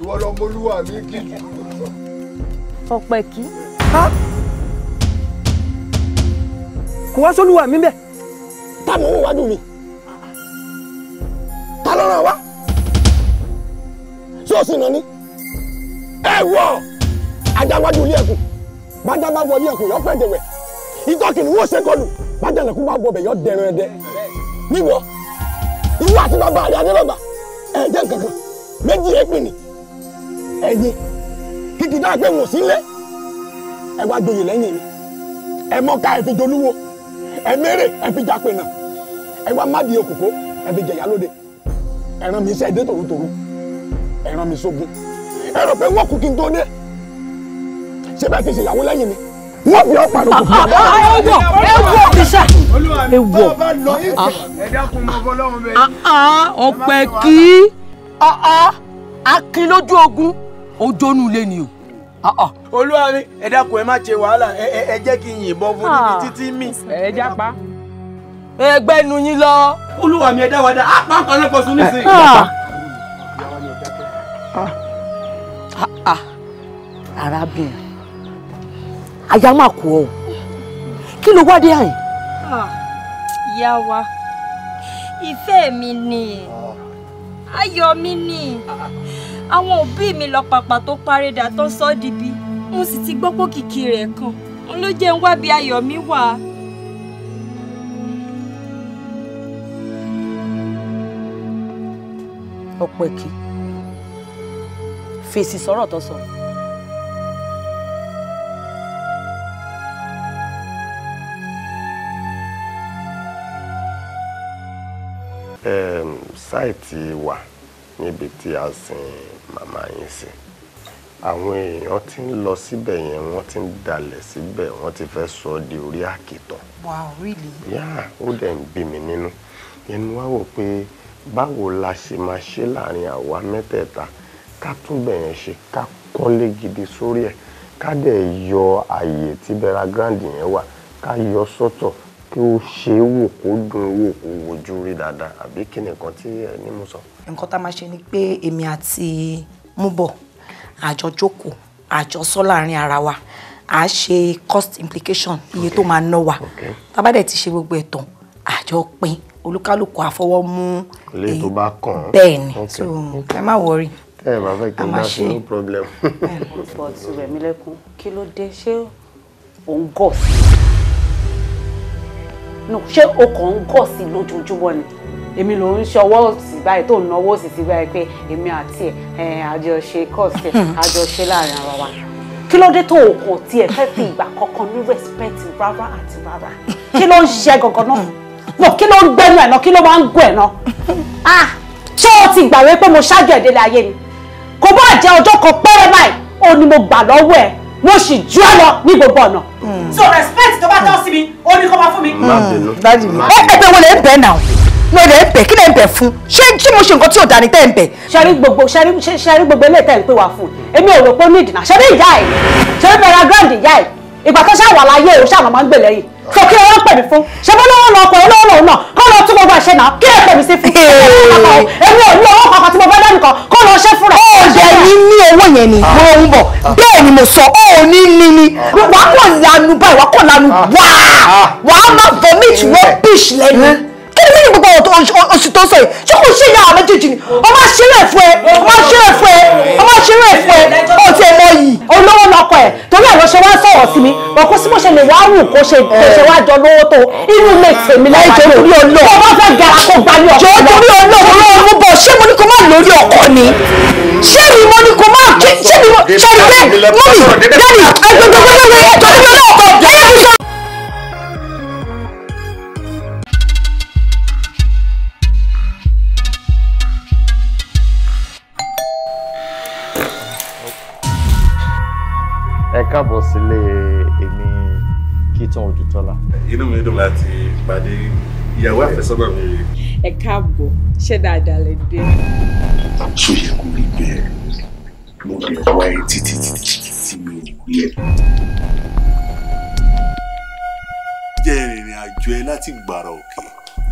ìwọ lọmọ olúwa mi kì ọ̀pẹ̀ kí. kò wá sólúwa mi bẹ́ẹ̀ ta ni òun wájú mi ta ló ràn wá tí ó sì nà ní ẹ wọ ajáwájú ilé ẹkùn bájá bá wọlé ẹkùn yọ pẹ́ dẹ̀wẹ̀ ìtọ́kìnì wọ́n ṣe kọlù bájá lẹ́kùn bá wọbẹ̀ yọ dẹ̀rẹ̀ ẹ̀dẹ̀ níwọ̀ ìwọ àti bàbá rẹ̀ adélọ́ba ẹ̀jẹ̀ kankan méjì èpè ni ẹ̀yin kìkì dáa pé wọ́n sí lé ẹ wá gbòyè lẹ́yìn mi ẹ mọ́ká ẹ fi dolúwo ẹ mẹ́rẹ̀ ẹ fi jápẹ̀ náà ẹ wá má di òkòkò ẹ fi jẹ̀yà lóde ẹ̀ràn mi sẹ́ẹ̀dé tòrótòró ẹ̀ràn mi sógun ẹ rò pé wọ́n kú kí n tó dé ṣé bẹ́ẹ̀ ti ṣèyàwó lẹ́yìn mi wọ́n fi ọ̀pá lóko fún mi. ewọ ewọ ọfisa ewọ ọpẹ kí akin ah, ah, lójú ogun ojónú lé ni o. Ah, olúwa mi ẹ dákun ẹ má ṣe wàhálà ẹ jẹ́ kí n yìnbọn fún níbi títí mi. ẹ jápa ẹgbẹ́ nu yín lọ. olúwa mi ẹ dá wa dá apá nǹkan náà pọ̀sùn nísìnyí. Ah. Ah. Ah, arábìnrin àyà máa kú ọ kí ló wá dé àyìn. ìyá wa ìfẹ́ mi ni ayọ̀ mi ni àwọn òbí mi lọ pàpà tó parédà tó sọ ọ́ dìbí mo sì ti gbọ́ pé rẹ̀ kan ló jẹ́ ń wá bí ayọ̀ mi wà á. ọ̀pẹ̀kì fèsì sọ̀rọ̀ tó sọ. sáìtì wà níbi tí a sin màmá yín sí àwọn èèyàn ti ń lọ síbẹ̀ yẹn wọ́n ti ń dalẹ̀ síbẹ̀ wọ́n ti fẹ́ sọ ọ́ di orí àkìtàn. wow really. yá ó dẹ̀ ń bí mi nínú inú wa wò pé báwo la ṣe máa ṣe láàrin àwa mẹ́tẹ̀ẹ̀ta ká túbẹ̀ yẹn ṣe ká kọ́lé gidi sórí ẹ̀ ká dẹ̀ yọ àyè tí Bera Grande yẹn wà ká yọ sọ́tọ̀ kí ó ṣe é wò kó dùn wò kó wojú rí dáadáa àbí kí nìkan tí ẹ ní mo sọ. nǹkan tá a máa ṣe ni pé èmi àti Múbọ̀ àjọ jókòó àjọ sọ láàrin ara wa à á ṣe cost implication iye tó máa ná wa tá a bá dẹ̀ ti ṣe gbogbo ẹ̀ tán àjọ pín olúkálùkù àfọwọ́ mú èyí tó bá kàn án bẹ́ẹ̀ ni so ẹ má wọrí. ẹ bá fẹ́ kí n dá sí no problem. but Rẹ̀mílẹ́kún kí ló dé ṣé ò ń gọ̀ sí ṣé o kàn ń gọ̀ sí i lójoojúmọ́ ni èmi ló ń ṣọwọ́ sí báyìí tó ń náwó sí sí báyìí pé èmi àti ẹ̀ àjọṣe kọ́ọ̀sì àjọṣe hmm. láàrin ara wa kí ló dé tó o kàn tiẹ̀ fẹ́ fi ìgbà kankan ní respect rárá àti rárá kí ló ń ṣe gangan náà. Hmm no kí ló ń gbẹ́nu ẹ̀ náà kí ló máa ń gùn ẹ̀ ah ṣé o ti gbàgbé pé mo ṣáájú ẹ̀dẹ́ láyé ni kò bá jẹ́ ọjọ́ kan péré báyìí ó ní mo gbà lọ́wọ́ ẹ̀ mo si jú ẹ lọ ní gbogbo ọ̀nà. Hmm. so respect to bá to sí mi o ni kó máa fún mi. Hmm. Hmm. ẹ ẹ wo le bẹ́ẹ̀ now. mo lè bẹ̀ kí lè bẹ̀ fún ṣé tí mo ṣe nǹkan tí ò dání tẹ́ ń bẹ̀. ṣẹ́rí gbogbo ṣẹ́rí gbogbo ilé tẹ̀ ń pè wá fún èmi ò rò pé na ní ìdìnnà ṣẹ́rí ìyá ẹ̀ ṣẹ́rí bẹ̀rẹ̀ grand ìyá ẹ̀ ìgbà tó ṣàwà láyé o ṣàwọn máa ń gbèlè yìí so kí ọwọ́ pè mí fún ṣe bó lọ́wọ́ lọ́kọ̀ olówó lòun náà kọ́ lọ tún gbogbo ẹ̀ṣẹ̀ náà kí ẹ pè mí sí fún èmi ò ní owó kankan tí mo fẹ́ lẹ́nu kan kọ́ lọ ṣe fúnra. ó yẹ ní ní owó yẹn ni mo ah. ń bọ̀ ah. bẹ́ẹ̀ ni mo sọ ó ní ní ni wàá kàn lanu báyìí wàá kàn lanu wàá ah. wàá má vomit rubbish lẹ́nu kí ni gbogbo ọ̀rọ̀ oṣù tó sọ yìí ṣé kò ṣe ìyá méjèèjì ni ọ máa ṣe ẹ ọ máa ṣe ẹ ọ máa ṣe ẹ ọ ti ẹ̀ mọ olówó lọkọ ẹ̀ torí àwọn wá sọ̀rọ̀ sí mi ọkọ sí mo ṣe lè wá wù kó ṣe kó wá jọ lówó tó inú ilé tèmi lẹ́yìn lórí ọkọ ni ṣé ni mo ní kó má ṣé ni mo ṣé ni káàbọ̀ sílé èmi Kítan Ojútọ́lá. inú mi dùn láti pàdé ìyàwó àfẹ́sọ́nà mi. ẹ káàbọ̀ ṣé dáadáa lè dé. ṣó yẹ kó rí bẹ́ẹ̀ mo lè wá ẹ títí títí tí mi ò rí ẹ. jẹ́ ìrìn àjò ẹ láti gbàrà òkè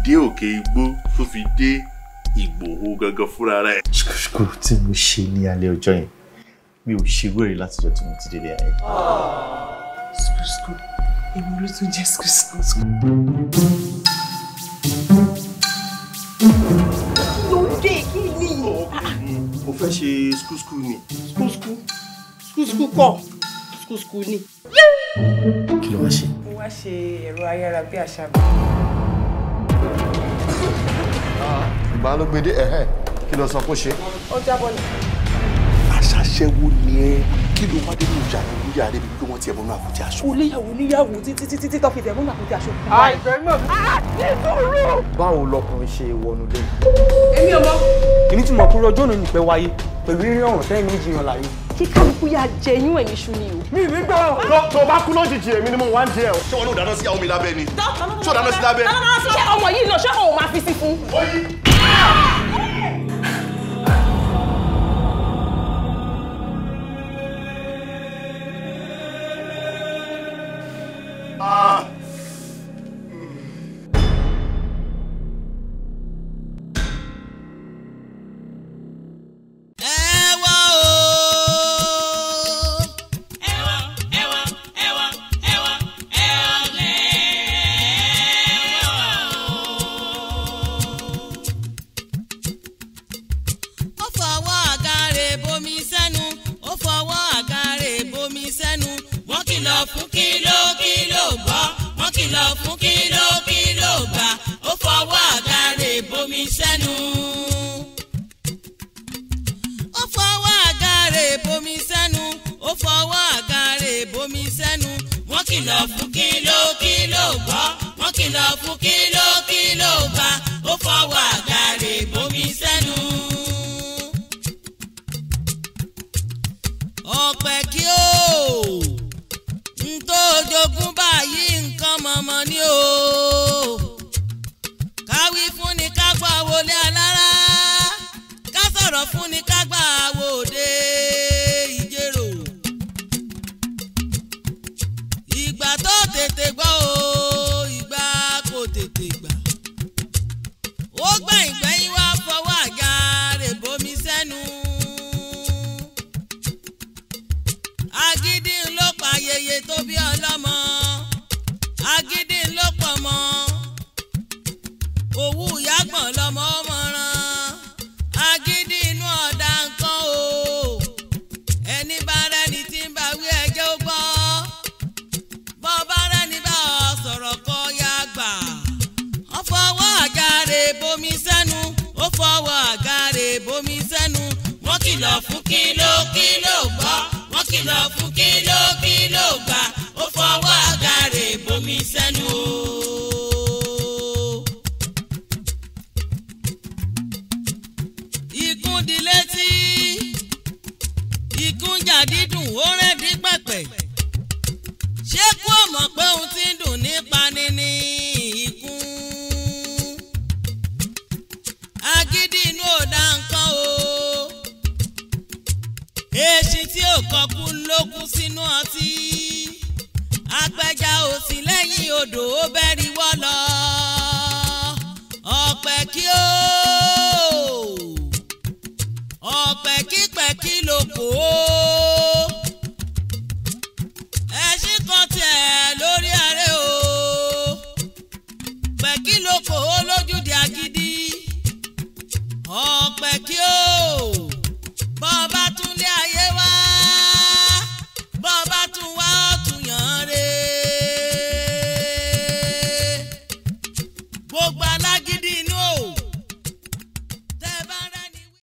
dé òkè igbó tó fi dé Ìgbòho gangan fúnra rẹ̀. ṣùkúṣùkú tí mo ṣe ní alẹ́ ọjọ́ yẹn mi ò ṣe wẹ́rẹ́ látijọ́ tí mo ti délé ayé. school school èmi ló tún jẹ́ school school. kí ló dé kí ni. mo fẹ́ ṣe school school ni. school school school school kọ́ school school ni. kí ló wá ṣe. mo wá ṣe ẹ̀rọ ayárabíàṣá mi. Ah, ìbálòpọ̀ ẹ̀hẹ́ kí ló sọ kó ṣe. ó jábọ̀ ni aṣẹ́wó ni ẹ kí ló wá dénú ìjà ní ìyá rẹ bí wọ́n ti ẹ̀ mọ́nú àkùtì aṣọ. o léyàwó títí títí títí tó fi tẹ̀ mọ́nú àkùtì aṣọ. àìfẹ́ náà ní sùúrù. báwo lọkùnrin ṣe wọnú lé. èmi ò mọ. èmi ti mọ̀ pé ọjọ́ òní nìpẹ́ wáyé pẹ̀lú rírí ọ̀rùn tẹ́yìn méjì yan láyé. kí kálukú yà jẹ yún ẹ̀yìn iṣu ni o. mi ní tó bá kú lójijì èmi ni mo wá ń jẹ o. ṣé wọn ò dáná sí àwọn mi lábẹ́ ni. ṣé dáná sí lábẹ́. ṣé ọmọ yìí náà ṣé òun máa fi sí fún.